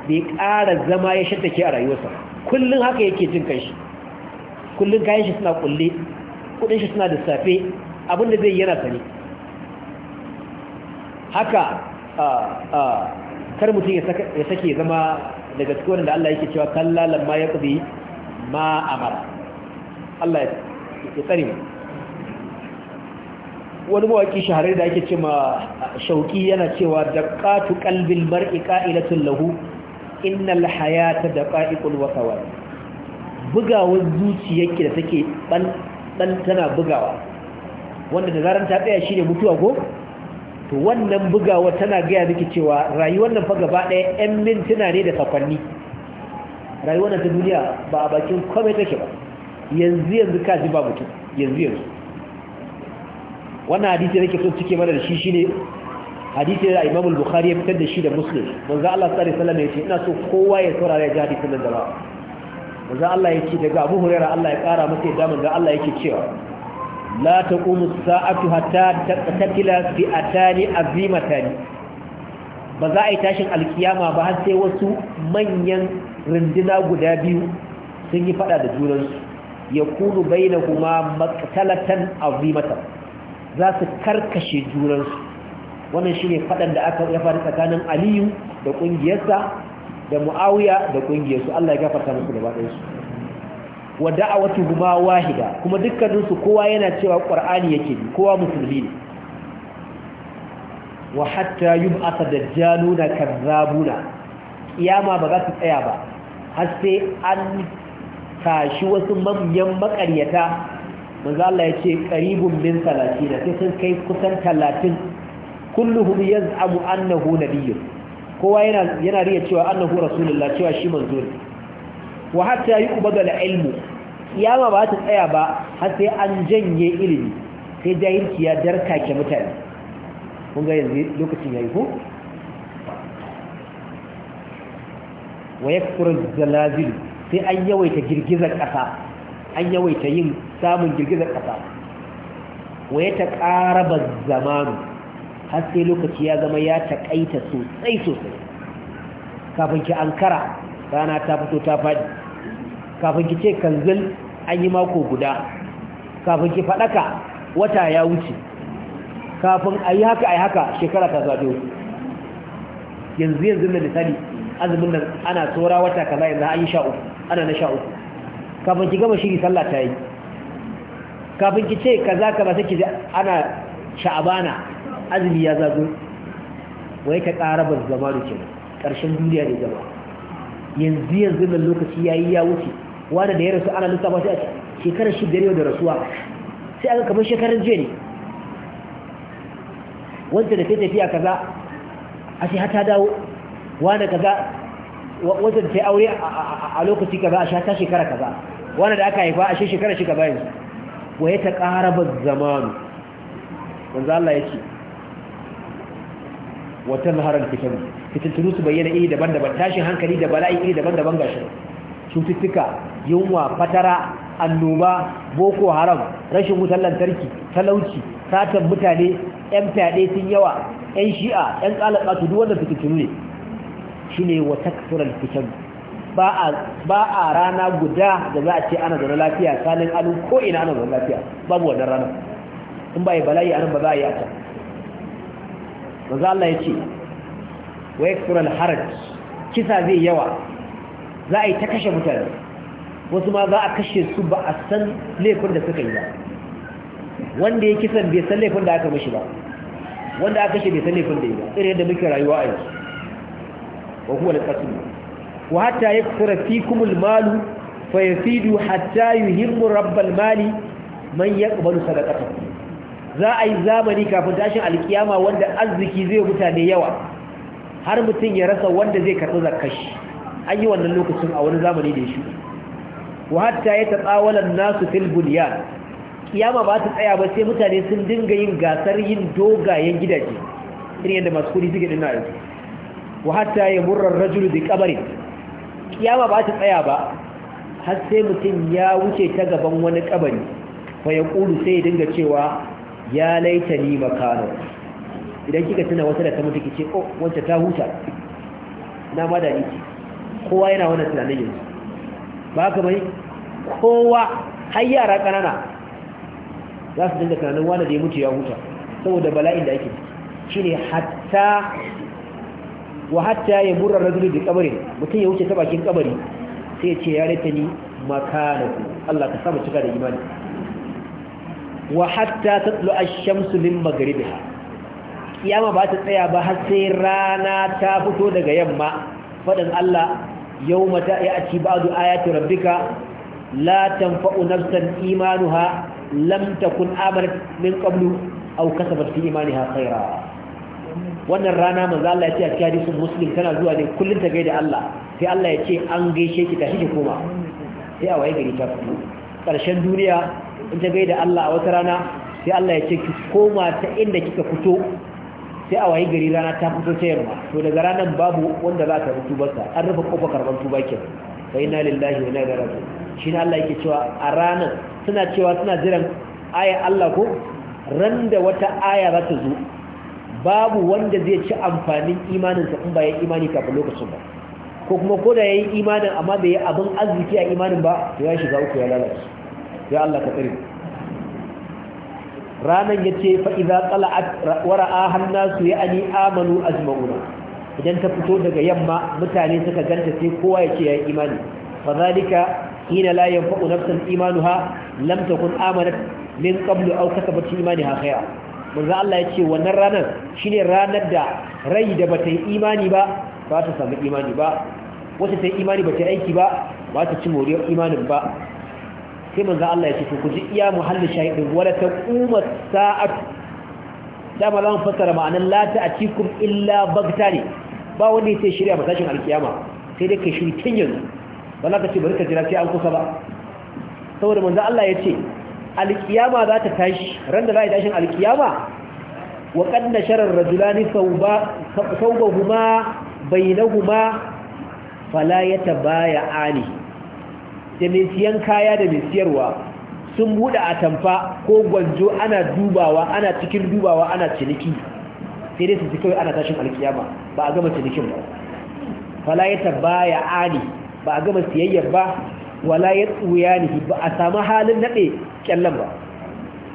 bai ƙara zama ya ke a rayuwarsa kullum haka yake jin kanshi kullum kayan shi suna kulle kudin shi suna da safe abinda zai yana sani haka kar mutum ya sake zama daga cikin da Allah yake cewa kalla lamma ya kudi ma amara Allah ya tsari wani mawaki shahararri da ake cewa shauki yana cewa da katu kalbin mar'i qa'ilatun lahu innal hayata da wa thawab bugawar zuciyarki da take dan tana bugawa wanda da zaran ta tsaya shine mutuwa ko to wannan bugawa tana gaya miki cewa rayuwar nan fa gaba ɗaya 'yan mintuna ne da sakwanni rayuwar nan ta duniya ba a bakin komai take ba yanzu yanzu ka ji ba mutum yanzu yanzu wannan hadisi nake so cike mana da shi shine hadisi da Imam al-Bukhari ya fitar da shi da Muslim manzo Allah sallallahu alaihi wasallam ya ce ina so kowa ya saurara ya ji hadisin nan da ba manzo Allah ya ce daga Abu Hurairah Allah ya kara masa da manzo Allah yake cewa la taqumu as-sa'atu hatta tatakila fi atani azimatani ba za a yi tashin alkiyama ba har sai wasu manyan rinduna guda biyu sun yi fada da junansu ya kunu baina kuma maktalatan azimatan za su karkashe junansu wannan shine fadan da aka ya faru tsakanin aliyu da kungiyarsa da muawiya da kungiyarsu Allah ya gafarta musu da ɗayansu wa da'awatuhuma wahida kuma dukkaninsu kowa yana cewa qur'ani yake bi kowa musulmi ne wa hatta yub'atha dajjaluna kazzabuna kiyama ba za su tsaya ba har sai an tashi wasu manyan makaryata manzo Allah yace qaribun min 30 sai sun kai kusan 30 kulluhum yaz'amu annahu nabiyyun kowa yana yana riya cewa annahu rasulullah cewa shi manzo ne wa hatta yi ubadal ilmu kiyama ba ta tsaya ba har sai an janye ilimi sai jahilci ya darkake mutane kun ga yanzu lokacin yayi ko wa yakfuru zalazil sai an yawaita girgizar kasa an yawaita yin samun girgizar kasa wa ya taqaraba zamanu har sai lokaci ya zama ya takaita sosai sosai kafin ki ankara rana ta fito ta faɗi kafin ki ce kanzil an yi mako guda kafin ki faɗaka wata ya wuce kafin a yi haka a yi haka shekara ta zaɓe yanzu yanzu na misali azumin nan ana tsora wata kaza yanzu an yi sha uku ana na sha uku kafin ki gama shiri sallah ta yi kafin ki ce kaza ba sai ki ana sha'abana azumi ya zago wai ta ƙara ban zama da ke ƙarshen duniya ne zama yanzu yanzu nan lokaci yayi ya wuce wanda da ya rasu ana lissafa shi a shekarar shi da da rasuwa sai aka kamar shekarar jiya ne wanda da ta tafiya kaza a shi ta dawo wanda kaza wanda da ta aure a lokaci kaza a shi ta shekara kaza wanda da aka haifa a shi shekara shi kaza yanzu wa ya ta ƙaraba zamanu wanda Allah ya ce wata naharar fitar fitintunu su bayyana iri daban-daban tashin hankali da bala'i iri daban-daban gashi cututtuka yunwa fatara annoba boko haram rashin wutar lantarki talauci satan mutane yan fyaɗe sun yawa yan shi'a yan ƙalaƙa su duk wannan fitintunu ne ne wa takfiral fitan ba a rana guda da za a ce ana zaune lafiya salin alu ko ina ana zaune lafiya babu wannan rana in ba yi bala'i nan ba za a yi a can Maza Allah ya ce wa yakthura al-haraj kisa zai yawa za a yi ta kashe mutane wasu ma za a kashe su ba a san laifin da suka yi ba wanda ya kisan bai san laifin da aka mashi ba wanda aka kashe bai san laifin da yi ba irin yadda muke rayuwa a yanzu wa huwa al-qatl wa hatta yakthura fikum al-malu fa yafidu hatta yuhimmu rabb al-mali man yaqbalu sadaqatahu za a yi zamani kafin tashin alkiyama wanda arziki zai mutane yawa har mutum ya rasa wanda zai karɓi zakar shi an yi wannan lokacin a wani zamani da shi wa hatta ya tatsawalan nasu fil kiyama ba ta tsaya ba sai mutane sun dinga yin gasar yin dogayen gidaje irin yadda masu kudi suke dinna yanzu wa hatta ya murrar rajulu bi qabri kiyama ba ta tsaya ba har sai mutum ya wuce ta gaban wani kabari fa ya kulu sai ya dinga cewa ya laitani makano idan kika tuna wata da ta mutu kice ko oh, wacce ta huta na ma da ce kowa yana wannan tunanin yanzu ba haka bai kowa har yara kanana za su dinga tunanin wani da ya mutu ya huta saboda bala'in da ake shine hatta wa hatta ya burra rajulu bi qabri mutum ya wuce ta bakin kabari sai ya ce ya rata ni makanaku Allah ka saba cika da imani wa hatta tatlu ash-shamsu min maghribiha kiyama ba ta tsaya ba har sai rana ta fito daga yamma faɗin Allah yau mata ya ci ba'adu ayatu rabbika la tanfa'u nafsan imanuha lam takun amanat min qablu aw kasabat fi imaniha khaira wannan rana manzo Allah ya ce a cikin hadisin muslim tana zuwa ne kullun ta gaida Allah sai Allah ya ce an gaishe ki tashi ki koma sai a waye gari ta fito karshen duniya in ta gaida Allah a wata rana sai Allah ya ce ki koma ta inda kika fito sai a wayi gari rana ta fito ta yamma to daga ranar babu wanda za ka rutu barsa an rufe kofar karban tuba ke fa inna lillahi wa inna ilaihi raji'un shi ne Allah yake cewa a ranar suna cewa suna jiran aya Allah ko ran da wata aya za ta zo babu wanda zai ci amfanin imaninsa in ba ya imani kafin lokacin ba ko kuma ko da ya yi imanin amma bai yi abin arziki a imanin ba ya shiga uku ya lalace ya Allah ka tsare ranan yace fa idza qala'at wara'a hannasu ya'ni amanu ajma'una idan ta fito daga yamma mutane suka ganta sai kowa yace yayi imani fa zalika hina layan yanfa'u imanu ha lam takun Amana min qablu aw kasabat imanaha khayra manzo Allah ce wannan ranar shine ranar da rai da bata yi imani ba ba ta samu imani ba wata ta yi imani bata yi aiki ba ba ta ci moriyar imanin ba sai manzo Allah ya ce ku ji iya muhallin shahidin wala taquma sa'at da zan fasara ma'anan la ta'tikum illa bagtani ba wanda yake shirya matashin alkiyama sai dai ka shiri tun yanzu ba za ka ce bari ka jira sai an kusa ba saboda manzo Allah ya ce alkiyama za ta tashi ran da za a tashin alkiyama wa qad nashara ar-rajulani thawba thawbahuma bainahuma fala yatabaya'ani da mai siyan kaya da mai siyarwa sun buɗe tamfa ko gwanjo ana dubawa ana cikin dubawa ana ciniki sai dai su ci kawai ana tashin alkiyama ba a gama cinikin ba fala ya taba ya ani ba a gama siyayyar ba wala ya tsuya ne ba a samu halin naɗe kyallon ba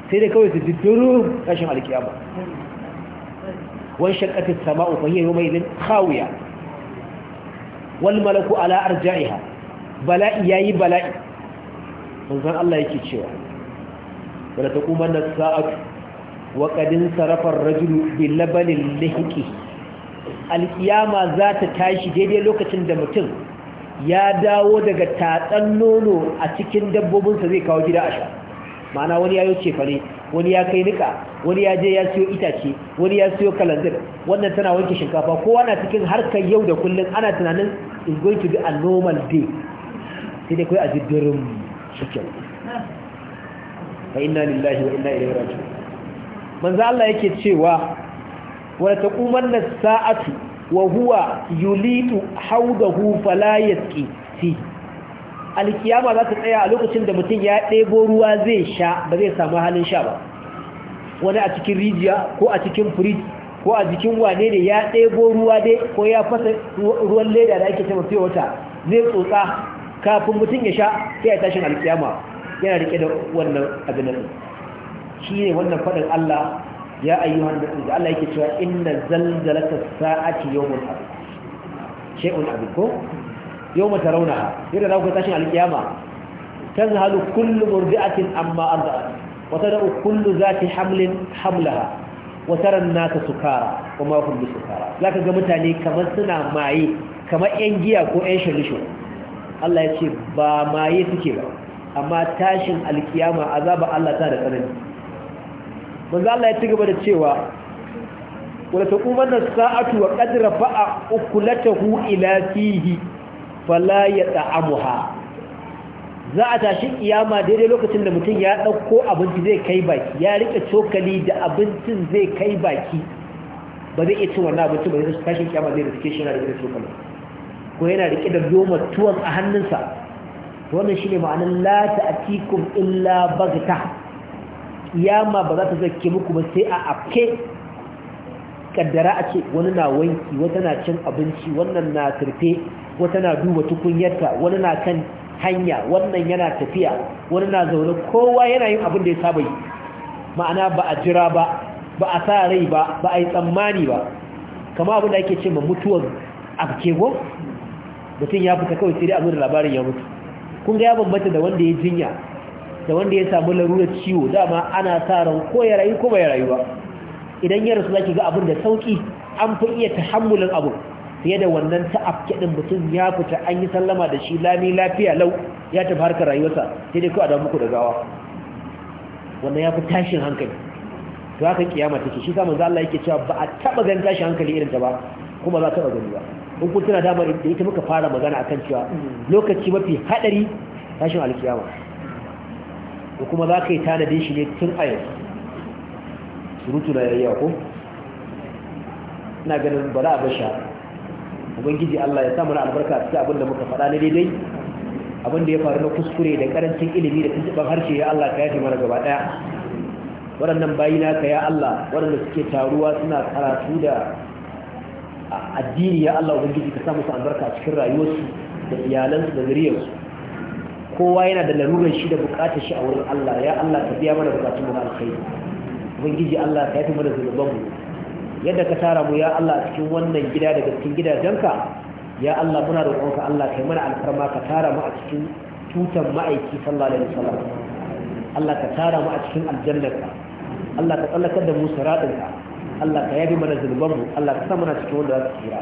sai dai kawai su ci duru tashin alkiyama wani shakatin sama'u fahiyar yau mai zin khawiya wal malaku ala arja'iha bala'i ya yi bala'i manzon Allah yake cewa wala taquma na saatu wa qad sarrafar rajulu bi labani lahiƙi alƙiyama za ta tashi daidai lokacin da mutum ya dawo daga tatsan nono a cikin dabbobinsa zai kawo gida a sha ma'ana wani ya yi cefane wani ya kai nika wani ya je ya siyo itace wani ya siyo kalandir wannan tana wanke shinkafa kowa na cikin harkar yau da kullum ana tunanin is going to be a normal day sai dai kawai a ji durin shi kyau lillahi wa inna ilaihi raji'un manzo Allah yake cewa wa na sa'atu wa huwa yulitu haudahu fala yasqi fi alkiyama za ta tsaya a lokacin da mutum ya ɗebo ruwa zai sha ba zai samu halin sha ba wani a cikin rijiya ko a cikin firij ko a jikin wane ne ya ɗebo ruwa dai ko ya fasa ruwan leda da ake cewa wata zai tsotsa kafin mutum ya sha sai ya tashin alkiyama yana rike da wannan abin nan shi ne wannan faɗin Allah ya ayyuhan da da Allah yake cewa inna zalzalata sa'ati yawmul abid shay'un abin ko yawma tarawnaha idan za ku tashin alkiyama tazhalu kullu murdi'atin amma arda'at wa tad'u kullu zati hamlin hamlaha wa tara an-nasa sukara wa ma hum bisukara zaka ga mutane kamar suna maye kamar yan giya ko yan shalishu Allah ya ce ba maye suke ba amma tashin alkiyama azaba Allah ta da tsanani manzo Allah ya ci gaba da cewa wala taqumanna sa'atu wa qad rafa'a ukulatahu ila fihi fala yata'amuha za a tashi kiyama daidai lokacin da mutum ya dauko abinci zai kai baki ya rike cokali da abincin zai kai baki ba zai iya cin wannan abinci ba zai tashi kiyama zai rike shi na da cokali ko yana rike da doma tuwon a hannunsa wannan shine ma'anar la ta'tikum illa bagta ma ba za ta zake muku ba sai a afke kaddara a ce wani na wanki wata na cin abinci wannan na turfe wata na duba tukunyarta wani na kan hanya wannan yana tafiya wani na zaune kowa yana yin abin da ya saba yi ma'ana ba a jira ba ba a sa rai ba ba a yi tsammani ba kama abin da ake ce ma mutuwar afkego mutum ya fita kawai sai dai a da labarin ya mutu kun ga ya bambanta da wanda ya jinya da wanda ya samu larurar ciwo dama ana sa ran ko ya rayu ko bai rayu ba idan ya rasu zaki ga abin da sauki an fi iya tahammulin abu fiye da wannan ta'afke din mutum ya fita an yi sallama da shi lami lafiya lau ya tafi harkar rayuwarsa sai dai kawai a damu muku da gawa wannan ya fi tashin hankali to haka kiyama take shi sa manzo Allah yake cewa ba a taba ganin tashin hankali irin ta ba kuma za ta taba gani ba in kun tuna damar da ita muka fara magana akan cewa lokaci mafi hadari tashin alkiyama da kuma za ka yi tanadin shi ne tun a yanzu surutu na yayya ko ina ganin bara a basha ubangiji Allah ya sa mana albarka a cikin abin da muka faɗa na daidai abin da ya faru na kuskure da karancin ilimi da tuntuɓar harshe ya Allah ka yafe mana gaba ɗaya waɗannan bayina ka ya Allah waɗanda suke taruwa suna karatu da addini ya Allah ubangiji ka sa musu albarka a cikin rayuwarsu da iyalansu da zuriyarsu kowa yana da larurar shi da bukatar shi a wurin Allah ya Allah ka biya mana bukatun mu na alkhairi ubangiji Allah ka yafi mana zunuban mu yadda ka tara mu ya Allah cikin wannan gida daga cikin gidajenka ya Allah muna roƙonka Allah yi mana alfarma ka tara mu a cikin tutan ma'aiki sallallahu alaihi wasallam Allah ka tara mu a cikin aljannarka Allah ka tsallakar da mu saradinka. Allah ka yabi mana zunubanmu Allah ka sa mana cikin wanda za su tsira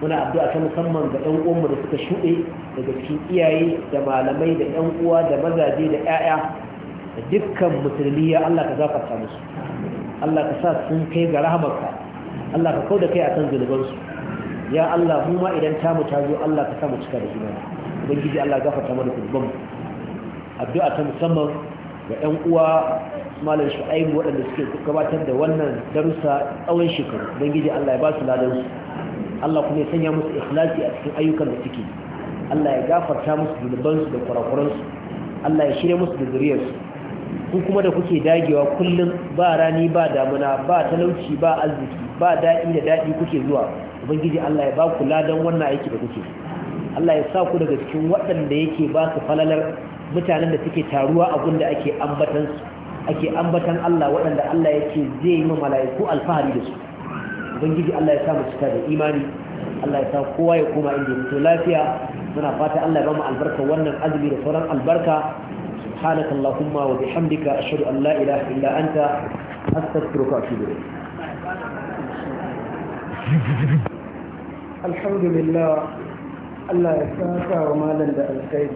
muna addu'a ta musamman ga ɗan uwanmu da suka shuɗe daga cikin iyaye da malamai da ɗan uwa da mazaje da ƴaƴa da dukkan musulmi ya Allah ka gafarta musu Allah ka sa sun kai ga rahamarka Allah ka kauda kai akan zunubansu ya Allah mu ma idan ta mu ta zo Allah ka sa mu cika da imani ubangiji Allah gafarta mana zunubanmu addu'a ta musamman ga ɗan uwa malam shu'aibu waɗanda suke gabatar da wannan darussa tsawon shekaru don gidi Allah ya ba su Allah kuma ya sanya musu ikhlasi a cikin ayyukan da suke Allah ya gafarta musu zunubansu da kurakuransu Allah ya shirya musu da zuriyarsu ku kuma da kuke dagewa kullum ba rani ba damuna ba talauci ba arziki ba daɗi da daɗi kuke zuwa ubangiji Allah ya ba ku ladan wannan aiki da kuke Allah ya sa ku daga cikin waɗanda yake ba su falalar mutanen da suke taruwa a gunda ake ambatansu ake ambatan Allah waɗanda Allah yake zai yi mala'iku alfahari da su ubangiji Allah ya samu cika da imani Allah ya sa kowa ya koma inda ya fito lafiya muna fata Allah ya ba albarka wannan azumi da sauran albarka سبحانك اللهم وبحمدك أشهد أن لا إله إلا أنت أستغفرك وأتوب إليك الحمد Alhamdulillah, Allah ya saka wa malam da alkhairi